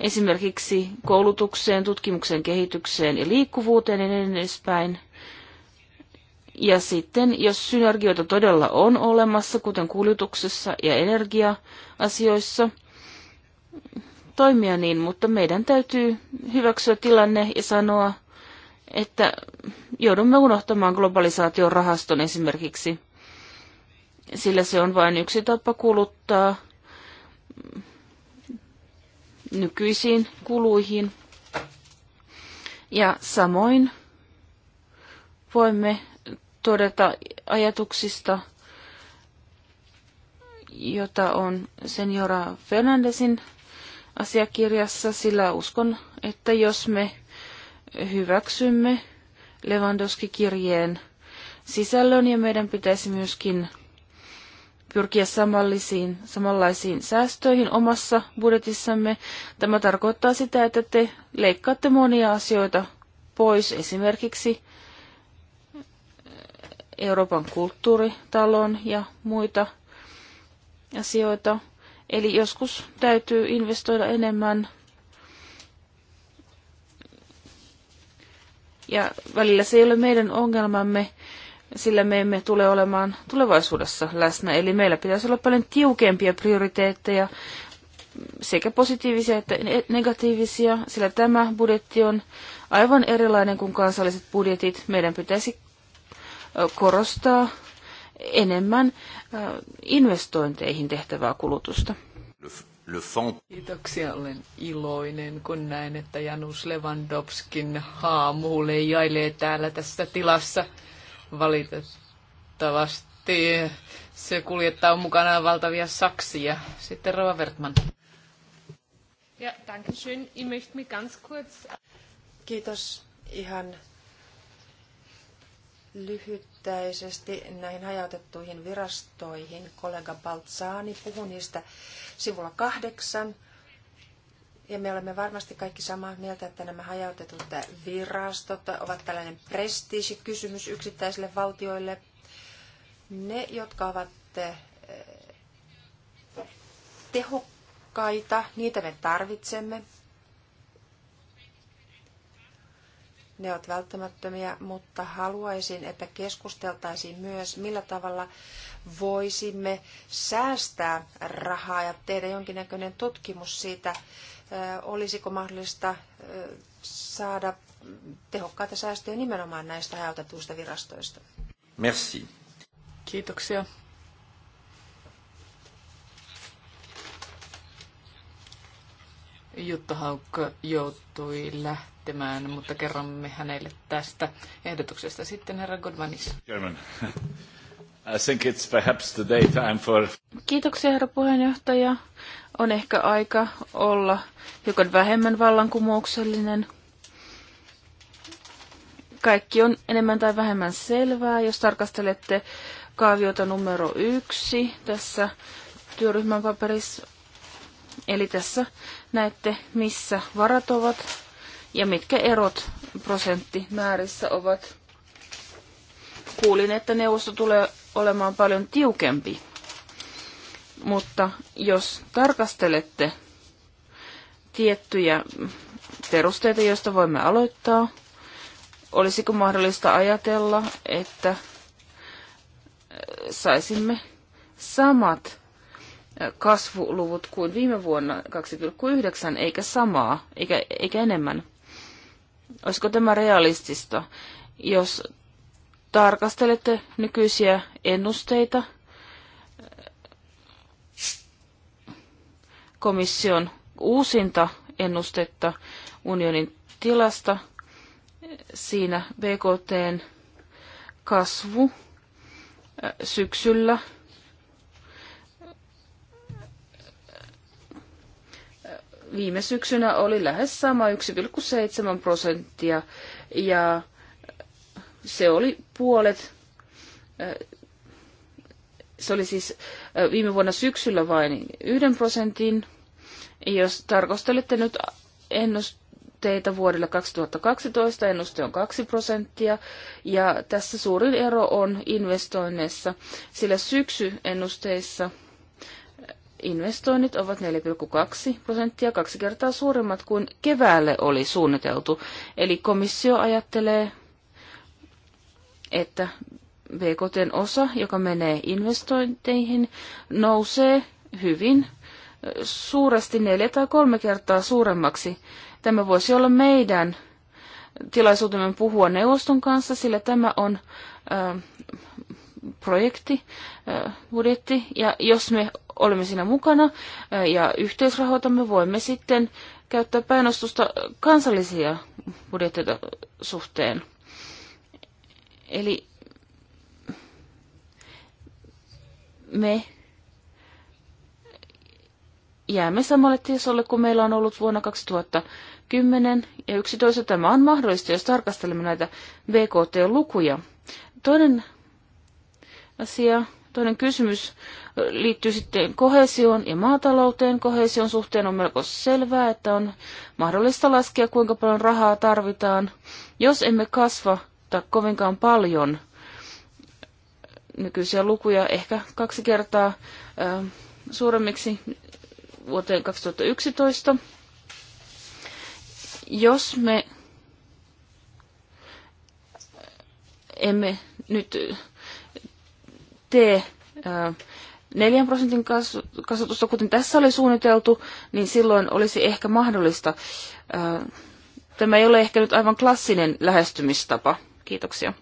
esimerkiksi koulutukseen, tutkimukseen, kehitykseen ja liikkuvuuteen ja niin edespäin. Ja sitten, jos synergioita todella on olemassa, kuten kuljetuksessa ja energia-asioissa, toimia niin, mutta meidän täytyy hyväksyä tilanne ja sanoa, että joudumme unohtamaan globalisaation rahaston esimerkiksi, sillä se on vain yksi tapa kuluttaa nykyisiin kuluihin. Ja samoin voimme todeta ajatuksista, jota on seniora Fernandesin asiakirjassa, sillä uskon, että jos me hyväksymme Lewandowski-kirjeen sisällön ja meidän pitäisi myöskin pyrkiä samallisiin, samanlaisiin säästöihin omassa budjetissamme. Tämä tarkoittaa sitä, että te leikkaatte monia asioita pois, esimerkiksi Euroopan kulttuuritalon ja muita asioita. Eli joskus täytyy investoida enemmän ja välillä se ei ole meidän ongelmamme, sillä me emme tule olemaan tulevaisuudessa läsnä. Eli meillä pitäisi olla paljon tiukempia prioriteetteja, sekä positiivisia että negatiivisia, sillä tämä budjetti on aivan erilainen kuin kansalliset budjetit. Meidän pitäisi korostaa enemmän äh, investointeihin tehtävää kulutusta. Kiitoksia, olen iloinen, kun näen, että Janus Lewandowskin haamu leijailee täällä tässä tilassa. Valitettavasti se kuljettaa mukanaan valtavia saksia. Sitten Rova Wertmann. Ja, danke schön. Ich möchte mich ganz kurz... Kiitos. Ihan lyhyttäisesti näihin hajautettuihin virastoihin. Kollega Baltsaani puhui niistä sivulla kahdeksan. Ja me olemme varmasti kaikki samaa mieltä, että nämä hajautetut virastot ovat tällainen prestiisikysymys yksittäisille valtioille. Ne, jotka ovat eh, tehokkaita, niitä me tarvitsemme. ne ovat välttämättömiä, mutta haluaisin, että keskusteltaisiin myös, millä tavalla voisimme säästää rahaa ja tehdä jonkinnäköinen tutkimus siitä, olisiko mahdollista saada tehokkaita säästöjä nimenomaan näistä hajautetuista virastoista. Merci. Kiitoksia. Jutta Haukka joutui lähtemään, mutta kerromme hänelle tästä ehdotuksesta sitten herra Godmanis. German. I think it's perhaps today time for... Kiitoksia herra puheenjohtaja. On ehkä aika olla hiukan vähemmän vallankumouksellinen. Kaikki on enemmän tai vähemmän selvää. Jos tarkastelette kaaviota numero yksi tässä työryhmän paperissa, eli tässä Näette, missä varat ovat ja mitkä erot prosenttimäärissä ovat. Kuulin, että neuvosto tulee olemaan paljon tiukempi. Mutta jos tarkastelette tiettyjä perusteita, joista voimme aloittaa, olisiko mahdollista ajatella, että äh, saisimme samat kasvuluvut kuin viime vuonna 2,9, eikä samaa, eikä, eikä enemmän. Olisiko tämä realistista? Jos tarkastelette nykyisiä ennusteita, komission uusinta ennustetta unionin tilasta, siinä BKTn kasvu syksyllä – viime syksynä oli lähes sama 1,7 prosenttia ja se oli puolet, se oli siis viime vuonna syksyllä vain yhden prosentin. Jos tarkastelette nyt ennusteita vuodelle 2012, ennuste on 2 prosenttia ja tässä suurin ero on investoinneissa, sillä syksyennusteissa – investoinnit ovat 4,2 prosenttia, kaksi kertaa suuremmat kuin keväälle oli suunniteltu. Eli komissio ajattelee, että BKTn osa, joka menee investointeihin, nousee hyvin suuresti neljä tai kolme kertaa suuremmaksi. Tämä voisi olla meidän tilaisuutemme puhua neuvoston kanssa, sillä tämä on äh, projekti, budjetti, ja jos me olemme siinä mukana ja yhteisrahoitamme, voimme sitten käyttää painostusta kansallisia budjetteita suhteen. Eli me jäämme samalle tiesolle kuin meillä on ollut vuonna 2010 ja 11. Tämä on mahdollista, jos tarkastelemme näitä BKT-lukuja. Toinen asia, toinen kysymys liittyy sitten kohesioon ja maatalouteen. Kohesion suhteen on melko selvää, että on mahdollista laskea, kuinka paljon rahaa tarvitaan. Jos emme kasva tai kovinkaan paljon nykyisiä lukuja, ehkä kaksi kertaa ähm, suuremmiksi vuoteen 2011, jos me emme nyt tee äh, 4 prosentin kasvatusta, kuten tässä oli suunniteltu, niin silloin olisi ehkä mahdollista. Tämä ei ole ehkä nyt aivan klassinen lähestymistapa. Kiitoksia.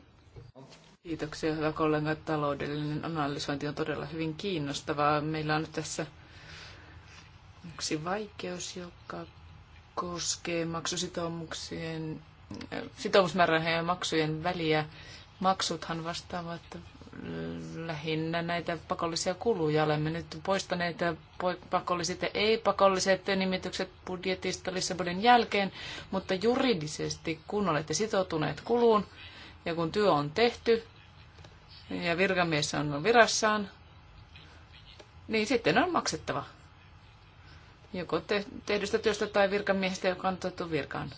Kiitoksia, hyvä kollega. Taloudellinen analysointi on todella hyvin kiinnostavaa. Meillä on nyt tässä yksi vaikeus, joka koskee maksusitoumuksien sitoumusmäärärahojen ja maksujen väliä. Maksuthan vastaavat lähinnä näitä pakollisia kuluja. Olemme nyt poistaneet pakolliset ja ei-pakolliset nimitykset budjetista Lissabonin jälkeen, mutta juridisesti, kun olette sitoutuneet kuluun ja kun työ on tehty ja virkamies on virassaan, niin sitten on maksettava joko te- tehdystä työstä tai virkamiehestä, joka on otettu virkaan.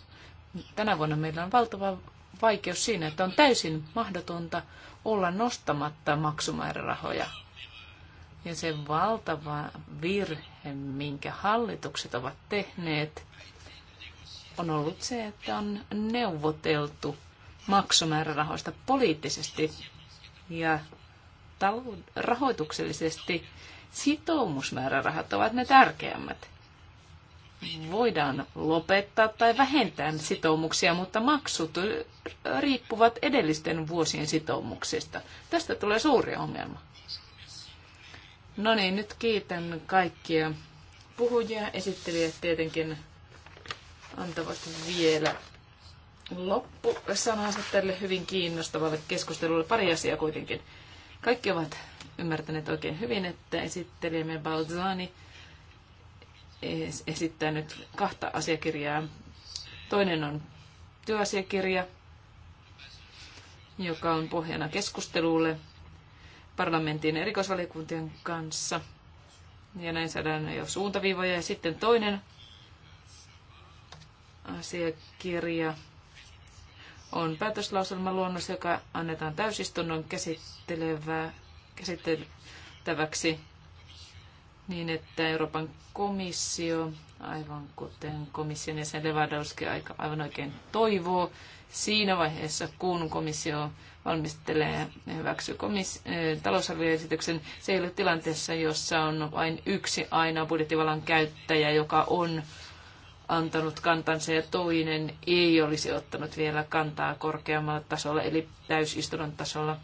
Tänä vuonna meillä on valtava vaikeus siinä, että on täysin mahdotonta olla nostamatta maksumäärärahoja. Ja se valtava virhe, minkä hallitukset ovat tehneet, on ollut se, että on neuvoteltu maksumäärärahoista poliittisesti ja rahoituksellisesti sitoumusmäärärahat ovat ne tärkeämmät voidaan lopettaa tai vähentää sitoumuksia, mutta maksut riippuvat edellisten vuosien sitoumuksista. Tästä tulee suuri ongelma. No niin, nyt kiitän kaikkia puhujia. Esittelijät tietenkin antavat vielä loppusanansa tälle hyvin kiinnostavalle keskustelulle. Pari asiaa kuitenkin. Kaikki ovat ymmärtäneet oikein hyvin, että esittelijämme Balzani – esittää nyt kahta asiakirjaa. Toinen on työasiakirja, joka on pohjana keskustelulle parlamentin erikoisvaliokuntien kanssa. Ja näin saadaan jo suuntaviivoja. Ja sitten toinen asiakirja on päätöslauselmaluonnos, joka annetaan täysistunnon käsittelevää, käsiteltäväksi niin, että Euroopan komissio, aivan kuten komission jäsen Lewandowski aivan oikein toivoo, siinä vaiheessa, kun komissio valmistelee ja hyväksyy komis- eh, talousarvioesityksen, se ei ole tilanteessa, jossa on vain yksi aina budjettivallan käyttäjä, joka on antanut kantansa ja toinen ei olisi ottanut vielä kantaa korkeammalla tasolla, eli täysistunnon tasolla.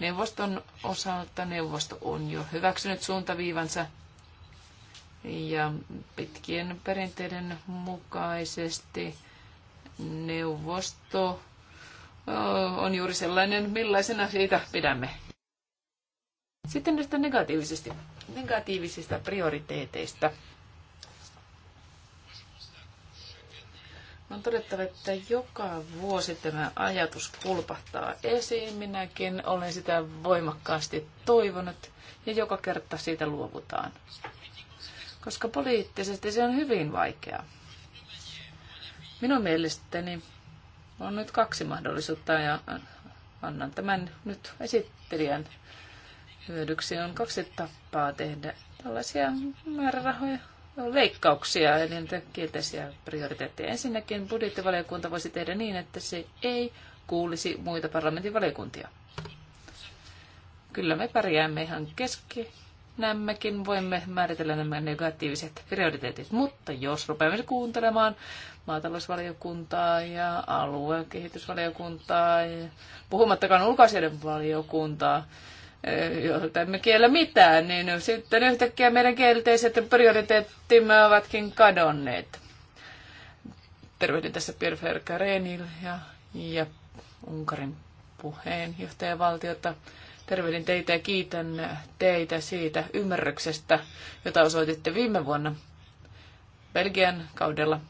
Neuvoston osalta neuvosto on jo hyväksynyt suuntaviivansa ja pitkien perinteiden mukaisesti neuvosto on juuri sellainen, millaisena siitä pidämme. Sitten näistä negatiivisista, negatiivisista prioriteeteista. On todettava, että joka vuosi tämä ajatus kulpahtaa esiin. Minäkin olen sitä voimakkaasti toivonut ja joka kerta siitä luovutaan koska poliittisesti se on hyvin vaikeaa. Minun mielestäni on nyt kaksi mahdollisuutta ja annan tämän nyt esittelijän hyödyksi. On kaksi tapaa tehdä tällaisia määrärahoja leikkauksia, eli niitä kielteisiä prioriteetteja. Ensinnäkin budjettivaliokunta voisi tehdä niin, että se ei kuulisi muita parlamentin valiokuntia. Kyllä me pärjäämme ihan keski, nämäkin voimme määritellä nämä negatiiviset prioriteetit. Mutta jos rupeamme kuuntelemaan maatalousvaliokuntaa ja aluekehitysvaliokuntaa, ja puhumattakaan ulkoasioiden valiokuntaa, eh, jota emme kiellä mitään, niin sitten yhtäkkiä meidän kielteiset prioriteettimme ovatkin kadonneet. Tervehdin tässä Pierre Karenil ja, ja Unkarin puheenjohtajavaltiota. valtiota tervehdin teitä ja kiitän teitä siitä ymmärryksestä, jota osoititte viime vuonna Belgian kaudella.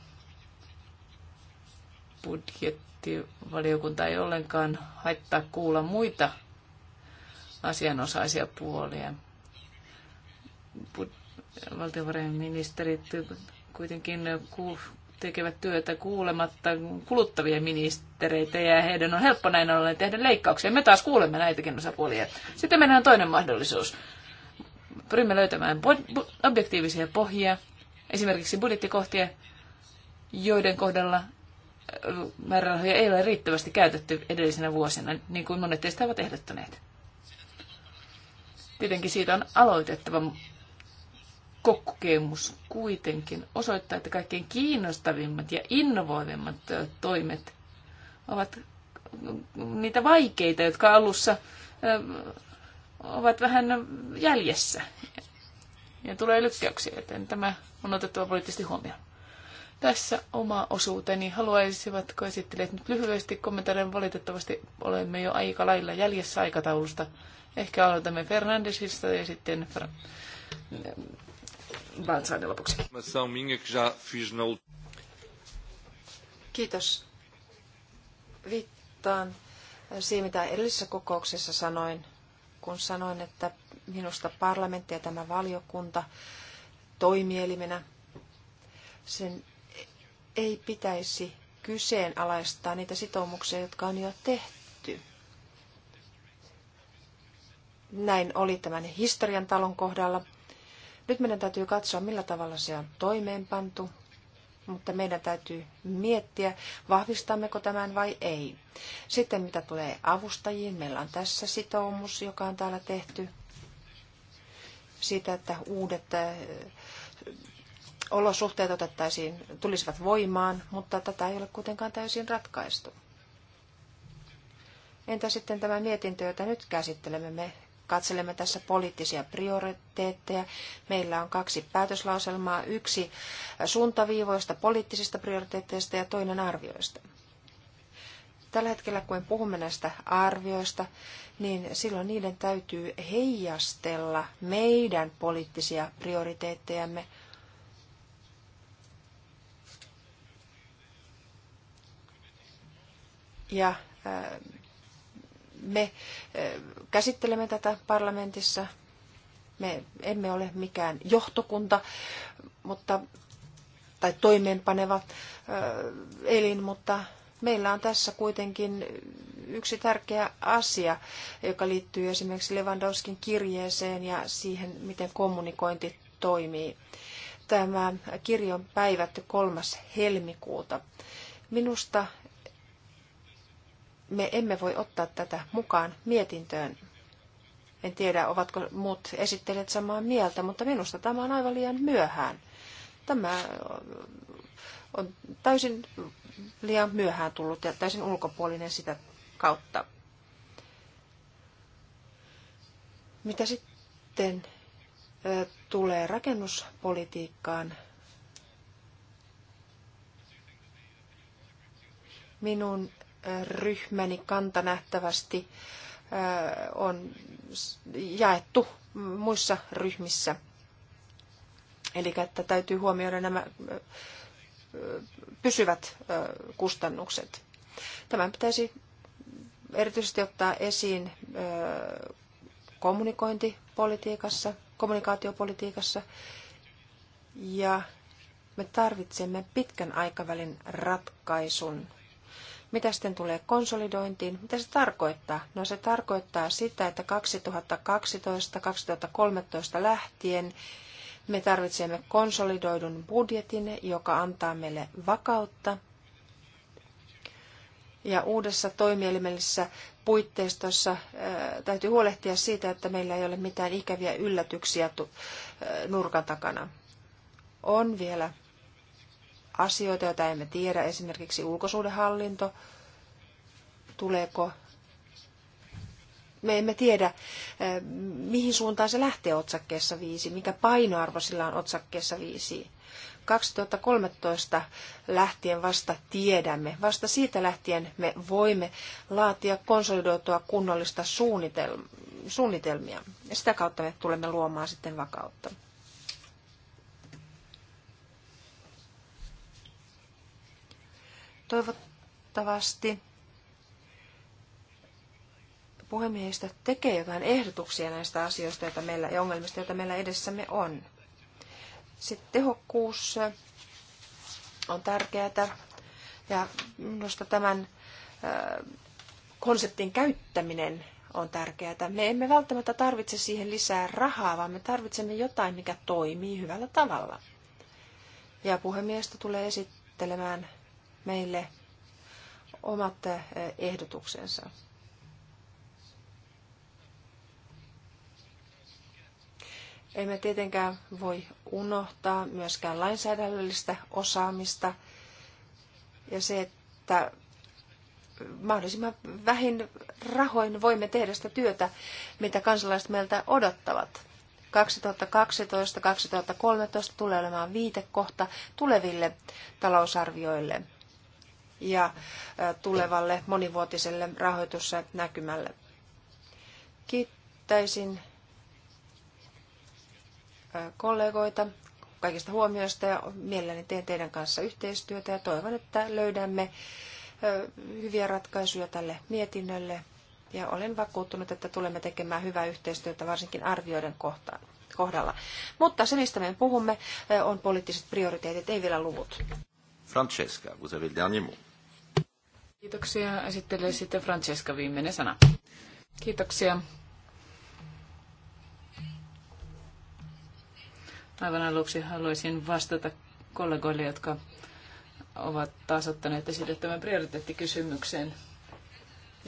Budjettivaliokunta ei ollenkaan haittaa kuulla muita asianosaisia puolia. valtiovarainministeri kuitenkin tekevät työtä kuulematta kuluttavia ministereitä ja heidän on helppo näin ollen tehdä leikkauksia. Me taas kuulemme näitäkin osapuolia. Sitten meillä on toinen mahdollisuus. Pyrimme löytämään objektiivisia pohjia, esimerkiksi budjettikohtia, joiden kohdalla äh, määrärahoja ei ole riittävästi käytetty edellisenä vuosina, niin kuin monet teistä ovat ehdottaneet. Tietenkin siitä on aloitettava, kokemus kuitenkin osoittaa, että kaikkein kiinnostavimmat ja innovoivimmat toimet ovat niitä vaikeita, jotka alussa ovat vähän jäljessä ja tulee lykkäyksiä, joten tämä on otettava poliittisesti huomioon. Tässä oma osuuteni. Haluaisivatko esittelijät nyt lyhyesti kommentoida? Valitettavasti olemme jo aika lailla jäljessä aikataulusta. Ehkä aloitamme Fernandesista ja sitten Baltsainen lopuksi. Kiitos. Viittaan siihen, mitä edellisessä kokouksessa sanoin, kun sanoin, että minusta parlamentti ja tämä valiokunta toimielimenä, sen ei pitäisi kyseenalaistaa niitä sitoumuksia, jotka on jo tehty. Näin oli tämän historian talon kohdalla. Nyt meidän täytyy katsoa, millä tavalla se on toimeenpantu, mutta meidän täytyy miettiä, vahvistammeko tämän vai ei. Sitten mitä tulee avustajiin, meillä on tässä sitoumus, joka on täällä tehty siitä, että uudet äh, olosuhteet otettaisiin, tulisivat voimaan, mutta tätä ei ole kuitenkaan täysin ratkaistu. Entä sitten tämä mietintö, jota nyt käsittelemme? Me katselemme tässä poliittisia prioriteetteja. Meillä on kaksi päätöslauselmaa, yksi suuntaviivoista poliittisista prioriteetteista ja toinen arvioista. Tällä hetkellä, kun puhumme näistä arvioista, niin silloin niiden täytyy heijastella meidän poliittisia prioriteettejamme. Ja me käsittelemme tätä parlamentissa. Me emme ole mikään johtokunta, mutta, tai toimeenpaneva elin, mutta meillä on tässä kuitenkin yksi tärkeä asia, joka liittyy esimerkiksi Lewandowskin kirjeeseen ja siihen, miten kommunikointi toimii. Tämä kirjo on päivätty 3. helmikuuta. Minusta me emme voi ottaa tätä mukaan mietintöön. En tiedä, ovatko muut esittelijät samaa mieltä, mutta minusta tämä on aivan liian myöhään. Tämä on täysin liian myöhään tullut ja täysin ulkopuolinen sitä kautta. Mitä sitten tulee rakennuspolitiikkaan, minun ryhmäni kanta nähtävästi on jaettu muissa ryhmissä. Eli että täytyy huomioida nämä pysyvät kustannukset. Tämän pitäisi erityisesti ottaa esiin kommunikointipolitiikassa, kommunikaatiopolitiikassa ja me tarvitsemme pitkän aikavälin ratkaisun mitä sitten tulee konsolidointiin? Mitä se tarkoittaa? No se tarkoittaa sitä, että 2012-2013 lähtien me tarvitsemme konsolidoidun budjetin, joka antaa meille vakautta. Ja uudessa toimielimellisessä puitteistossa äh, täytyy huolehtia siitä, että meillä ei ole mitään ikäviä yllätyksiä äh, nurkan takana. On vielä asioita, joita emme tiedä, esimerkiksi ulkosuudenhallinto, tuleeko me emme tiedä, eh, mihin suuntaan se lähtee otsakkeessa viisi, mikä painoarvo sillä on otsakkeessa viisi. 2013 lähtien vasta tiedämme. Vasta siitä lähtien me voimme laatia konsolidoitua kunnollista suunnitelmia. Ja sitä kautta me tulemme luomaan sitten vakautta. Toivottavasti puhemiehistö tekee jotain ehdotuksia näistä asioista joita meillä, ja ongelmista, joita meillä edessämme on. Sitten tehokkuus on tärkeää ja minusta tämän konseptin käyttäminen on tärkeää. Me emme välttämättä tarvitse siihen lisää rahaa, vaan me tarvitsemme jotain, mikä toimii hyvällä tavalla. Ja puhemiestä tulee esittelemään meille omat eh, ehdotuksensa. Emme tietenkään voi unohtaa myöskään lainsäädännöllistä osaamista ja se, että mahdollisimman vähin rahoin voimme tehdä sitä työtä, mitä kansalaiset meiltä odottavat. 2012-2013 tulee olemaan viitekohta tuleville talousarvioille – ja äh, tulevalle monivuotiselle rahoitusnäkymälle. Kiittäisin äh, kollegoita kaikista huomioista ja mielelläni teen teidän kanssa yhteistyötä ja toivon, että löydämme äh, hyviä ratkaisuja tälle mietinnölle ja olen vakuuttunut, että tulemme tekemään hyvää yhteistyötä varsinkin arvioiden kohtaan kohdalla. Mutta se, mistä me puhumme, on poliittiset prioriteetit, ei vielä luvut. Francesca, vous avez le dernier mot. Kiitoksia. Esittelee sitten Francesca viimeinen sana. Kiitoksia. Aivan aluksi haluaisin vastata kollegoille, jotka ovat taas ottaneet esille tämän prioriteettikysymyksen.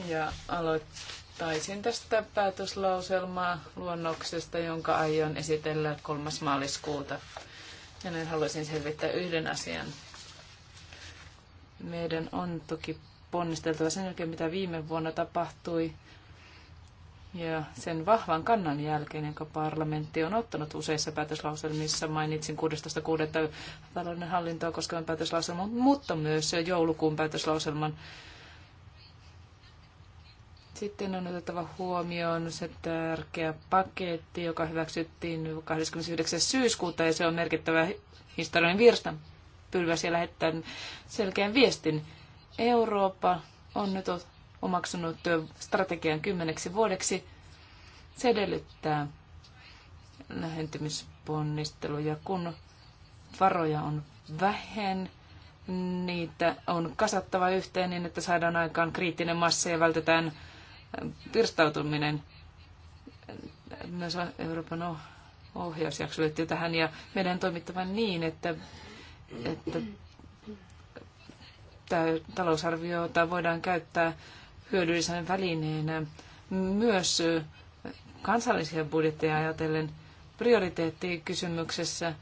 Ja aloittaisin tästä päätöslauselmaa luonnoksesta, jonka aion esitellä 3. maaliskuuta. Ja näin haluaisin selvittää yhden asian. Meidän on toki ponnisteltava sen jälkeen, mitä viime vuonna tapahtui, ja sen vahvan kannan jälkeen, jonka parlamentti on ottanut useissa päätöslauselmissa, mainitsin 16.6. talouden hallintoa koskevan päätöslauselman, mutta myös joulukuun päätöslauselman. Sitten on otettava huomioon se tärkeä paketti, joka hyväksyttiin 29. syyskuuta, ja se on merkittävä historiallinen virsta. Pylväsi lähettää selkeän viestin Eurooppa on nyt omaksunut strategian kymmeneksi vuodeksi. Se edellyttää lähentymisponnisteluja, kun varoja on vähän, niitä on kasattava yhteen niin, että saadaan aikaan kriittinen massa ja vältetään pirstautuminen. Myös Euroopan ohjausjakso liittyy tähän ja meidän on toimittava niin, että, että talousarviota voidaan käyttää hyödyllisenä välineenä myös kansallisia budjetteja ajatellen prioriteettikysymyksessä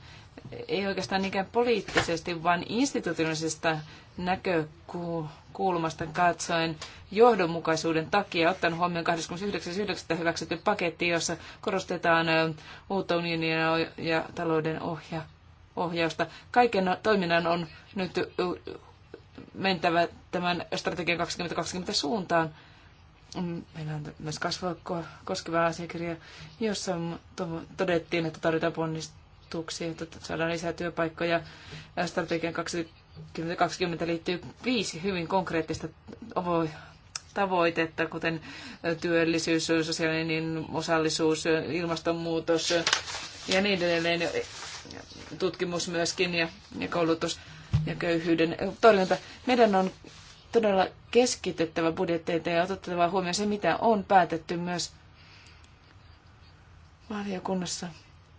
ei oikeastaan niinkään poliittisesti, vaan institutionaalisesta näkökulmasta katsoen johdonmukaisuuden takia, ottaen huomioon 29.9. hyväksytty paketti, jossa korostetaan uutta unionia ja talouden ohja, ohjausta. Kaiken toiminnan on nyt mentävä tämän strategian 2020 suuntaan. Meillä on myös kasvua koskeva asiakirja, jossa todettiin, että tarvitaan ponnistuksia, että saadaan lisää työpaikkoja. Strategian 2020 liittyy viisi hyvin konkreettista tavoitetta, kuten työllisyys, sosiaalinen osallisuus, ilmastonmuutos ja niin edelleen. Tutkimus myöskin ja, ja koulutus ja köyhyyden torjunta. Meidän on todella keskityttävä budjetteita ja otettava huomioon se, mitä on päätetty myös valiokunnassa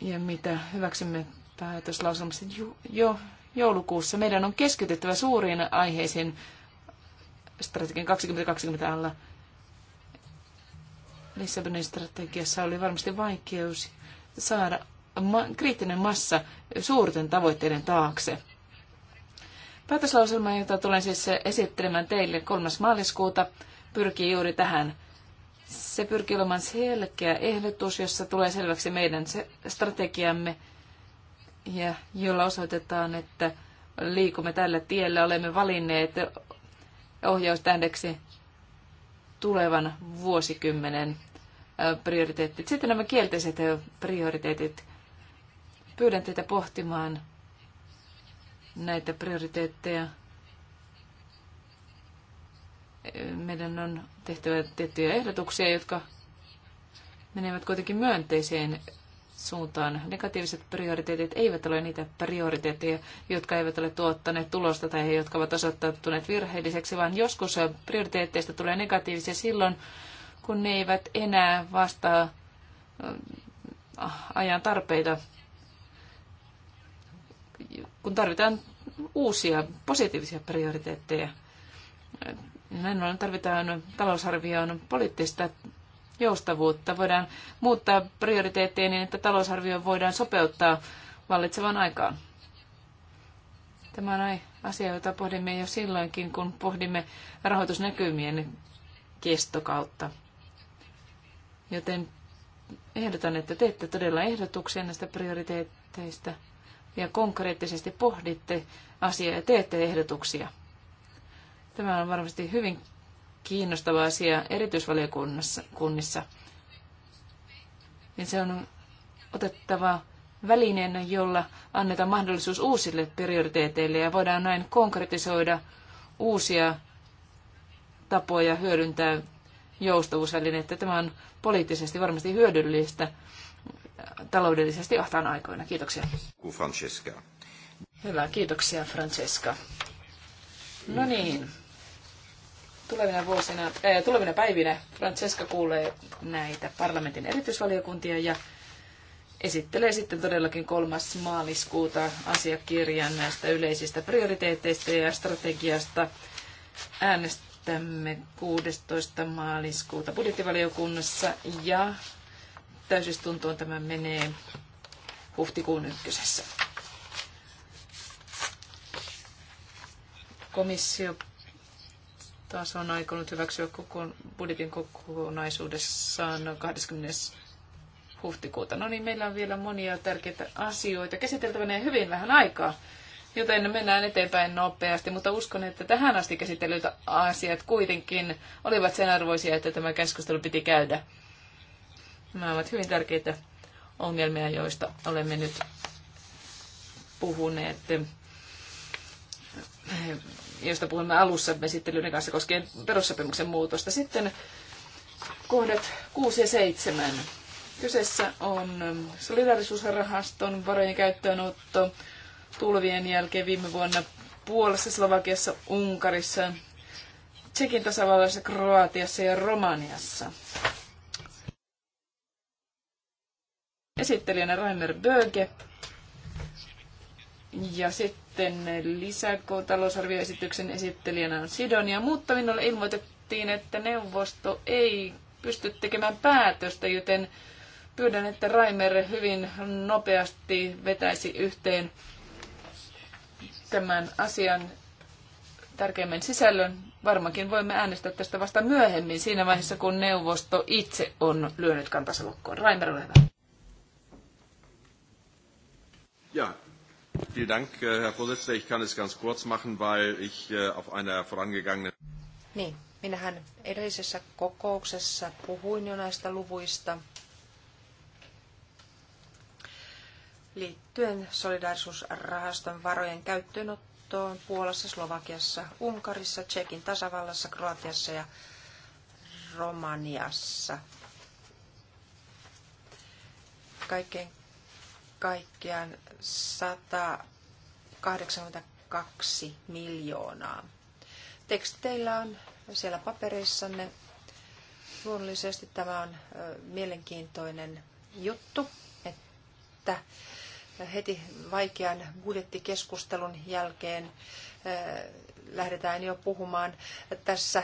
ja mitä hyväksymme päätöslausumassa jo joulukuussa. Meidän on keskityttävä suuriin aiheisiin strategian 2020 alla. Lissabonin strategiassa oli varmasti vaikeus saada kriittinen massa suurten tavoitteiden taakse. Päätöslauselma, jota tulen siis esittelemään teille 3. maaliskuuta, pyrkii juuri tähän. Se pyrkii olemaan selkeä ehdotus, jossa tulee selväksi meidän strategiamme ja jolla osoitetaan, että liikumme tällä tiellä, olemme valinneet ohjaustähdeksi tulevan vuosikymmenen prioriteetit. Sitten nämä kielteiset prioriteetit. Pyydän teitä pohtimaan näitä prioriteetteja. Meidän on tehtävä tiettyjä ehdotuksia, jotka menevät kuitenkin myönteiseen suuntaan. Negatiiviset prioriteetit eivät ole niitä prioriteetteja, jotka eivät ole tuottaneet tulosta tai he, jotka ovat osoittautuneet virheelliseksi, vaan joskus prioriteetteista tulee negatiivisia silloin, kun ne eivät enää vastaa ajan tarpeita kun tarvitaan uusia positiivisia prioriteetteja. Näin ollen tarvitaan talousarvioon poliittista joustavuutta. Voidaan muuttaa prioriteetteja niin, että talousarvio voidaan sopeuttaa vallitsevaan aikaan. Tämä on asia, jota pohdimme jo silloinkin, kun pohdimme rahoitusnäkymien kestokautta. Joten ehdotan, että teette todella ehdotuksia näistä prioriteetteista – ja konkreettisesti pohditte asiaa ja teette ehdotuksia. Tämä on varmasti hyvin kiinnostava asia erityisvaliokunnassa. Kunnissa. se on otettava välineenä, jolla annetaan mahdollisuus uusille prioriteeteille ja voidaan näin konkretisoida uusia tapoja hyödyntää joustavuusvälineitä. Tämä on poliittisesti varmasti hyödyllistä taloudellisesti ahtaan aikoina. Kiitoksia. Francesca. Hyvä, kiitoksia Francesca. No niin. Tulevina, vuosina, äh, tulevina päivinä Francesca kuulee näitä parlamentin erityisvaliokuntia ja esittelee sitten todellakin 3. maaliskuuta asiakirjan näistä yleisistä prioriteeteista ja strategiasta. Äänestämme 16. maaliskuuta budjettivaliokunnassa ja täysistuntoon tämä menee huhtikuun ykkösessä. Komissio taas on aikonut hyväksyä koko budjetin kokonaisuudessaan 20. huhtikuuta. No niin, meillä on vielä monia tärkeitä asioita käsiteltävänä ja hyvin vähän aikaa, joten mennään eteenpäin nopeasti, mutta uskon, että tähän asti käsitellyt asiat kuitenkin olivat sen arvoisia, että tämä keskustelu piti käydä. Nämä ovat hyvin tärkeitä ongelmia, joista olemme nyt puhuneet, joista puhumme alussa esittelyiden kanssa koskien perussopimuksen muutosta. Sitten kohdat 6 ja 7. Kyseessä on solidarisuusrahaston varojen käyttöönotto tulvien jälkeen viime vuonna Puolassa, Slovakiassa, Unkarissa, Tsekin tasavallassa, Kroatiassa ja Romaniassa. esittelijänä Rainer Böge. Ja sitten lisätalousarvioesityksen esittelijänä on Sidonia, mutta minulle ilmoitettiin, että neuvosto ei pysty tekemään päätöstä, joten pyydän, että Raimer hyvin nopeasti vetäisi yhteen tämän asian tärkeimmän sisällön. Varmaankin voimme äänestää tästä vasta myöhemmin siinä vaiheessa, kun neuvosto itse on lyönyt kantansa lukkoon. Raimer, ole hyvä. Ja, vielen Dank, äh, Herr Vorsitzender. Ich kann es ganz kurz machen, weil ich äh, auf einer vorangegangenen... Niin, minähän edellisessä kokouksessa puhuin jo näistä luvuista liittyen solidaarisuusrahaston varojen käyttöönottoon Puolassa, Slovakiassa, Unkarissa, Tsekin tasavallassa, Kroatiassa ja Romaniassa. Kaikkein kaikkiaan 182 miljoonaa. teillä on siellä paperissanne. Luonnollisesti tämä on mielenkiintoinen juttu, että heti vaikean budjettikeskustelun jälkeen lähdetään jo puhumaan tässä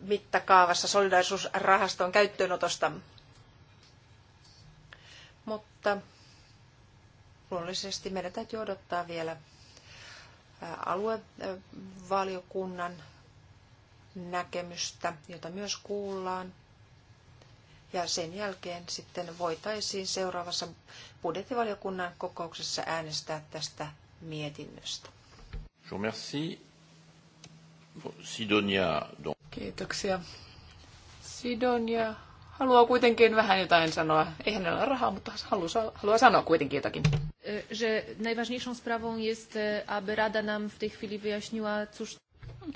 mittakaavassa solidaisuusrahaston käyttöönotosta. Mutta luonnollisesti meidän täytyy odottaa vielä aluevaliokunnan näkemystä, jota myös kuullaan. Ja sen jälkeen sitten voitaisiin seuraavassa budjettivaliokunnan kokouksessa äänestää tästä mietinnöstä. Sidonia. Kiitoksia. Sidonia haluaa kuitenkin vähän jotain sanoa. Ei hänellä ole rahaa, mutta haluaa, haluaa sanoa kuitenkin jotakin. E, że najważniejszą sprawą jest, e, aby Rada nam w tej chwili wyjaśniła, cóż...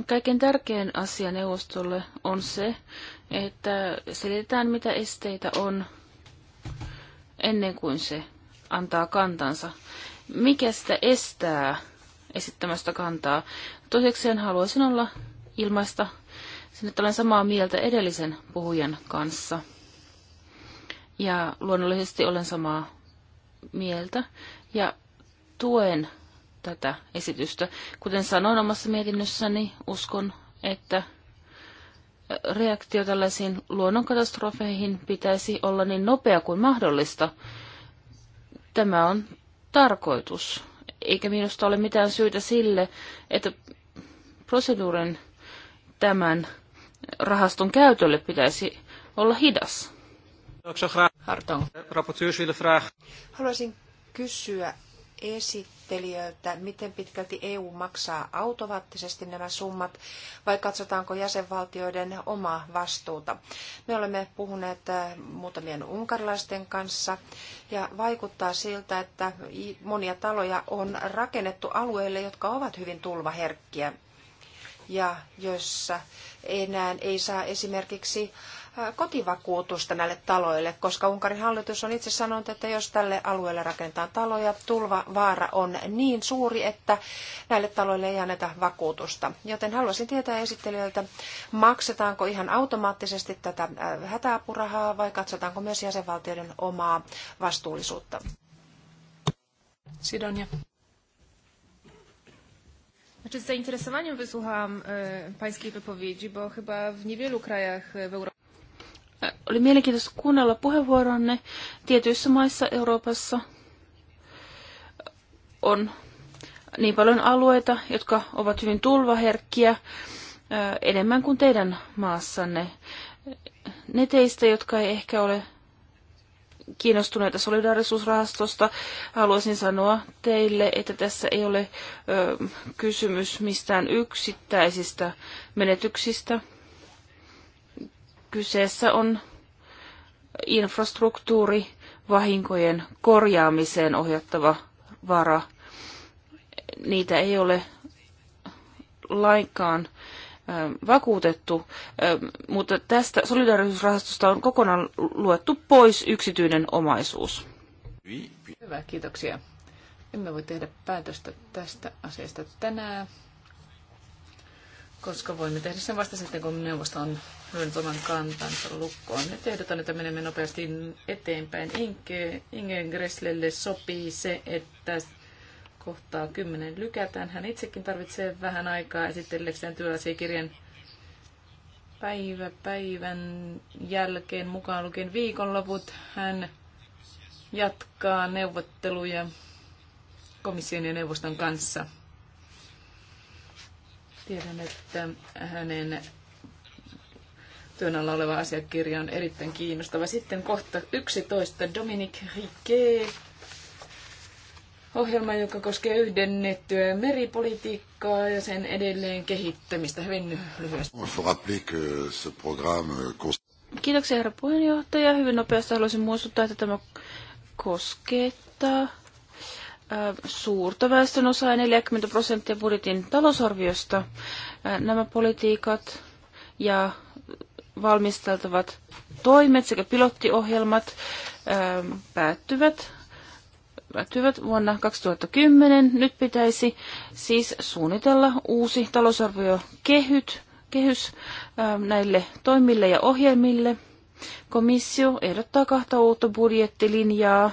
Kaiken tärkein asia neuvostolle on se, että selitetään mitä esteitä on ennen kuin se antaa kantansa. Mikä sitä estää esittämästä kantaa? Toisekseen haluaisin olla ilmaista sen, että olen samaa mieltä edellisen puhujan kanssa. Ja luonnollisesti olen samaa mieltä ja tuen tätä esitystä. Kuten sanoin omassa mietinnössäni, uskon, että reaktio tällaisiin luonnonkatastrofeihin pitäisi olla niin nopea kuin mahdollista. Tämä on tarkoitus, eikä minusta ole mitään syytä sille, että proseduurin tämän rahaston käytölle pitäisi olla hidas. Hartong. Haluaisin kysyä esittelijöiltä, miten pitkälti EU maksaa automaattisesti nämä summat vai katsotaanko jäsenvaltioiden omaa vastuuta. Me olemme puhuneet äh, muutamien unkarilaisten kanssa ja vaikuttaa siltä, että monia taloja on rakennettu alueille, jotka ovat hyvin tulvaherkkiä ja joissa enää ei saa esimerkiksi kotivakuutusta näille taloille, koska Unkarin hallitus on itse sanonut, että jos tälle alueelle rakentaa taloja, tulvavaara on niin suuri, että näille taloille ei anneta vakuutusta. Joten haluaisin tietää esittelijöiltä, maksetaanko ihan automaattisesti tätä äh, hätäapurahaa vai katsotaanko myös jäsenvaltioiden omaa vastuullisuutta? Sidonia. z zainteresowaniem wysłuchałam e, pańskiej wypowiedzi, bo chyba w niewielu krajach e, w Europie oli mielenkiintoista kuunnella puheenvuoronne. Tietyissä maissa Euroopassa on niin paljon alueita, jotka ovat hyvin tulvaherkkiä, enemmän kuin teidän maassanne. Ne teistä, jotka ei ehkä ole kiinnostuneita solidaarisuusrahastosta, haluaisin sanoa teille, että tässä ei ole ö, kysymys mistään yksittäisistä menetyksistä kyseessä on infrastruktuuri vahinkojen korjaamiseen ohjattava vara. Niitä ei ole lainkaan ähm, vakuutettu, ähm, mutta tästä solidaarisuusrahastosta on kokonaan luettu pois yksityinen omaisuus. Hyvä, kiitoksia. Emme voi tehdä päätöstä tästä asiasta tänään, koska voimme tehdä sen vasta sitten, kun neuvosto on lyönyt oman kantansa lukkoon. Nyt ehdotan, että menemme nopeasti eteenpäin. Inge, Inge Gresslelle sopii se, että kohtaa kymmenen lykätään. Hän itsekin tarvitsee vähän aikaa esitellekseen työasiakirjan päivä päivän jälkeen, mukaan lukien viikonloput. Hän jatkaa neuvotteluja komission ja neuvoston kanssa. Tiedän, että hänen työn alla oleva asiakirja on erittäin kiinnostava. Sitten kohta 11. Dominique Riquet. Ohjelma, joka koskee yhdennettyä meripolitiikkaa ja sen edelleen kehittämistä. Hyvin lyhyesti. Kiitoksia herra puheenjohtaja. Hyvin nopeasti haluaisin muistuttaa, että tämä koskettaa suurta väestön osaa 40 prosenttia budjetin talousarviosta. Nämä politiikat ja valmisteltavat toimet sekä pilottiohjelmat päättyvät päättyvät vuonna 2010. Nyt pitäisi siis suunnitella uusi talousarviokehyt kehys näille toimille ja ohjelmille. Komissio ehdottaa kahta uutta budjettilinjaa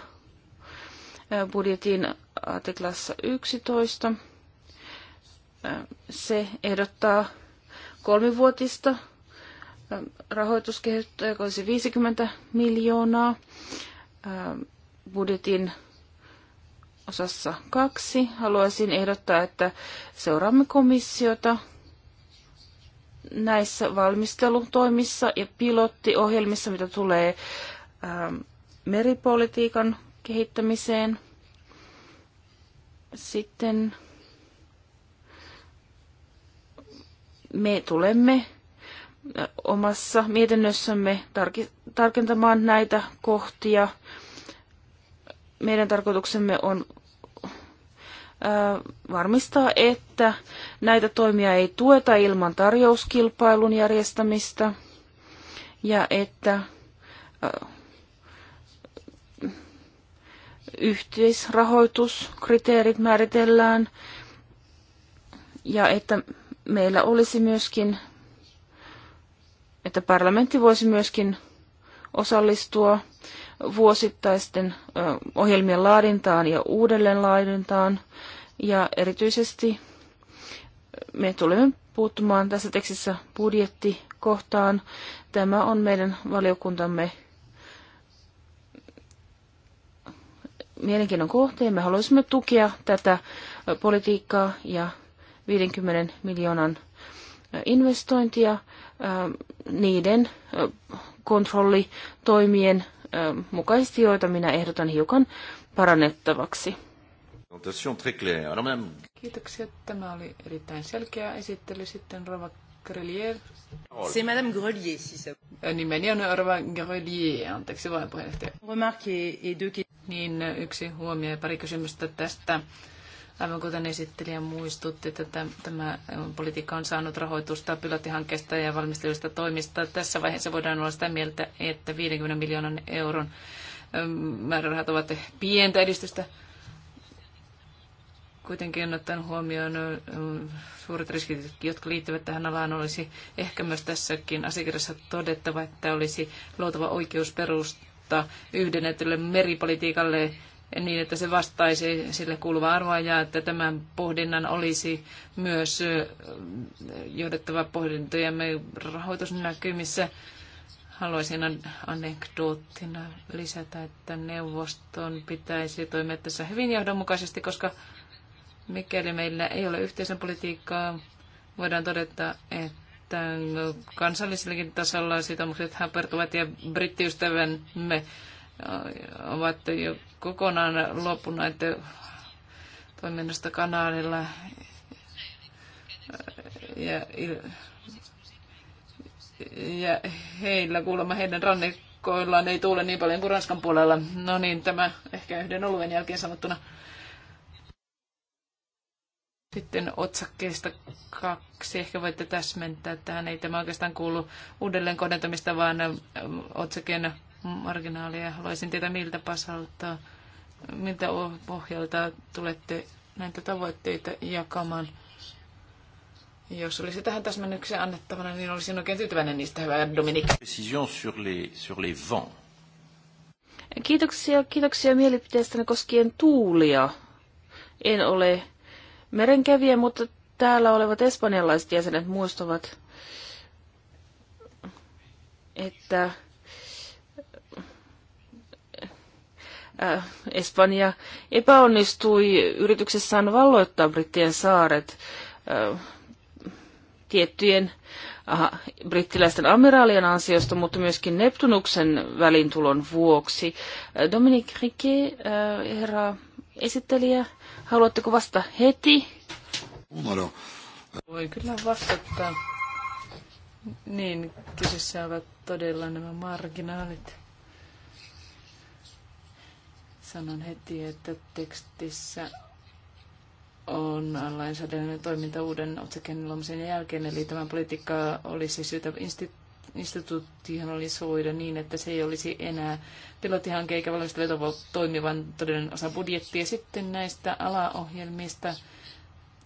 budjetin artiklassa 11. Se ehdottaa kolmivuotista rahoituskehitystä, joka olisi 50 miljoonaa budjetin osassa kaksi. Haluaisin ehdottaa, että seuraamme komissiota näissä valmistelutoimissa ja pilottiohjelmissa, mitä tulee ähm, meripolitiikan kehittämiseen – sitten me tulemme omassa mietinnössämme tarkentamaan näitä kohtia. Meidän tarkoituksemme on varmistaa, että näitä toimia ei tueta ilman tarjouskilpailun järjestämistä ja että yhteisrahoituskriteerit määritellään ja että meillä olisi myöskin, että parlamentti voisi myöskin osallistua vuosittaisten ohjelmien laadintaan ja uudelleenlaadintaan. Ja erityisesti me tulemme puuttumaan tässä tekstissä budjettikohtaan. Tämä on meidän valiokuntamme mielenkiinnon kohteen. Me haluaisimme tukea tätä politiikkaa ja 50 miljoonan investointia niiden kontrollitoimien mukaisesti, joita minä ehdotan hiukan parannettavaksi. Kiitoksia. Tämä oli erittäin selkeä esittely. Sitten Rova Grelier. Se Madame Grelier, siis se... Nimeni on Arva Grelier, anteeksi vain puheenjohtaja. Remarque et Niin yksi huomio ja pari kysymystä tästä. Aivan kuten esittelijä muistutti, että tämä politiikka on saanut rahoitusta pilottihankkeesta ja valmistelusta toimista. Tässä vaiheessa voidaan olla sitä mieltä, että 50 miljoonan euron määrärahat ovat pientä edistystä Kuitenkin ottaen huomioon suuret riskit, jotka liittyvät tähän alaan, olisi ehkä myös tässäkin asiakirjassa todettava, että olisi luotava oikeus perustaa yhdennetylle meripolitiikalle niin, että se vastaisi sille kuuluvaa arvoa ja että tämän pohdinnan olisi myös johdettava pohdintojemme rahoitusnäkymissä. Haluaisin anekdoottina lisätä, että neuvoston pitäisi toimia tässä hyvin johdonmukaisesti, koska Mikäli meillä ei ole yhteisen politiikkaa, voidaan todeta, että kansallisellakin tasolla sitoumukset hapertuvat ja brittiystävämme ovat jo kokonaan luopuneet toiminnasta kanaalilla. ja, ja heillä kuulemma heidän rannikkoillaan ei tuule niin paljon kuin Ranskan puolella. No niin, tämä ehkä yhden oluen jälkeen sanottuna. Sitten otsakkeesta kaksi. Ehkä voitte täsmentää. Tähän ei tämä oikeastaan kuulu uudelleen kohdentamista, vaan otsakkeen marginaalia. Haluaisin tietää, miltä pasalta, miltä pohjalta tulette näitä tavoitteita jakamaan. Jos olisi tähän täsmennykseen annettavana, niin olisin oikein tyytyväinen niistä, hyvä Dominik. Sur les, sur les vents. Kiitoksia, kiitoksia mielipiteestäni koskien tuulia. En ole merenkävijä, mutta täällä olevat espanjalaiset jäsenet muistavat, että äh, Espanja epäonnistui yrityksessään valloittaa brittien saaret äh, tiettyjen aha, brittiläisten amiraalien ansiosta, mutta myöskin Neptunuksen välintulon vuoksi. Dominique Riquet, äh, herra esittelijä, Haluatteko vastata heti? Unohdon. Voi kyllä vastata. Niin, kyseessä ovat todella nämä marginaalit. Sanon heti, että tekstissä on lainsäädännön toiminta uuden otsakkeen jälkeen, eli tämä politiikka olisi syytä instituutioon institutionalisoida niin, että se ei olisi enää pilottihanke eikä valmisteleva toimivan vaan todellinen osa budjettia. Sitten näistä alaohjelmista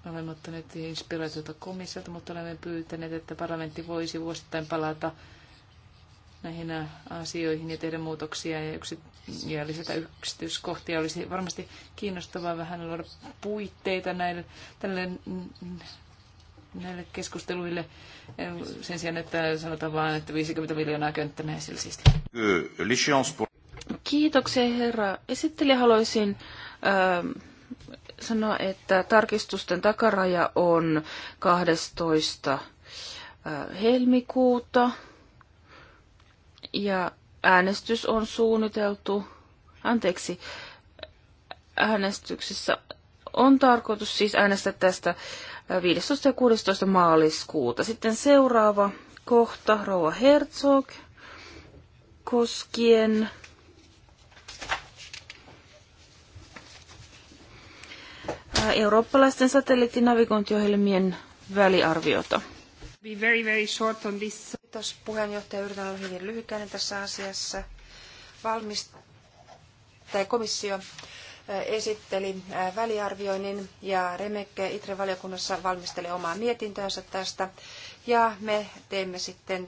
olemme ottaneet inspiraatiota komissiolta, mutta olemme pyytäneet, että parlamentti voisi vuosittain palata näihin asioihin ja tehdä muutoksia ja, yksi, ja lisätä yksityiskohtia. Olisi varmasti kiinnostavaa vähän luoda puitteita näille, tälle näille keskusteluille sen sijaan, että sanotaan vain, että 50 miljoonaa könttäneisillä siis. Euh, Kiitoksia herra esittelijä. Haluaisin äh, sanoa, että tarkistusten takaraja on 12. helmikuuta ja äänestys on suunniteltu, anteeksi, äänestyksessä on tarkoitus siis äänestää tästä äh, 15. ja 16. maaliskuuta. Sitten seuraava kohta, Rouva Herzog, koskien eurooppalaisten satelliittinavigointiohjelmien väliarviota. Be very, very short on this. Kiitos puheenjohtaja, yritän olla hyvin lyhykäinen tässä asiassa. Valmist... Tai komissio esitteli väliarvioinnin ja Remek ITRE-valiokunnassa valmisteli omaa mietintöänsä tästä. Ja me teemme sitten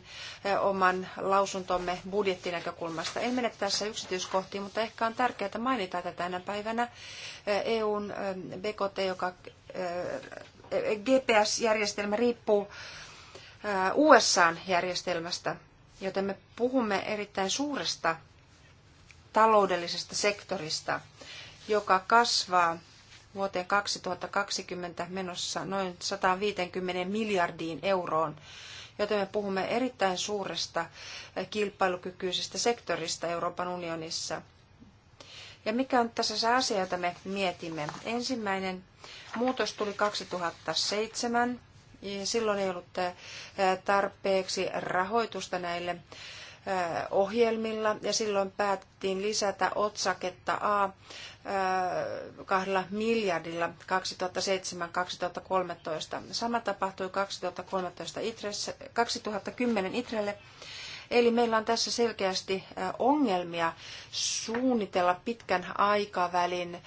oman lausuntomme budjettinäkökulmasta. En mene tässä yksityiskohtiin, mutta ehkä on tärkeää mainita, että tänä päivänä EUn BKT, joka GPS-järjestelmä riippuu USA-järjestelmästä, joten me puhumme erittäin suuresta taloudellisesta sektorista – joka kasvaa vuoteen 2020 menossa noin 150 miljardiin euroon, joten me puhumme erittäin suuresta kilpailukykyisestä sektorista Euroopan unionissa. Ja mikä on tässä se asia, jota me mietimme? Ensimmäinen muutos tuli 2007. Ja silloin ei ollut tarpeeksi rahoitusta näille ohjelmilla ja silloin päätettiin lisätä otsaketta A kahdella miljardilla 2007-2013. Sama tapahtui 2013 Itresse, 2010 Itrelle. Eli meillä on tässä selkeästi ongelmia suunnitella pitkän aikavälin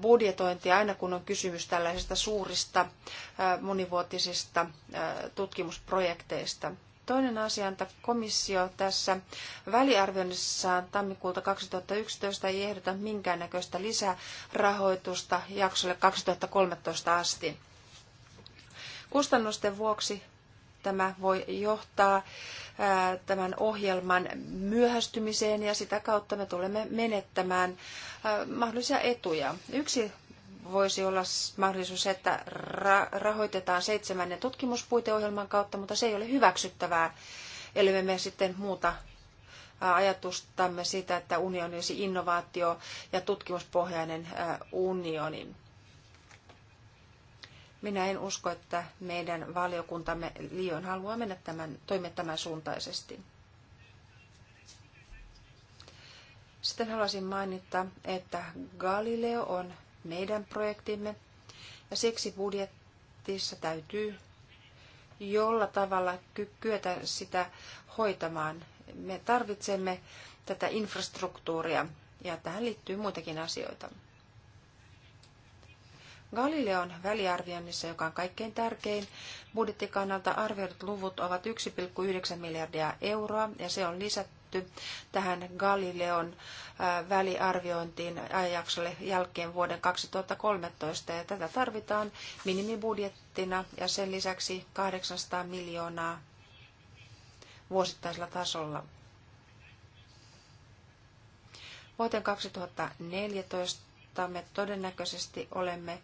budjetointia aina kun on kysymys tällaisista suurista monivuotisista tutkimusprojekteista. Toinen asia, että komissio tässä väliarvioinnissaan tammikuulta 2011 ei ehdota minkäännäköistä lisärahoitusta jaksolle 2013 asti. Kustannusten vuoksi tämä voi johtaa tämän ohjelman myöhästymiseen ja sitä kautta me tulemme menettämään mahdollisia etuja. Yksi voisi olla mahdollisuus, että ra- rahoitetaan seitsemännen tutkimuspuiteohjelman kautta, mutta se ei ole hyväksyttävää, eli me sitten muuta ajatustamme siitä, että unioni olisi innovaatio- ja tutkimuspohjainen unioni. Minä en usko, että meidän valiokuntamme liian haluaa mennä tämän, toimia tämän suuntaisesti. Sitten haluaisin mainita, että Galileo on meidän projektimme. Ja siksi budjettissa täytyy jolla tavalla kyetä sitä hoitamaan. Me tarvitsemme tätä infrastruktuuria ja tähän liittyy muitakin asioita. Galileon väliarvioinnissa, joka on kaikkein tärkein, budjettikannalta arvioidut luvut ovat 1,9 miljardia euroa ja se on lisätty liitetty tähän Galileon äh, väliarviointiin ajanjaksolle jälkeen vuoden 2013. Ja tätä tarvitaan minimibudjettina ja sen lisäksi 800 miljoonaa vuosittaisella tasolla. Vuoteen 2014 mutta me todennäköisesti olemme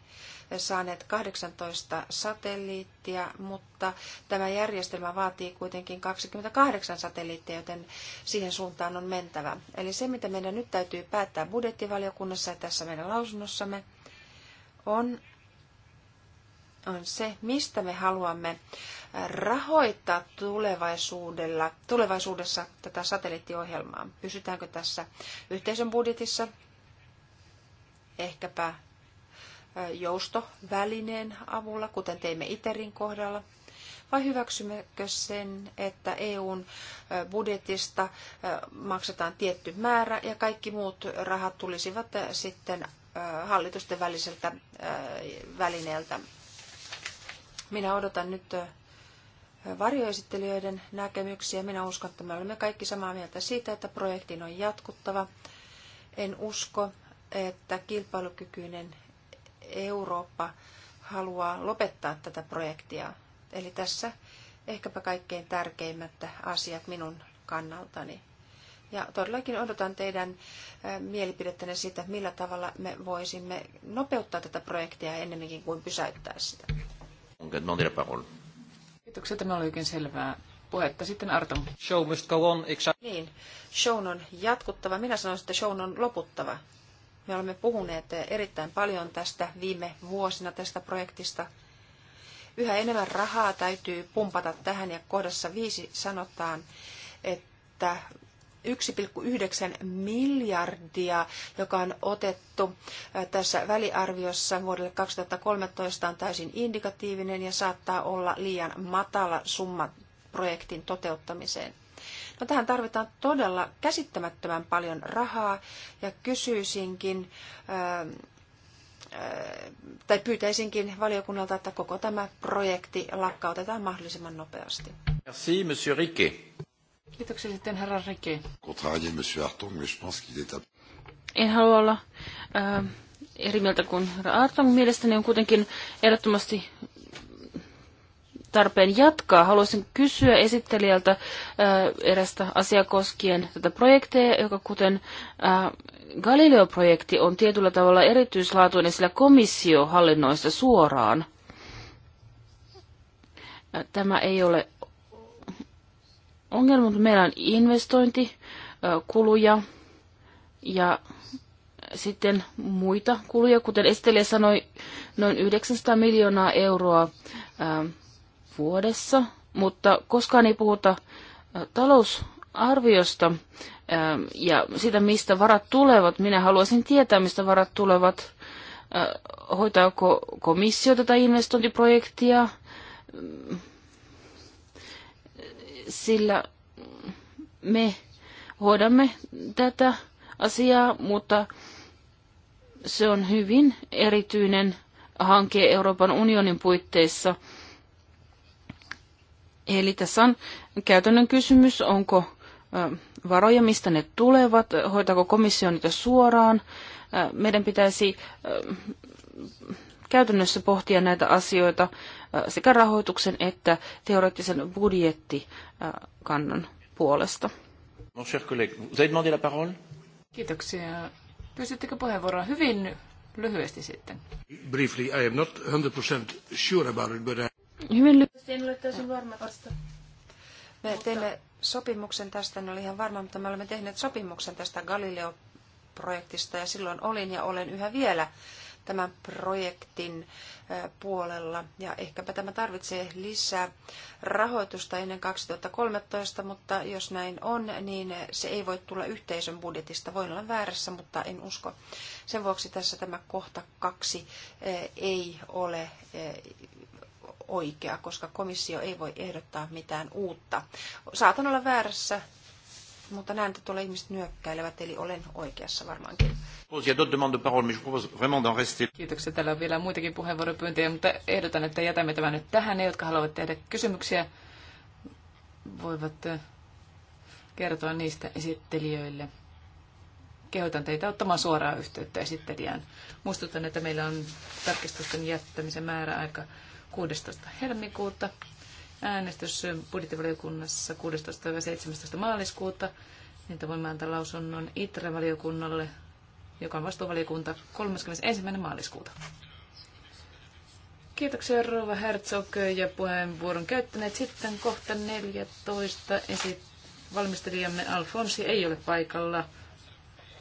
saaneet 18 satelliittia, mutta tämä järjestelmä vaatii kuitenkin 28 satelliittia, joten siihen suuntaan on mentävä. Eli se, mitä meidän nyt täytyy päättää budjettivaliokunnassa ja tässä meidän lausunnossamme, on, on se, mistä me haluamme rahoittaa tulevaisuudella, tulevaisuudessa tätä satelliittiohjelmaa. Pysytäänkö tässä yhteisön budjetissa ehkäpä joustovälineen avulla, kuten teimme ITERin kohdalla, vai hyväksymmekö sen, että EUn budjetista maksetaan tietty määrä ja kaikki muut rahat tulisivat sitten hallitusten väliseltä välineeltä. Minä odotan nyt varjoesittelijöiden näkemyksiä. Minä uskon, että me olemme kaikki samaa mieltä siitä, että projektin on jatkuttava. En usko, että kilpailukykyinen Eurooppa haluaa lopettaa tätä projektia. Eli tässä ehkäpä kaikkein tärkeimmät asiat minun kannaltani. Ja todellakin odotan teidän mielipidettänne siitä, millä tavalla me voisimme nopeuttaa tätä projektia ennemminkin kuin pysäyttää sitä. Kiitoksia, tämä oli oikein selvää puhetta. Sitten Arto. Show must go on. Niin, show on jatkuttava. Minä sanoisin, että show on loputtava. Me olemme puhuneet erittäin paljon tästä viime vuosina tästä projektista. Yhä enemmän rahaa täytyy pumpata tähän ja kohdassa viisi sanotaan, että 1,9 miljardia, joka on otettu tässä väliarviossa vuodelle 2013 on täysin indikatiivinen ja saattaa olla liian matala summa projektin toteuttamiseen. No tähän tarvitaan todella käsittämättömän paljon rahaa ja kysyisinkin, ää, ähm, äh, tai pyytäisinkin valiokunnalta, että koko tämä projekti lakkautetaan mahdollisimman nopeasti. Merci, monsieur Riquet. Kiitoksia sitten herra Riquet. Contrarié, monsieur mais je pense qu'il est... En halua olla äh, eri mieltä kuin herra Arton. Mielestäni on kuitenkin ehdottomasti tarpeen jatkaa. Haluaisin kysyä esittelijältä äh, erästä asiaa koskien tätä projektia, joka kuten äh, Galileo-projekti on tietyllä tavalla erityislaatuinen, sillä komissio hallinnoista suoraan. Äh, tämä ei ole ongelma, mutta meillä on investointikuluja ja sitten muita kuluja, kuten esittelijä sanoi, noin 900 miljoonaa euroa ähm, vuodessa, mutta koskaan ei puhuta talousarviosta ja sitä, mistä varat tulevat. Minä haluaisin tietää, mistä varat tulevat. Hoitaako komissio tätä investointiprojektia? Sillä me hoidamme tätä asiaa, mutta se on hyvin erityinen hanke Euroopan unionin puitteissa – Eli tässä on käytännön kysymys, onko varoja, mistä ne tulevat, hoitaako komissio niitä suoraan. Meidän pitäisi käytännössä pohtia näitä asioita sekä rahoituksen että teoreettisen budjettikannan puolesta. Mon cher collègue, vous avez demandé la parole? Kiitoksia. Pyysittekö puheenvuoroa hyvin lyhyesti sitten? Briefly, I am not 100% sure about it, but I... Hyvin lyhyesti, en ole täysin varma tästä. Me mutta... teimme sopimuksen tästä, en ole ihan varma, mutta me olemme tehneet sopimuksen tästä Galileo-projektista ja silloin olin ja olen yhä vielä tämän projektin puolella. Ja ehkäpä tämä tarvitsee lisää rahoitusta ennen 2013, mutta jos näin on, niin se ei voi tulla yhteisön budjetista. Voin olla väärässä, mutta en usko. Sen vuoksi tässä tämä kohta kaksi ei ole oikea, koska komissio ei voi ehdottaa mitään uutta. Saatan olla väärässä, mutta näen, että tuolla ihmiset nyökkäilevät, eli olen oikeassa varmaankin. Kiitoksia. Täällä on vielä muitakin puheenvuoropyyntöjä, mutta ehdotan, että jätämme tämän nyt tähän. Ne, jotka haluavat tehdä kysymyksiä, voivat eh, kertoa niistä esittelijöille. Kehotan teitä ottamaan suoraan yhteyttä esittelijään. Muistutan, että meillä on tarkistusten jättämisen määräaika 16. helmikuuta, äänestys budjettivaliokunnassa 16. ja 17. maaliskuuta, niitä voimme antaa lausunnon itra valiokunnalle joka on vastuuvaliokunta 31. maaliskuuta. Kiitoksia Rova Herzog ja puheenvuoron käyttäneet. Sitten kohta 14 esit valmistelijamme Alfonsi ei ole paikalla,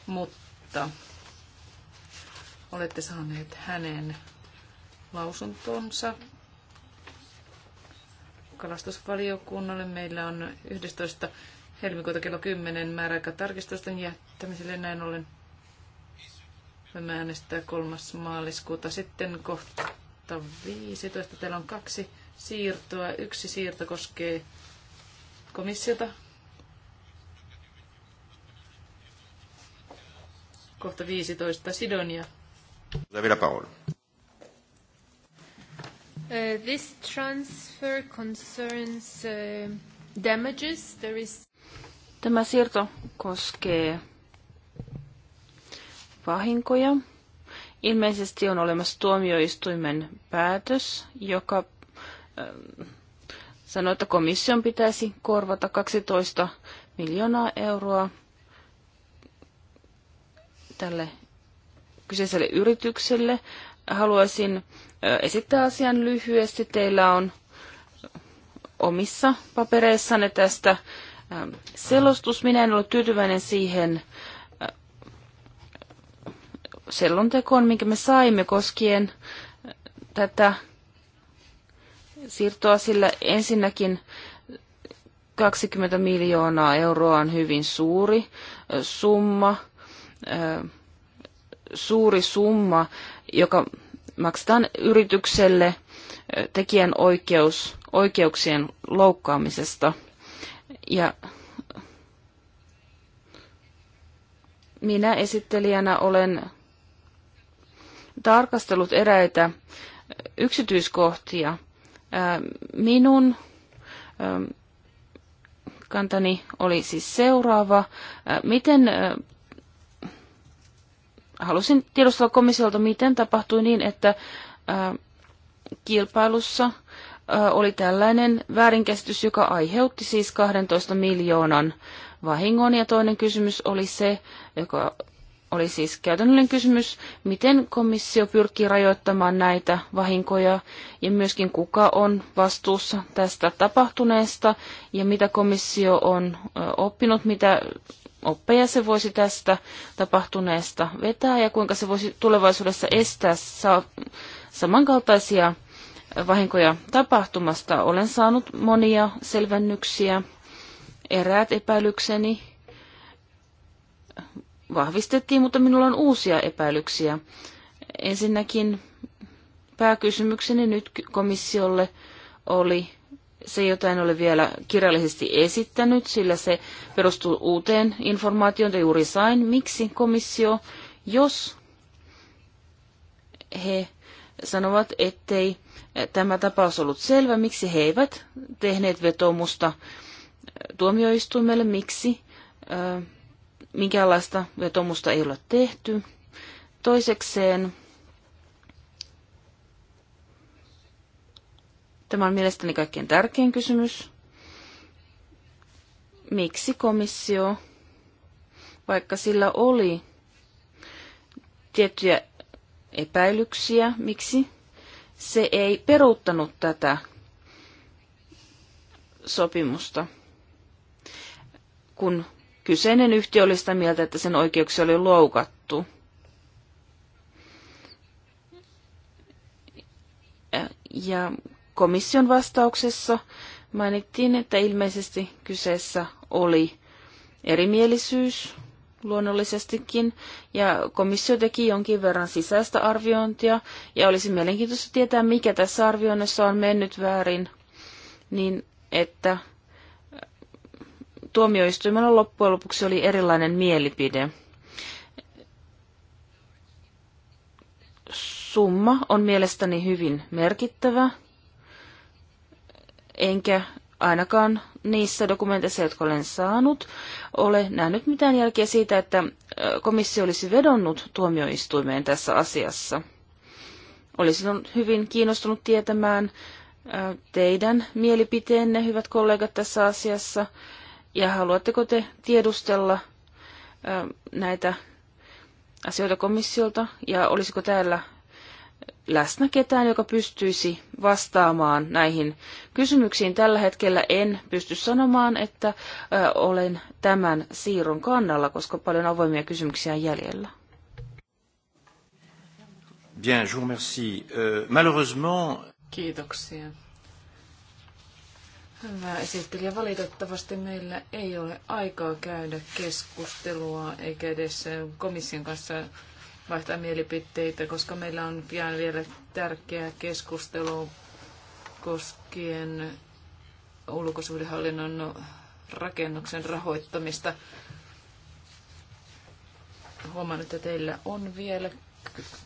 mutta olette saaneet hänen lausuntonsa kalastusvaliokunnalle. Meillä on 11. helmikuuta kello 10 määräaika tarkistusten jättämiselle. Näin ollen voimme äänestää 3. maaliskuuta. Sitten kohta 15. Täällä on kaksi siirtoa. Yksi siirto koskee komissiota. Kohta 15. Sidonia. Vous avez Uh, this transfer concerns uh, damages. There is... Tämä siirto koskee vahinkoja. Ilmeisesti on olemassa tuomioistuimen päätös, joka äh, sanoo, että komission pitäisi korvata 12 miljoonaa euroa tälle kyseiselle yritykselle haluaisin esittää asian lyhyesti. Teillä on omissa papereissanne tästä selostus. Minä en ole tyytyväinen siihen selontekoon, minkä me saimme koskien tätä siirtoa, sillä ensinnäkin 20 miljoonaa euroa on hyvin suuri summa, suuri summa joka maksetaan yritykselle tekijän oikeus, oikeuksien loukkaamisesta. Ja minä esittelijänä olen tarkastellut eräitä yksityiskohtia. Minun kantani oli siis seuraava. Miten halusin tiedustella komissiolta, miten tapahtui niin, että kilpailussa oli tällainen väärinkäsitys, joka aiheutti siis 12 miljoonan vahingon. Ja toinen kysymys oli se, joka oli siis käytännöllinen kysymys, miten komissio pyrkii rajoittamaan näitä vahinkoja ja myöskin kuka on vastuussa tästä tapahtuneesta ja mitä komissio on oppinut, mitä oppeja se voisi tästä tapahtuneesta vetää ja kuinka se voisi tulevaisuudessa estää sa- samankaltaisia vahinkoja tapahtumasta. Olen saanut monia selvennyksiä. Eräät epäilykseni vahvistettiin, mutta minulla on uusia epäilyksiä. Ensinnäkin pääkysymykseni nyt komissiolle oli, se, jota en ole vielä kirjallisesti esittänyt, sillä se perustuu uuteen informaatioon, jota juuri sain. Miksi komissio, jos he sanovat, ettei tämä tapaus ollut selvä, miksi he eivät tehneet vetomusta tuomioistuimelle, miksi minkäänlaista vetomusta ei ole tehty. Toisekseen Tämä on mielestäni kaikkein tärkein kysymys. Miksi komissio, vaikka sillä oli tiettyjä epäilyksiä, miksi se ei peruuttanut tätä sopimusta, kun kyseinen yhtiö oli sitä mieltä, että sen oikeuksia oli loukattu. Ja komission vastauksessa mainittiin, että ilmeisesti kyseessä oli erimielisyys luonnollisestikin, ja komissio teki jonkin verran sisäistä arviointia, ja olisi mielenkiintoista tietää, mikä tässä arvioinnissa on mennyt väärin, niin että tuomioistuimella loppujen lopuksi oli erilainen mielipide. Summa on mielestäni hyvin merkittävä enkä ainakaan niissä dokumenteissa, jotka olen saanut, ole nähnyt mitään jälkeä siitä, että komissio olisi vedonnut tuomioistuimeen tässä asiassa. Olisin ollut hyvin kiinnostunut tietämään teidän mielipiteenne, hyvät kollegat, tässä asiassa. Ja haluatteko te tiedustella näitä asioita komissiolta ja olisiko täällä läsnä ketään, joka pystyisi vastaamaan näihin kysymyksiin. Tällä hetkellä en pysty sanomaan, että olen tämän siirron kannalla, koska paljon avoimia kysymyksiä on jäljellä. Bien, je vous remercie. Euh, malheureusement... Kiitoksia. Hyvä esittelijä. Valitettavasti meillä ei ole aikaa käydä keskustelua eikä edes komission kanssa vaihtaa mielipiteitä, koska meillä on pian vielä tärkeä keskustelu koskien ulkosuhdehallinnon rakennuksen rahoittamista. Huomaan, että teillä on vielä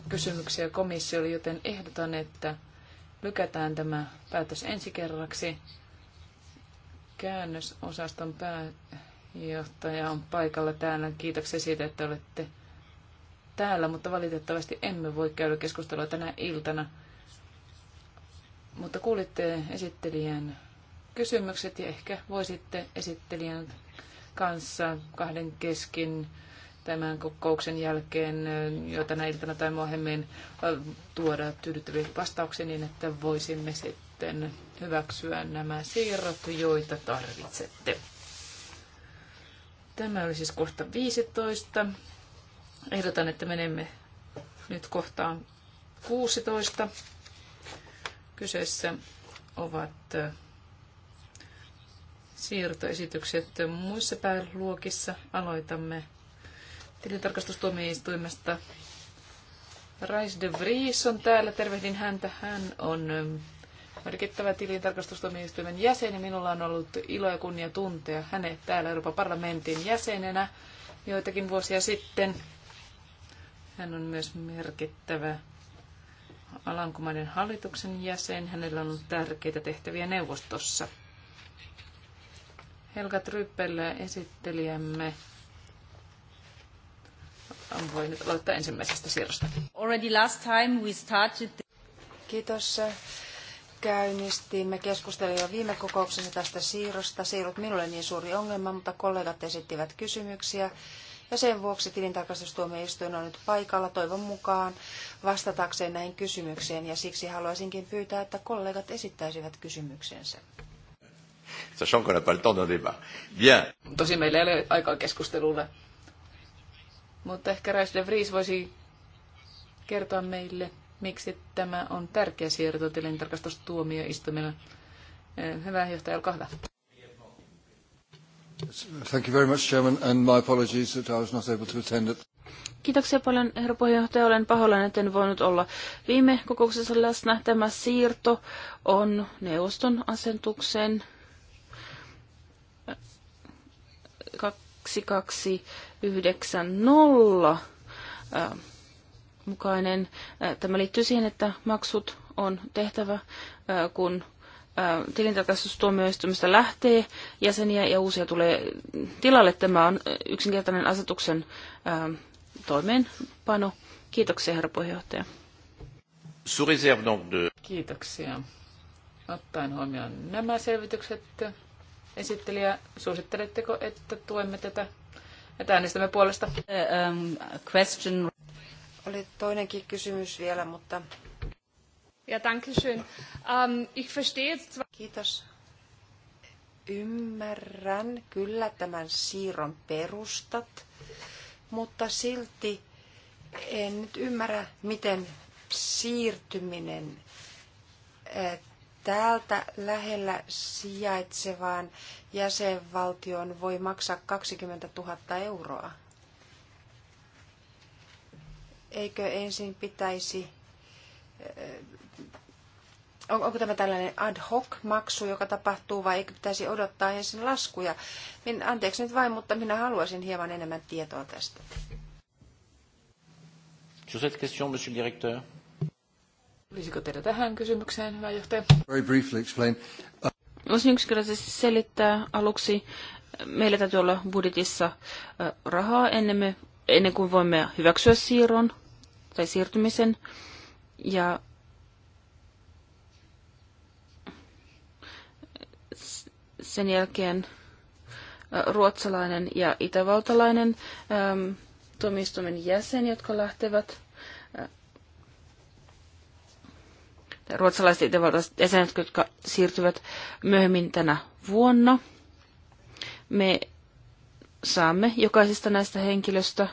kysymyksiä komissiolle, joten ehdotan, että lykätään tämä päätös ensi kerraksi. Käännösosaston pääjohtaja on paikalla täällä. Kiitoksia siitä, että olette täällä, mutta valitettavasti emme voi käydä keskustelua tänä iltana. Mutta kuulitte esittelijän kysymykset ja ehkä voisitte esittelijän kanssa kahden kesken tämän kokouksen jälkeen jo tänä iltana tai myöhemmin tuoda tyydyttäviä vastauksia niin, että voisimme sitten hyväksyä nämä siirrot, joita tarvitsette. Tämä oli siis kohta 15. Ehdotan, että menemme nyt kohtaan 16. Kyseessä ovat siirtoesitykset muissa pääluokissa. Aloitamme tilintarkastustuomioistuimesta. Rais de Vries on täällä. Tervehdin häntä. Hän on merkittävä tilintarkastustuomioistuimen jäsen ja minulla on ollut ilo ja kunnia tuntea hänet täällä Euroopan parlamentin jäsenenä joitakin vuosia sitten. Hän on myös merkittävä Alankomaiden hallituksen jäsen. Hänellä on tärkeitä tehtäviä neuvostossa. Helga Tryppel, esittelijämme, voi nyt aloittaa ensimmäisestä siirrosta. Already last time we started... Kiitos. Käynnistimme keskustelua jo viime kokouksessa tästä siirrosta. Se ei ollut minulle niin suuri ongelma, mutta kollegat esittivät kysymyksiä ja sen vuoksi tilintarkastustuomioistuin on nyt paikalla toivon mukaan vastatakseen näihin kysymykseen ja siksi haluaisinkin pyytää, että kollegat esittäisivät kysymyksensä. Sachant qu'on n'a pas le temps d'un débat. Bien. Tosi meillä ei ole aikaa keskustelulle. Mutta ehkä Rais de Vries voisi kertoa meille, miksi tämä on tärkeä siirto tilintarkastustuomioistuimella. Eh, hyvä johtaja, olkaa hyvä. Thank you very much, Chairman, and my apologies that I was not able to attend it. Kiitoksia paljon, herra puheenjohtaja. Olen pahoillani, että en voinut olla viime kokouksessa läsnä. Tämä siirto on neuvoston asentuksen 2290 äh, mukainen. Äh, tämä liittyy siihen, että maksut on tehtävä, äh, kun tilintarkastustuomioistumista lähtee jäseniä ja uusia tulee tilalle. Tämä on yksinkertainen asetuksen toimeenpano. Kiitoksia, herra puheenjohtaja. Kiitoksia. Ottaen huomioon nämä selvitykset, esittelijä, suositteletteko, että tuemme tätä, että äänestämme puolesta? Oli toinenkin kysymys vielä, mutta ja, danke schön. Ähm, ich verstehe jetzt zwar... Kiitos. Ymmärrän kyllä tämän siirron perustat, mutta silti en nyt ymmärrä, miten siirtyminen täältä lähellä sijaitsevaan jäsenvaltioon voi maksaa 20 000 euroa. Eikö ensin pitäisi onko tämä tällainen ad hoc maksu, joka tapahtuu vai eikö pitäisi odottaa ensin laskuja? Min, anteeksi nyt vain, mutta minä haluaisin hieman enemmän tietoa tästä. Sur cette question, monsieur le directeur. Olisiko teillä tähän kysymykseen, hyvä johtaja? Very briefly explain. Uh... Voisin yksinkertaisesti selittää aluksi. Meillä täytyy olla budjetissa rahaa ennen, me, ennen kuin voimme hyväksyä siirron tai siirtymisen. Ja sen jälkeen ruotsalainen ja itävaltalainen tuomioistuimen jäsen, jotka lähtevät ruotsalaiset ja itävaltalaiset jäsenet, jotka siirtyvät myöhemmin tänä vuonna. Me saamme jokaisesta näistä henkilöstä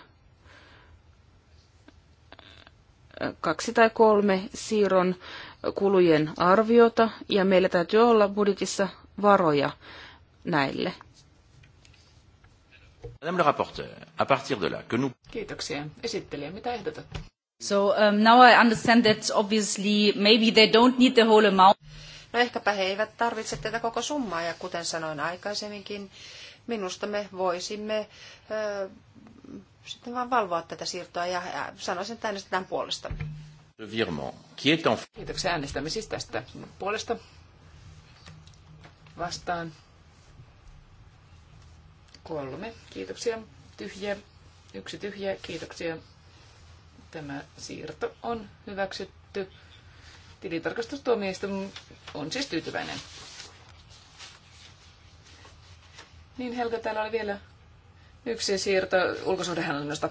kaksi tai kolme siirron kulujen arviota ja meillä täytyy olla budjetissa varoja näille. Madame le rapporteur, à partir de là, que nous... Kiitoksia. Esittelijä, mitä ehdotatte? So um, now I understand that obviously maybe they don't need the whole amount. No ehkäpä he eivät tarvitse tätä koko summaa ja kuten sanoin aikaisemminkin, minusta me voisimme uh, sitten vaan valvoa tätä siirtoa ja sanoisin, että äänestetään puolesta. Kiitoksia äänestämme tästä puolesta vastaan. Kolme. Kiitoksia. Tyhjä. Yksi tyhjä. Kiitoksia. Tämä siirto on hyväksytty. Tilitarkastustuomioistuin on siis tyytyväinen. Niin Helga, täällä oli vielä Yksi siirto ulkosuhdehallinnosta.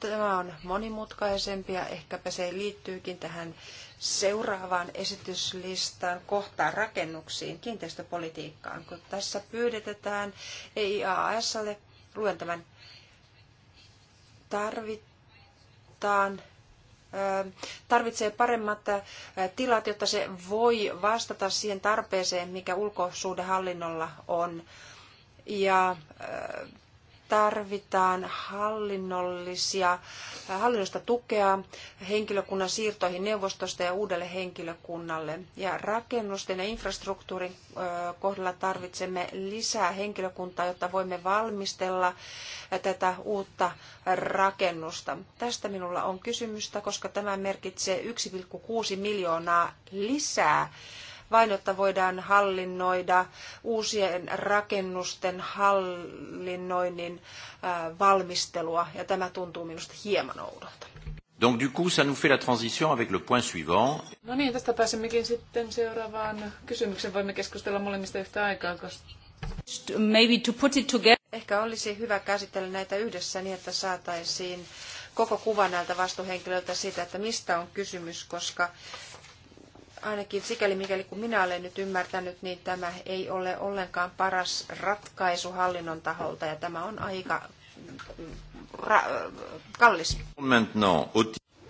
Tämä on monimutkaisempi ja ehkäpä se liittyykin tähän seuraavaan esityslistaan kohtaan rakennuksiin, kiinteistöpolitiikkaan, kun tässä pyydetään EIAS-alle luen tämän, tarvitaan tarvitsee paremmat tilat, jotta se voi vastata siihen tarpeeseen, mikä ulkosuhdehallinnolla on ja äh, tarvitaan hallinnollisia, äh, hallinnollista tukea henkilökunnan siirtoihin neuvostosta ja uudelle henkilökunnalle. Ja rakennusten ja infrastruktuurin äh, kohdalla tarvitsemme lisää henkilökuntaa, jotta voimme valmistella tätä uutta rakennusta. Tästä minulla on kysymystä, koska tämä merkitsee 1,6 miljoonaa lisää vain jotta voidaan hallinnoida uusien rakennusten hallinnoinnin valmistelua, ja tämä tuntuu minusta hieman oudolta. Donc du coup, ça nous fait la transition avec le point suivant. No niin, tästä pääsemmekin sitten seuraavaan kysymykseen. Voimme keskustella molemmista yhtä aikaa, koska... Maybe to put it together. Ehkä olisi hyvä käsitellä näitä yhdessä niin, että saataisiin koko kuva näiltä vastuuhenkilöiltä siitä, että mistä on kysymys, koska ainakin sikäli mikäli kun minä olen nyt ymmärtänyt, niin tämä ei ole ollenkaan paras ratkaisu hallinnon taholta ja tämä on aika mm, ra- kallis. No.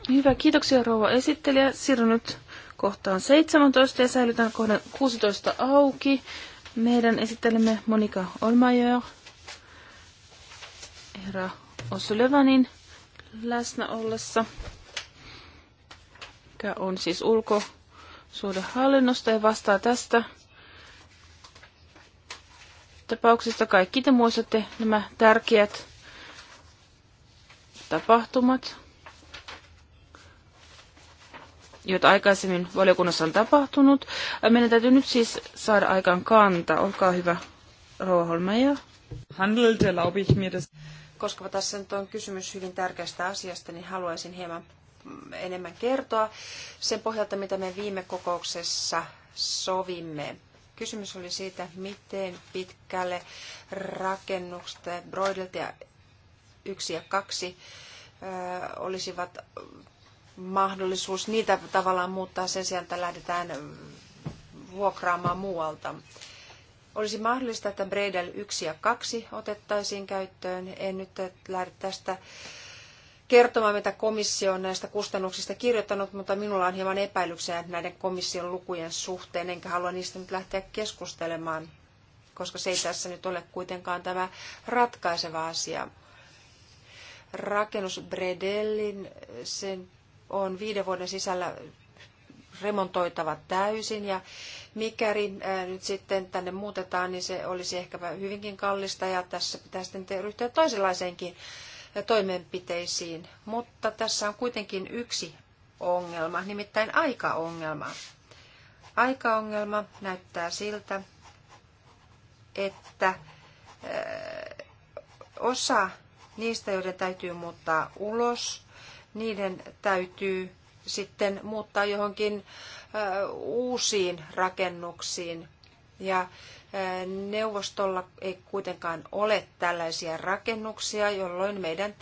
Hyvä, kiitoksia rouva esittelijä. Siirryn nyt kohtaan 17 ja säilytän kohdan 16 auki. Meidän esittelemme Monika Olmajer, herra Osulevanin läsnä ollessa, joka on siis ulko- hallinnosta ja vastaa tästä tapauksesta. Kaikki te muistatte nämä tärkeät tapahtumat, joita aikaisemmin valiokunnassa on tapahtunut. Meidän täytyy nyt siis saada aikaan kanta. Olkaa hyvä, Rouva Holmeja. Handelt, ich mir das. Koska tässä nyt on kysymys hyvin tärkeästä asiasta, niin haluaisin hieman enemmän kertoa sen pohjalta, mitä me viime kokouksessa sovimme. Kysymys oli siitä, miten pitkälle rakennukset Broidelt ja yksi ja kaksi olisivat mahdollisuus niitä tavallaan muuttaa sen sijaan, että lähdetään vuokraamaan muualta. Olisi mahdollista, että Bredel 1 ja 2 otettaisiin käyttöön. En nyt lähde tästä kertomaan, mitä komissio on näistä kustannuksista kirjoittanut, mutta minulla on hieman epäilyksiä näiden komission lukujen suhteen, enkä halua niistä nyt lähteä keskustelemaan, koska se ei tässä nyt ole kuitenkaan tämä ratkaiseva asia. Rakennus Bredellin, sen on viiden vuoden sisällä remontoitava täysin ja mikäli nyt sitten tänne muutetaan, niin se olisi ehkäpä hyvinkin kallista ja tässä pitää sitten ryhtyä toisenlaiseenkin toimenpiteisiin, mutta tässä on kuitenkin yksi ongelma, nimittäin aikaongelma. Aikaongelma näyttää siltä, että osa niistä, joiden täytyy muuttaa ulos, niiden täytyy sitten muuttaa johonkin uusiin rakennuksiin, ja neuvostolla ei kuitenkaan ole tällaisia rakennuksia, jolloin meidän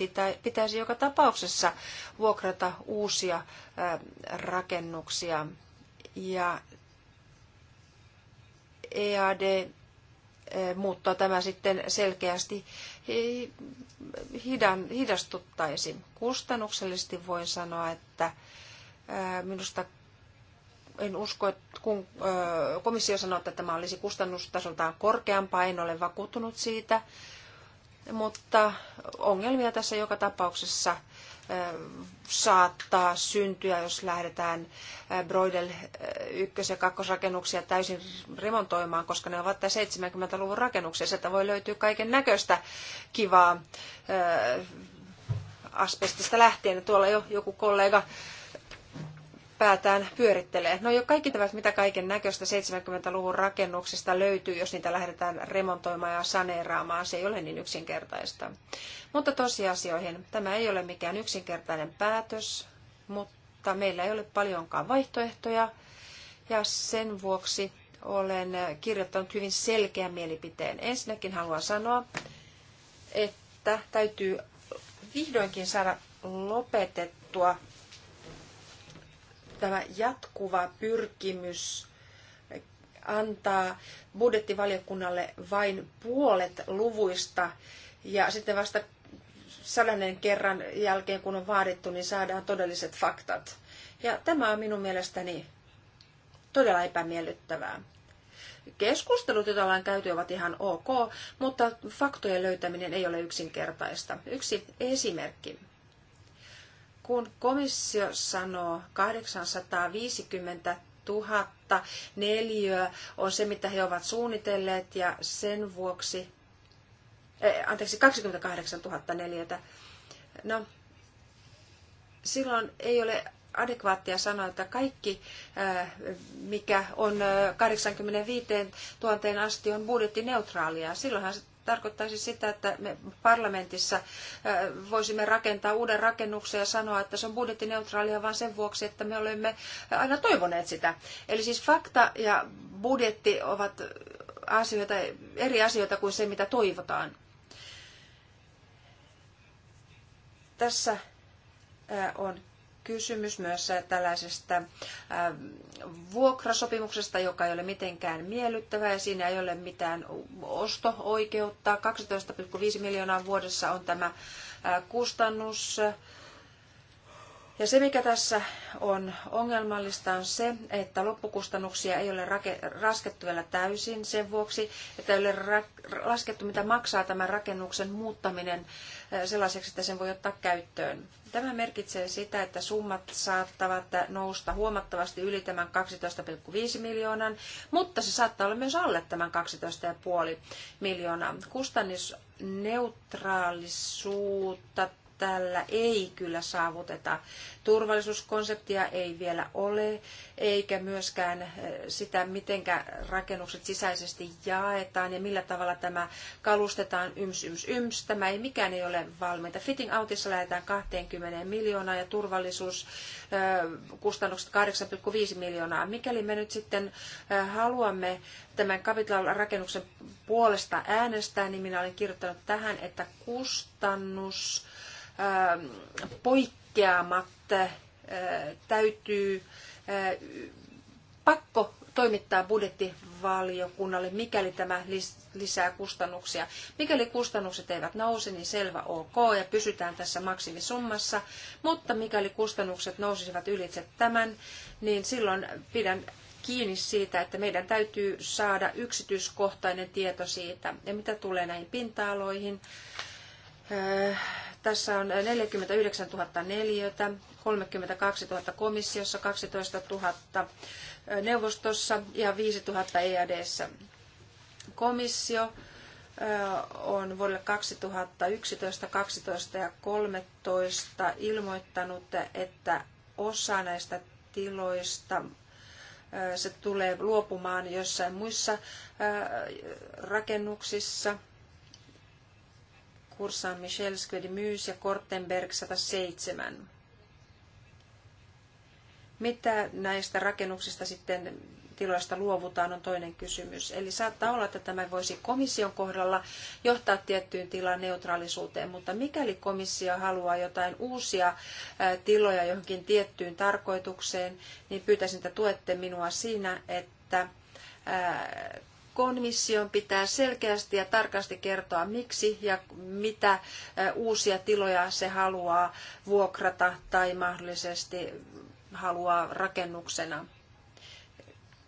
pitäisi joka tapauksessa vuokrata uusia rakennuksia. Ja EAD muuttaa tämä sitten selkeästi hidan, hidastuttaisi. Kustannuksellisesti voin sanoa, että minusta en usko, että kun komissio sanoo, että tämä olisi kustannustasoltaan korkeampaa, en ole vakuuttunut siitä, mutta ongelmia tässä joka tapauksessa saattaa syntyä, jos lähdetään Broidel 1- ja 2-rakennuksia täysin remontoimaan, koska ne ovat 70-luvun rakennuksia. Sieltä voi löytyä kaiken näköistä kivaa asbestista lähtien. Tuolla jo joku kollega päätään pyörittelee. No jo kaikki tämä, mitä kaiken näköistä 70-luvun rakennuksista löytyy, jos niitä lähdetään remontoimaan ja saneeraamaan, se ei ole niin yksinkertaista. Mutta tosiasioihin, tämä ei ole mikään yksinkertainen päätös, mutta meillä ei ole paljonkaan vaihtoehtoja, ja sen vuoksi olen kirjoittanut hyvin selkeän mielipiteen. Ensinnäkin haluan sanoa, että täytyy vihdoinkin saada lopetettua tämä jatkuva pyrkimys antaa budjettivaliokunnalle vain puolet luvuista ja sitten vasta sadannen kerran jälkeen, kun on vaadittu, niin saadaan todelliset faktat. Ja tämä on minun mielestäni todella epämiellyttävää. Keskustelut, joita ollaan käyty, ovat ihan ok, mutta faktojen löytäminen ei ole yksinkertaista. Yksi esimerkki kun komissio sanoo 850 000 neliöä on se, mitä he ovat suunnitelleet ja sen vuoksi, eh, anteeksi, 28 000 neliötä, no silloin ei ole adekvaattia sanoa, että kaikki, eh, mikä on 85 eh, 000 asti, on budjettineutraalia. Silloinhan tarkoittaisi sitä, että me parlamentissa voisimme rakentaa uuden rakennuksen ja sanoa, että se on budjettineutraalia vain sen vuoksi, että me olemme aina toivoneet sitä. Eli siis fakta ja budjetti ovat asioita, eri asioita kuin se, mitä toivotaan. Tässä on kysymys myös äh, tällaisesta äh, vuokrasopimuksesta, joka ei ole mitenkään miellyttävä ja siinä ei ole mitään osto-oikeutta. 12,5 miljoonaa vuodessa on tämä äh, kustannus ja se, mikä tässä on ongelmallista, on se, että loppukustannuksia ei ole laskettu vielä täysin sen vuoksi, että ei ole laskettu, mitä maksaa tämän rakennuksen muuttaminen äh, sellaiseksi, että sen voi ottaa käyttöön. Tämä merkitsee sitä, että summat saattavat nousta huomattavasti yli tämän 12,5 miljoonan, mutta se saattaa olla myös alle tämän 12,5 miljoonaa. Kustannusneutraalisuutta tällä ei kyllä saavuteta. Turvallisuuskonseptia ei vielä ole, eikä myöskään eh, sitä, miten rakennukset sisäisesti jaetaan ja millä tavalla tämä kalustetaan yms, yms, yms. Tämä ei mikään ei ole valmiita. Fitting outissa lähdetään 20 miljoonaa ja turvallisuuskustannukset eh, 8,5 miljoonaa. Mikäli me nyt sitten eh, haluamme tämän kapitla-rakennuksen puolesta äänestää, niin minä olen kirjoittanut tähän, että kustannus Ähm, poikkeamat äh, täytyy äh, pakko toimittaa budjettivaliokunnalle, mikäli tämä lisää kustannuksia. Mikäli kustannukset eivät nouse, niin selvä ok ja pysytään tässä maksimisummassa. Mutta mikäli kustannukset nousisivat ylitse tämän, niin silloin pidän kiinni siitä, että meidän täytyy saada yksityiskohtainen tieto siitä. Ja mitä tulee näihin pinta-aloihin, äh, tässä on 49 000 neliötä, 32 000 komissiossa, 12 000 neuvostossa ja 5 000 EADssä. Komissio on vuodelle 2011, 12 ja 13 ilmoittanut, että osa näistä tiloista se tulee luopumaan jossain muissa rakennuksissa – Kursan, Michel, Skvedimyys ja Kortenberg 107. Mitä näistä rakennuksista sitten tiloista luovutaan on toinen kysymys. Eli saattaa olla, että tämä voisi komission kohdalla johtaa tiettyyn tilan neutraalisuuteen, mutta mikäli komissio haluaa jotain uusia tiloja johonkin tiettyyn tarkoitukseen, niin pyytäisin, että tuette minua siinä, että komission pitää selkeästi ja tarkasti kertoa miksi ja mitä uusia tiloja se haluaa vuokrata tai mahdollisesti haluaa rakennuksena,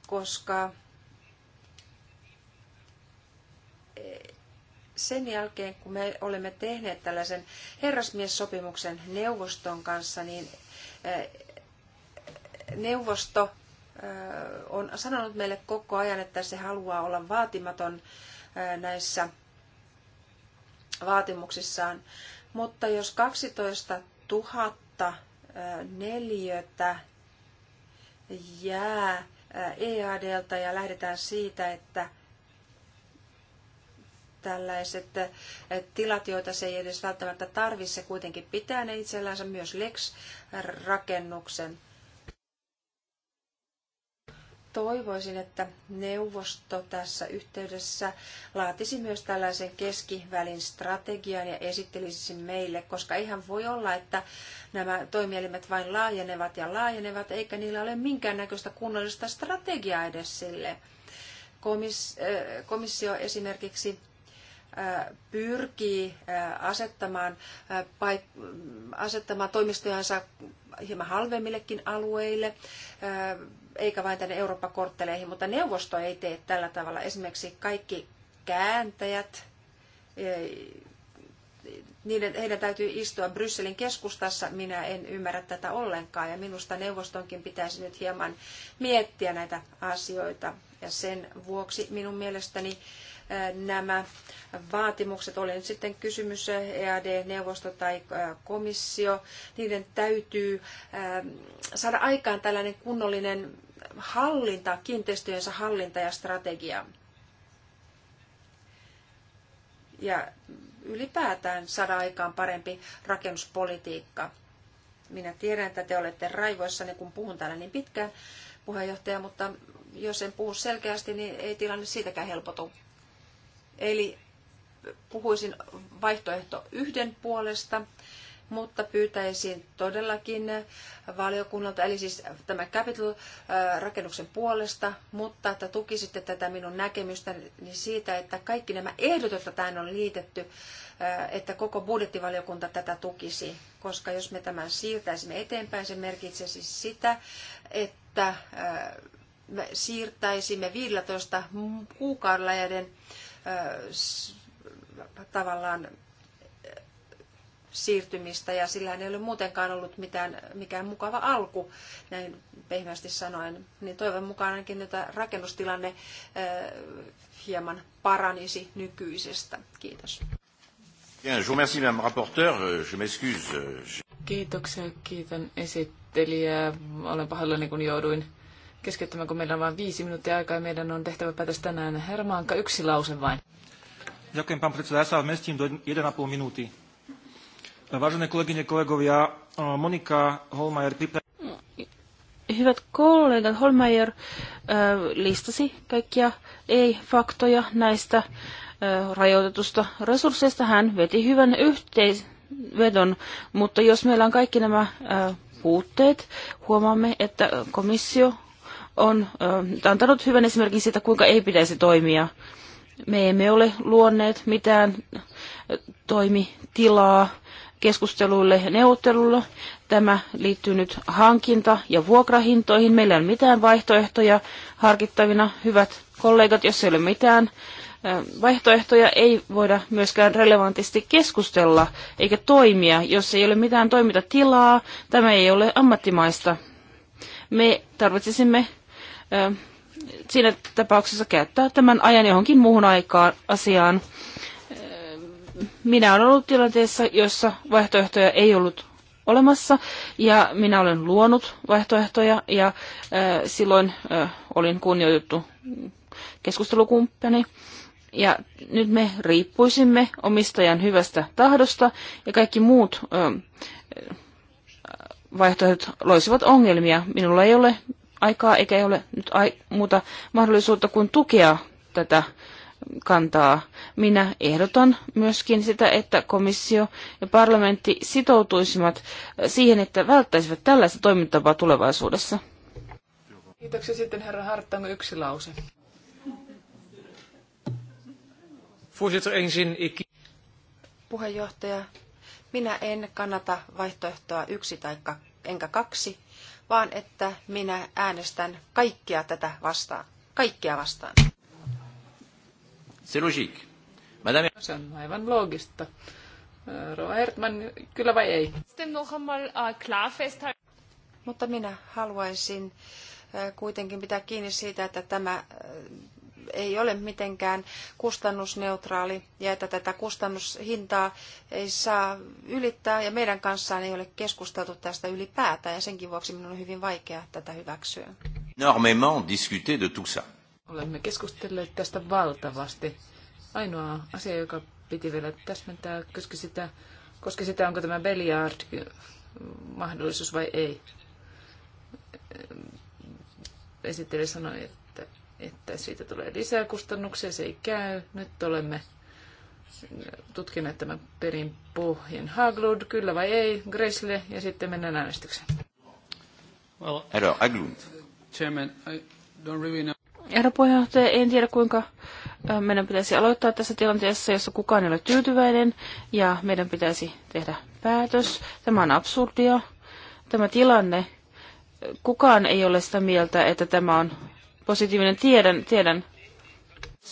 koska e, sen jälkeen, kun me olemme tehneet tällaisen herrasmiessopimuksen neuvoston kanssa, niin e, neuvosto on sanonut meille koko ajan, että se haluaa olla vaatimaton näissä vaatimuksissaan. Mutta jos 12 000 neliötä jää EADlta ja lähdetään siitä, että tällaiset tilat, joita se ei edes välttämättä tarvitse, kuitenkin pitää ne itsellänsä myös Lex-rakennuksen toivoisin, että neuvosto tässä yhteydessä laatisi myös tällaisen keskivälin strategian ja esittelisi meille, koska ihan voi olla, että nämä toimielimet vain laajenevat ja laajenevat, eikä niillä ole minkäännäköistä kunnollista strategiaa edes sille. Äh, komissio esimerkiksi äh, pyrkii äh, asettamaan, asettamaan toimistojansa hieman halvemmillekin alueille, eikä vain tänne Eurooppa-kortteleihin, mutta neuvosto ei tee tällä tavalla. Esimerkiksi kaikki kääntäjät, e, niiden, heidän täytyy istua Brysselin keskustassa. Minä en ymmärrä tätä ollenkaan ja minusta neuvostonkin pitäisi nyt hieman miettiä näitä asioita. Ja sen vuoksi minun mielestäni nämä vaatimukset, oli nyt sitten kysymys EAD-neuvosto tai komissio, niiden täytyy saada aikaan tällainen kunnollinen hallinta, kiinteistöjensä hallinta ja strategia. Ja ylipäätään saada aikaan parempi rakennuspolitiikka. Minä tiedän, että te olette raivoissanne, kun puhun täällä niin pitkään, puheenjohtaja, mutta jos en puhu selkeästi, niin ei tilanne siitäkään helpotu. Eli puhuisin vaihtoehto yhden puolesta, mutta pyytäisin todellakin valiokunnalta, eli siis tämä Capital-rakennuksen puolesta, mutta että tukisitte tätä minun näkemystäni siitä, että kaikki nämä ehdot, joita tähän on liitetty, että koko budjettivaliokunta tätä tukisi, koska jos me tämän siirtäisimme eteenpäin, se merkitsisi sitä, että me siirtäisimme 15 kuukaudella tavallaan siirtymistä ja sillä ei ole muutenkaan ollut mitään, mikään mukava alku, näin pehmeästi sanoen. Niin toivon mukaan ainakin, että rakennustilanne hieman paranisi nykyisestä. Kiitos. Euh, euh, Kiitoksia, kiitän esittelijää. Olen pahoillani, kun jouduin keskeyttämään, kun meillä on vain viisi minuuttia aikaa ja meidän on tehtävä päätös tänään. Herra Maanka, yksi lause vain. Ďakujem, pán predseda. Ja sa vmestím do 1,5 minúty. Vážené kolegyne, kolegovia, Monika Holmajer pripravila... Hyvät kollegat, Holmeier e, listasi kaikkia ei-faktoja näistä e, rajoitetusta resursseista. Hän veti hyvän yhteisvedon, mutta jos meillä on kaikki nämä e, puutteet, huomaamme, että komissio on antanut hyvän esimerkin siitä, kuinka ei pitäisi toimia. Me emme ole luonneet mitään toimitilaa keskusteluille ja neuvottelulle. Tämä liittyy nyt hankinta- ja vuokrahintoihin. Meillä ei ole mitään vaihtoehtoja harkittavina. Hyvät kollegat, jos ei ole mitään vaihtoehtoja, ei voida myöskään relevantisti keskustella eikä toimia. Jos ei ole mitään toimintatilaa, tämä ei ole ammattimaista. Me tarvitsisimme siinä tapauksessa käyttää tämän ajan johonkin muuhun aikaan asiaan. Minä olen ollut tilanteessa, jossa vaihtoehtoja ei ollut olemassa ja minä olen luonut vaihtoehtoja ja silloin olin kunnioitettu keskustelukumppani. Ja nyt me riippuisimme omistajan hyvästä tahdosta ja kaikki muut ö, vaihtoehdot loisivat ongelmia. Minulla ei ole aikaa eikä ole nyt ai- muuta mahdollisuutta kuin tukea tätä kantaa. Minä ehdotan myöskin sitä, että komissio ja parlamentti sitoutuisivat siihen, että välttäisivät tällaista toimintatapaa tulevaisuudessa. Kiitoksia sitten herra Harttam, yksi lause. Puheenjohtaja, minä en kannata vaihtoehtoa yksi tai enkä kaksi, vaan että minä äänestän kaikkia tätä vastaan. Kaikkia vastaan. C'est logique. Madame... Se on aivan loogista. Rova Hertman, kyllä vai ei? Äh, Mutta minä haluaisin äh, kuitenkin pitää kiinni siitä, että tämä äh, ei ole mitenkään kustannusneutraali ja että tätä kustannushintaa ei saa ylittää ja meidän kanssaan ei ole keskusteltu tästä ylipäätään ja senkin vuoksi minun on hyvin vaikea tätä hyväksyä. Normalement discuter de tout ça. Olemme keskustelleet tästä valtavasti. Ainoa asia, joka piti vielä täsmentää, koski sitä, koski sitä onko tämä Belliard mahdollisuus vai ei. Esittelijä sanoi, että että siitä tulee lisää kustannuksia, se ei käy. Nyt olemme tutkineet tämän perin pohjan. Haglund, kyllä vai ei, Gresle, ja sitten mennään äänestykseen. Well, Herra Haglund. Herra puheenjohtaja, en tiedä kuinka meidän pitäisi aloittaa tässä tilanteessa, jossa kukaan ei ole tyytyväinen ja meidän pitäisi tehdä päätös. Tämä on absurdia. Tämä tilanne, kukaan ei ole sitä mieltä, että tämä on positiivinen. Tiedän, tiedän.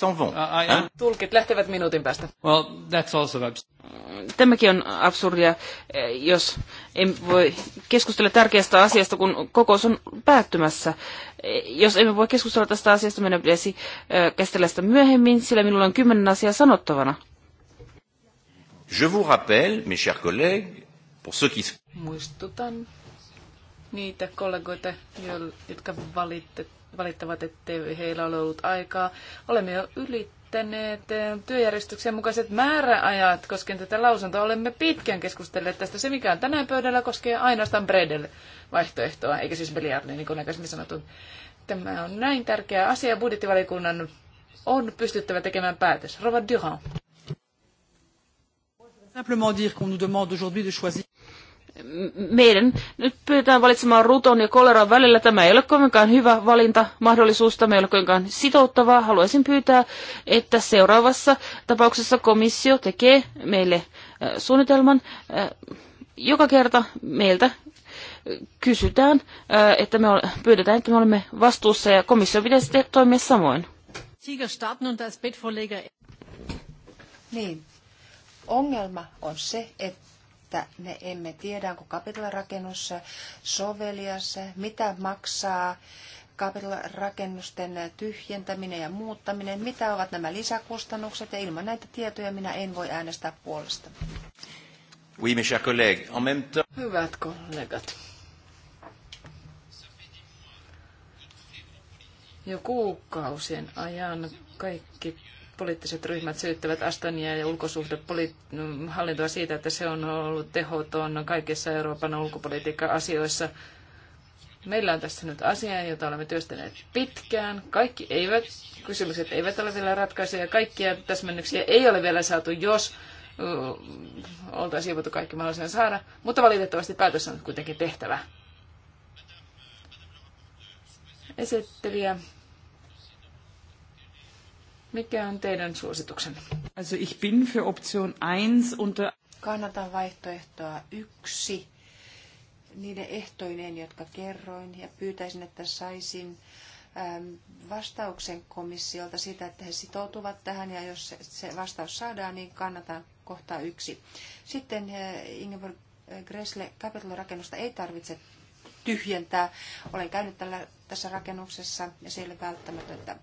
Uh, Tulkit lähtevät minuutin päästä. Well, that's also Tämäkin on absurdia, eh, jos emme voi keskustella tärkeästä asiasta, kun kokous on päättymässä. Eh, jos emme voi keskustella tästä asiasta, meidän pitäisi eh, käsitellä sitä myöhemmin, sillä minulla on kymmenen asiaa sanottavana. Je vous rappelle, mes chers collègues, pour ceux qui... Muistutan niitä kollegoita, jotka valittivat valittavat, että heillä ole ollut aikaa. Olemme jo ylittäneet eh, työjärjestyksen mukaiset määräajat koskien tätä lausuntoa. Olemme pitkään keskustelleet tästä. Se, mikä on tänään pöydällä, koskee ainoastaan Bredel vaihtoehtoa, eikä siis miljardia, niin kuin aikaisemmin sanottu. Tämä on näin tärkeä asia. Budjettivalikunnan on pystyttävä tekemään päätös. Rova Durand. Simplement dire qu'on nous demande aujourd'hui de choisir meidän nyt pyytään valitsemaan ruton ja koleran välillä. Tämä ei ole kovinkaan hyvä valinta, mahdollisuus, tämä ei ole kovinkaan sitouttavaa. Haluaisin pyytää, että seuraavassa tapauksessa komissio tekee meille äh, suunnitelman. Äh, joka kerta meiltä äh, kysytään, että me pyydetään, että me olemme vastuussa ja komissio pitäisi toimia samoin. Niin. Ongelma on se, että että me emme tiedä, onko kapitalarakennus sovelias, mitä maksaa kapitalarakennusten tyhjentäminen ja muuttaminen, mitä ovat nämä lisäkustannukset, ja ilman näitä tietoja minä en voi äänestää puolesta. Oui, mes chers collègues, en même temps... Hyvät kollegat. Jo kuukausien ajan kaikki poliittiset ryhmät syyttävät Astania ja ulkosuhdehallintoa siitä, että se on ollut tehoton kaikissa Euroopan ulkopolitiikan asioissa. Meillä on tässä nyt asia, jota olemme työstäneet pitkään. Kaikki eivät, kysymykset eivät ole vielä ratkaisuja. Kaikkia täsmennyksiä ei ole vielä saatu, jos oltaisiin voitu kaikki mahdollisen saada. Mutta valitettavasti päätös on kuitenkin tehtävä. Esittelijä mikä on teidän suosituksenne? Also ich bin für Option 1 unter... Kannatan vaihtoehtoa yksi niiden ehtoineen, jotka kerroin, ja pyytäisin, että saisin ähm, vastauksen komissiolta sitä, että he sitoutuvat tähän, ja jos se vastaus saadaan, niin kannatan kohtaa yksi. Sitten äh, Ingeborg äh, Gressle, Capitol-rakennusta ei tarvitse tyhjentää. Olen käynyt tällä, tässä rakennuksessa, ja se ei ole välttämätöntä.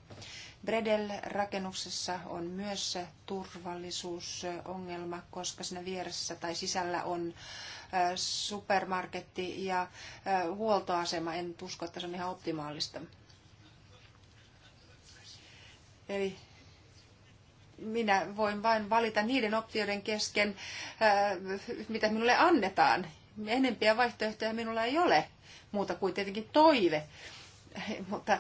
Bredel-rakennuksessa on myös turvallisuusongelma, koska siinä vieressä tai sisällä on supermarketti ja huoltoasema. En usko, että se on ihan optimaalista. Eli minä voin vain valita niiden optioiden kesken, mitä minulle annetaan. Enempiä vaihtoehtoja minulla ei ole, muuta kuin tietenkin toive mutta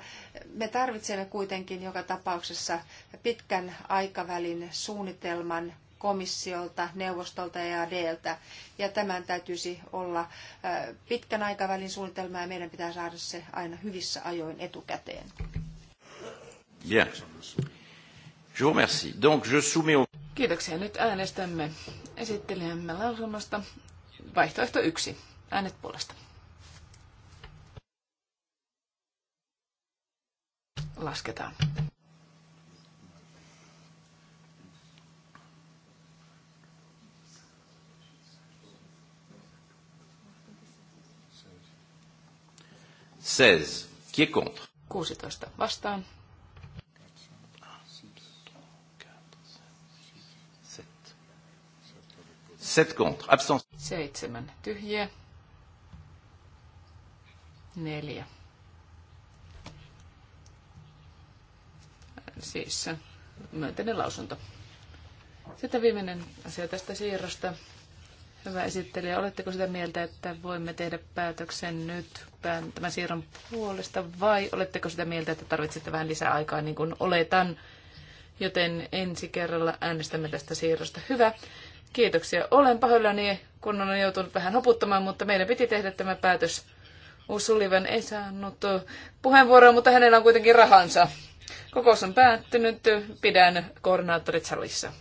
me tarvitsemme kuitenkin joka tapauksessa pitkän aikavälin suunnitelman komissiolta, neuvostolta ja EADltä. Ja tämän täytyisi olla äh, pitkän aikavälin suunnitelma ja meidän pitää saada se aina hyvissä ajoin etukäteen. Bien. Je vous remercie. Donc je soumets au... Kiitoksia. Nyt äänestämme. esittelijämme lausumasta. Vaihtoehto yksi. Äänet puolesta. lasketaan. Seize. Qui est contre? 16 vastaan. Sept contre. Absence. Seitsemän tyhjiä. Neljä siis myönteinen lausunto. Sitten viimeinen asia tästä siirrosta. Hyvä esittelijä, oletteko sitä mieltä, että voimme tehdä päätöksen nyt tämän siirron puolesta vai oletteko sitä mieltä, että tarvitsette vähän lisää aikaa niin kuin oletan, joten ensi kerralla äänestämme tästä siirrosta. Hyvä. Kiitoksia. Olen pahoillani, kun olen joutunut vähän hoputtamaan, mutta meidän piti tehdä tämä päätös. Usulivan ei saanut puheenvuoroa, mutta hänellä on kuitenkin rahansa. Kokous on päättynyt. Pidän koordinaattorit salissa.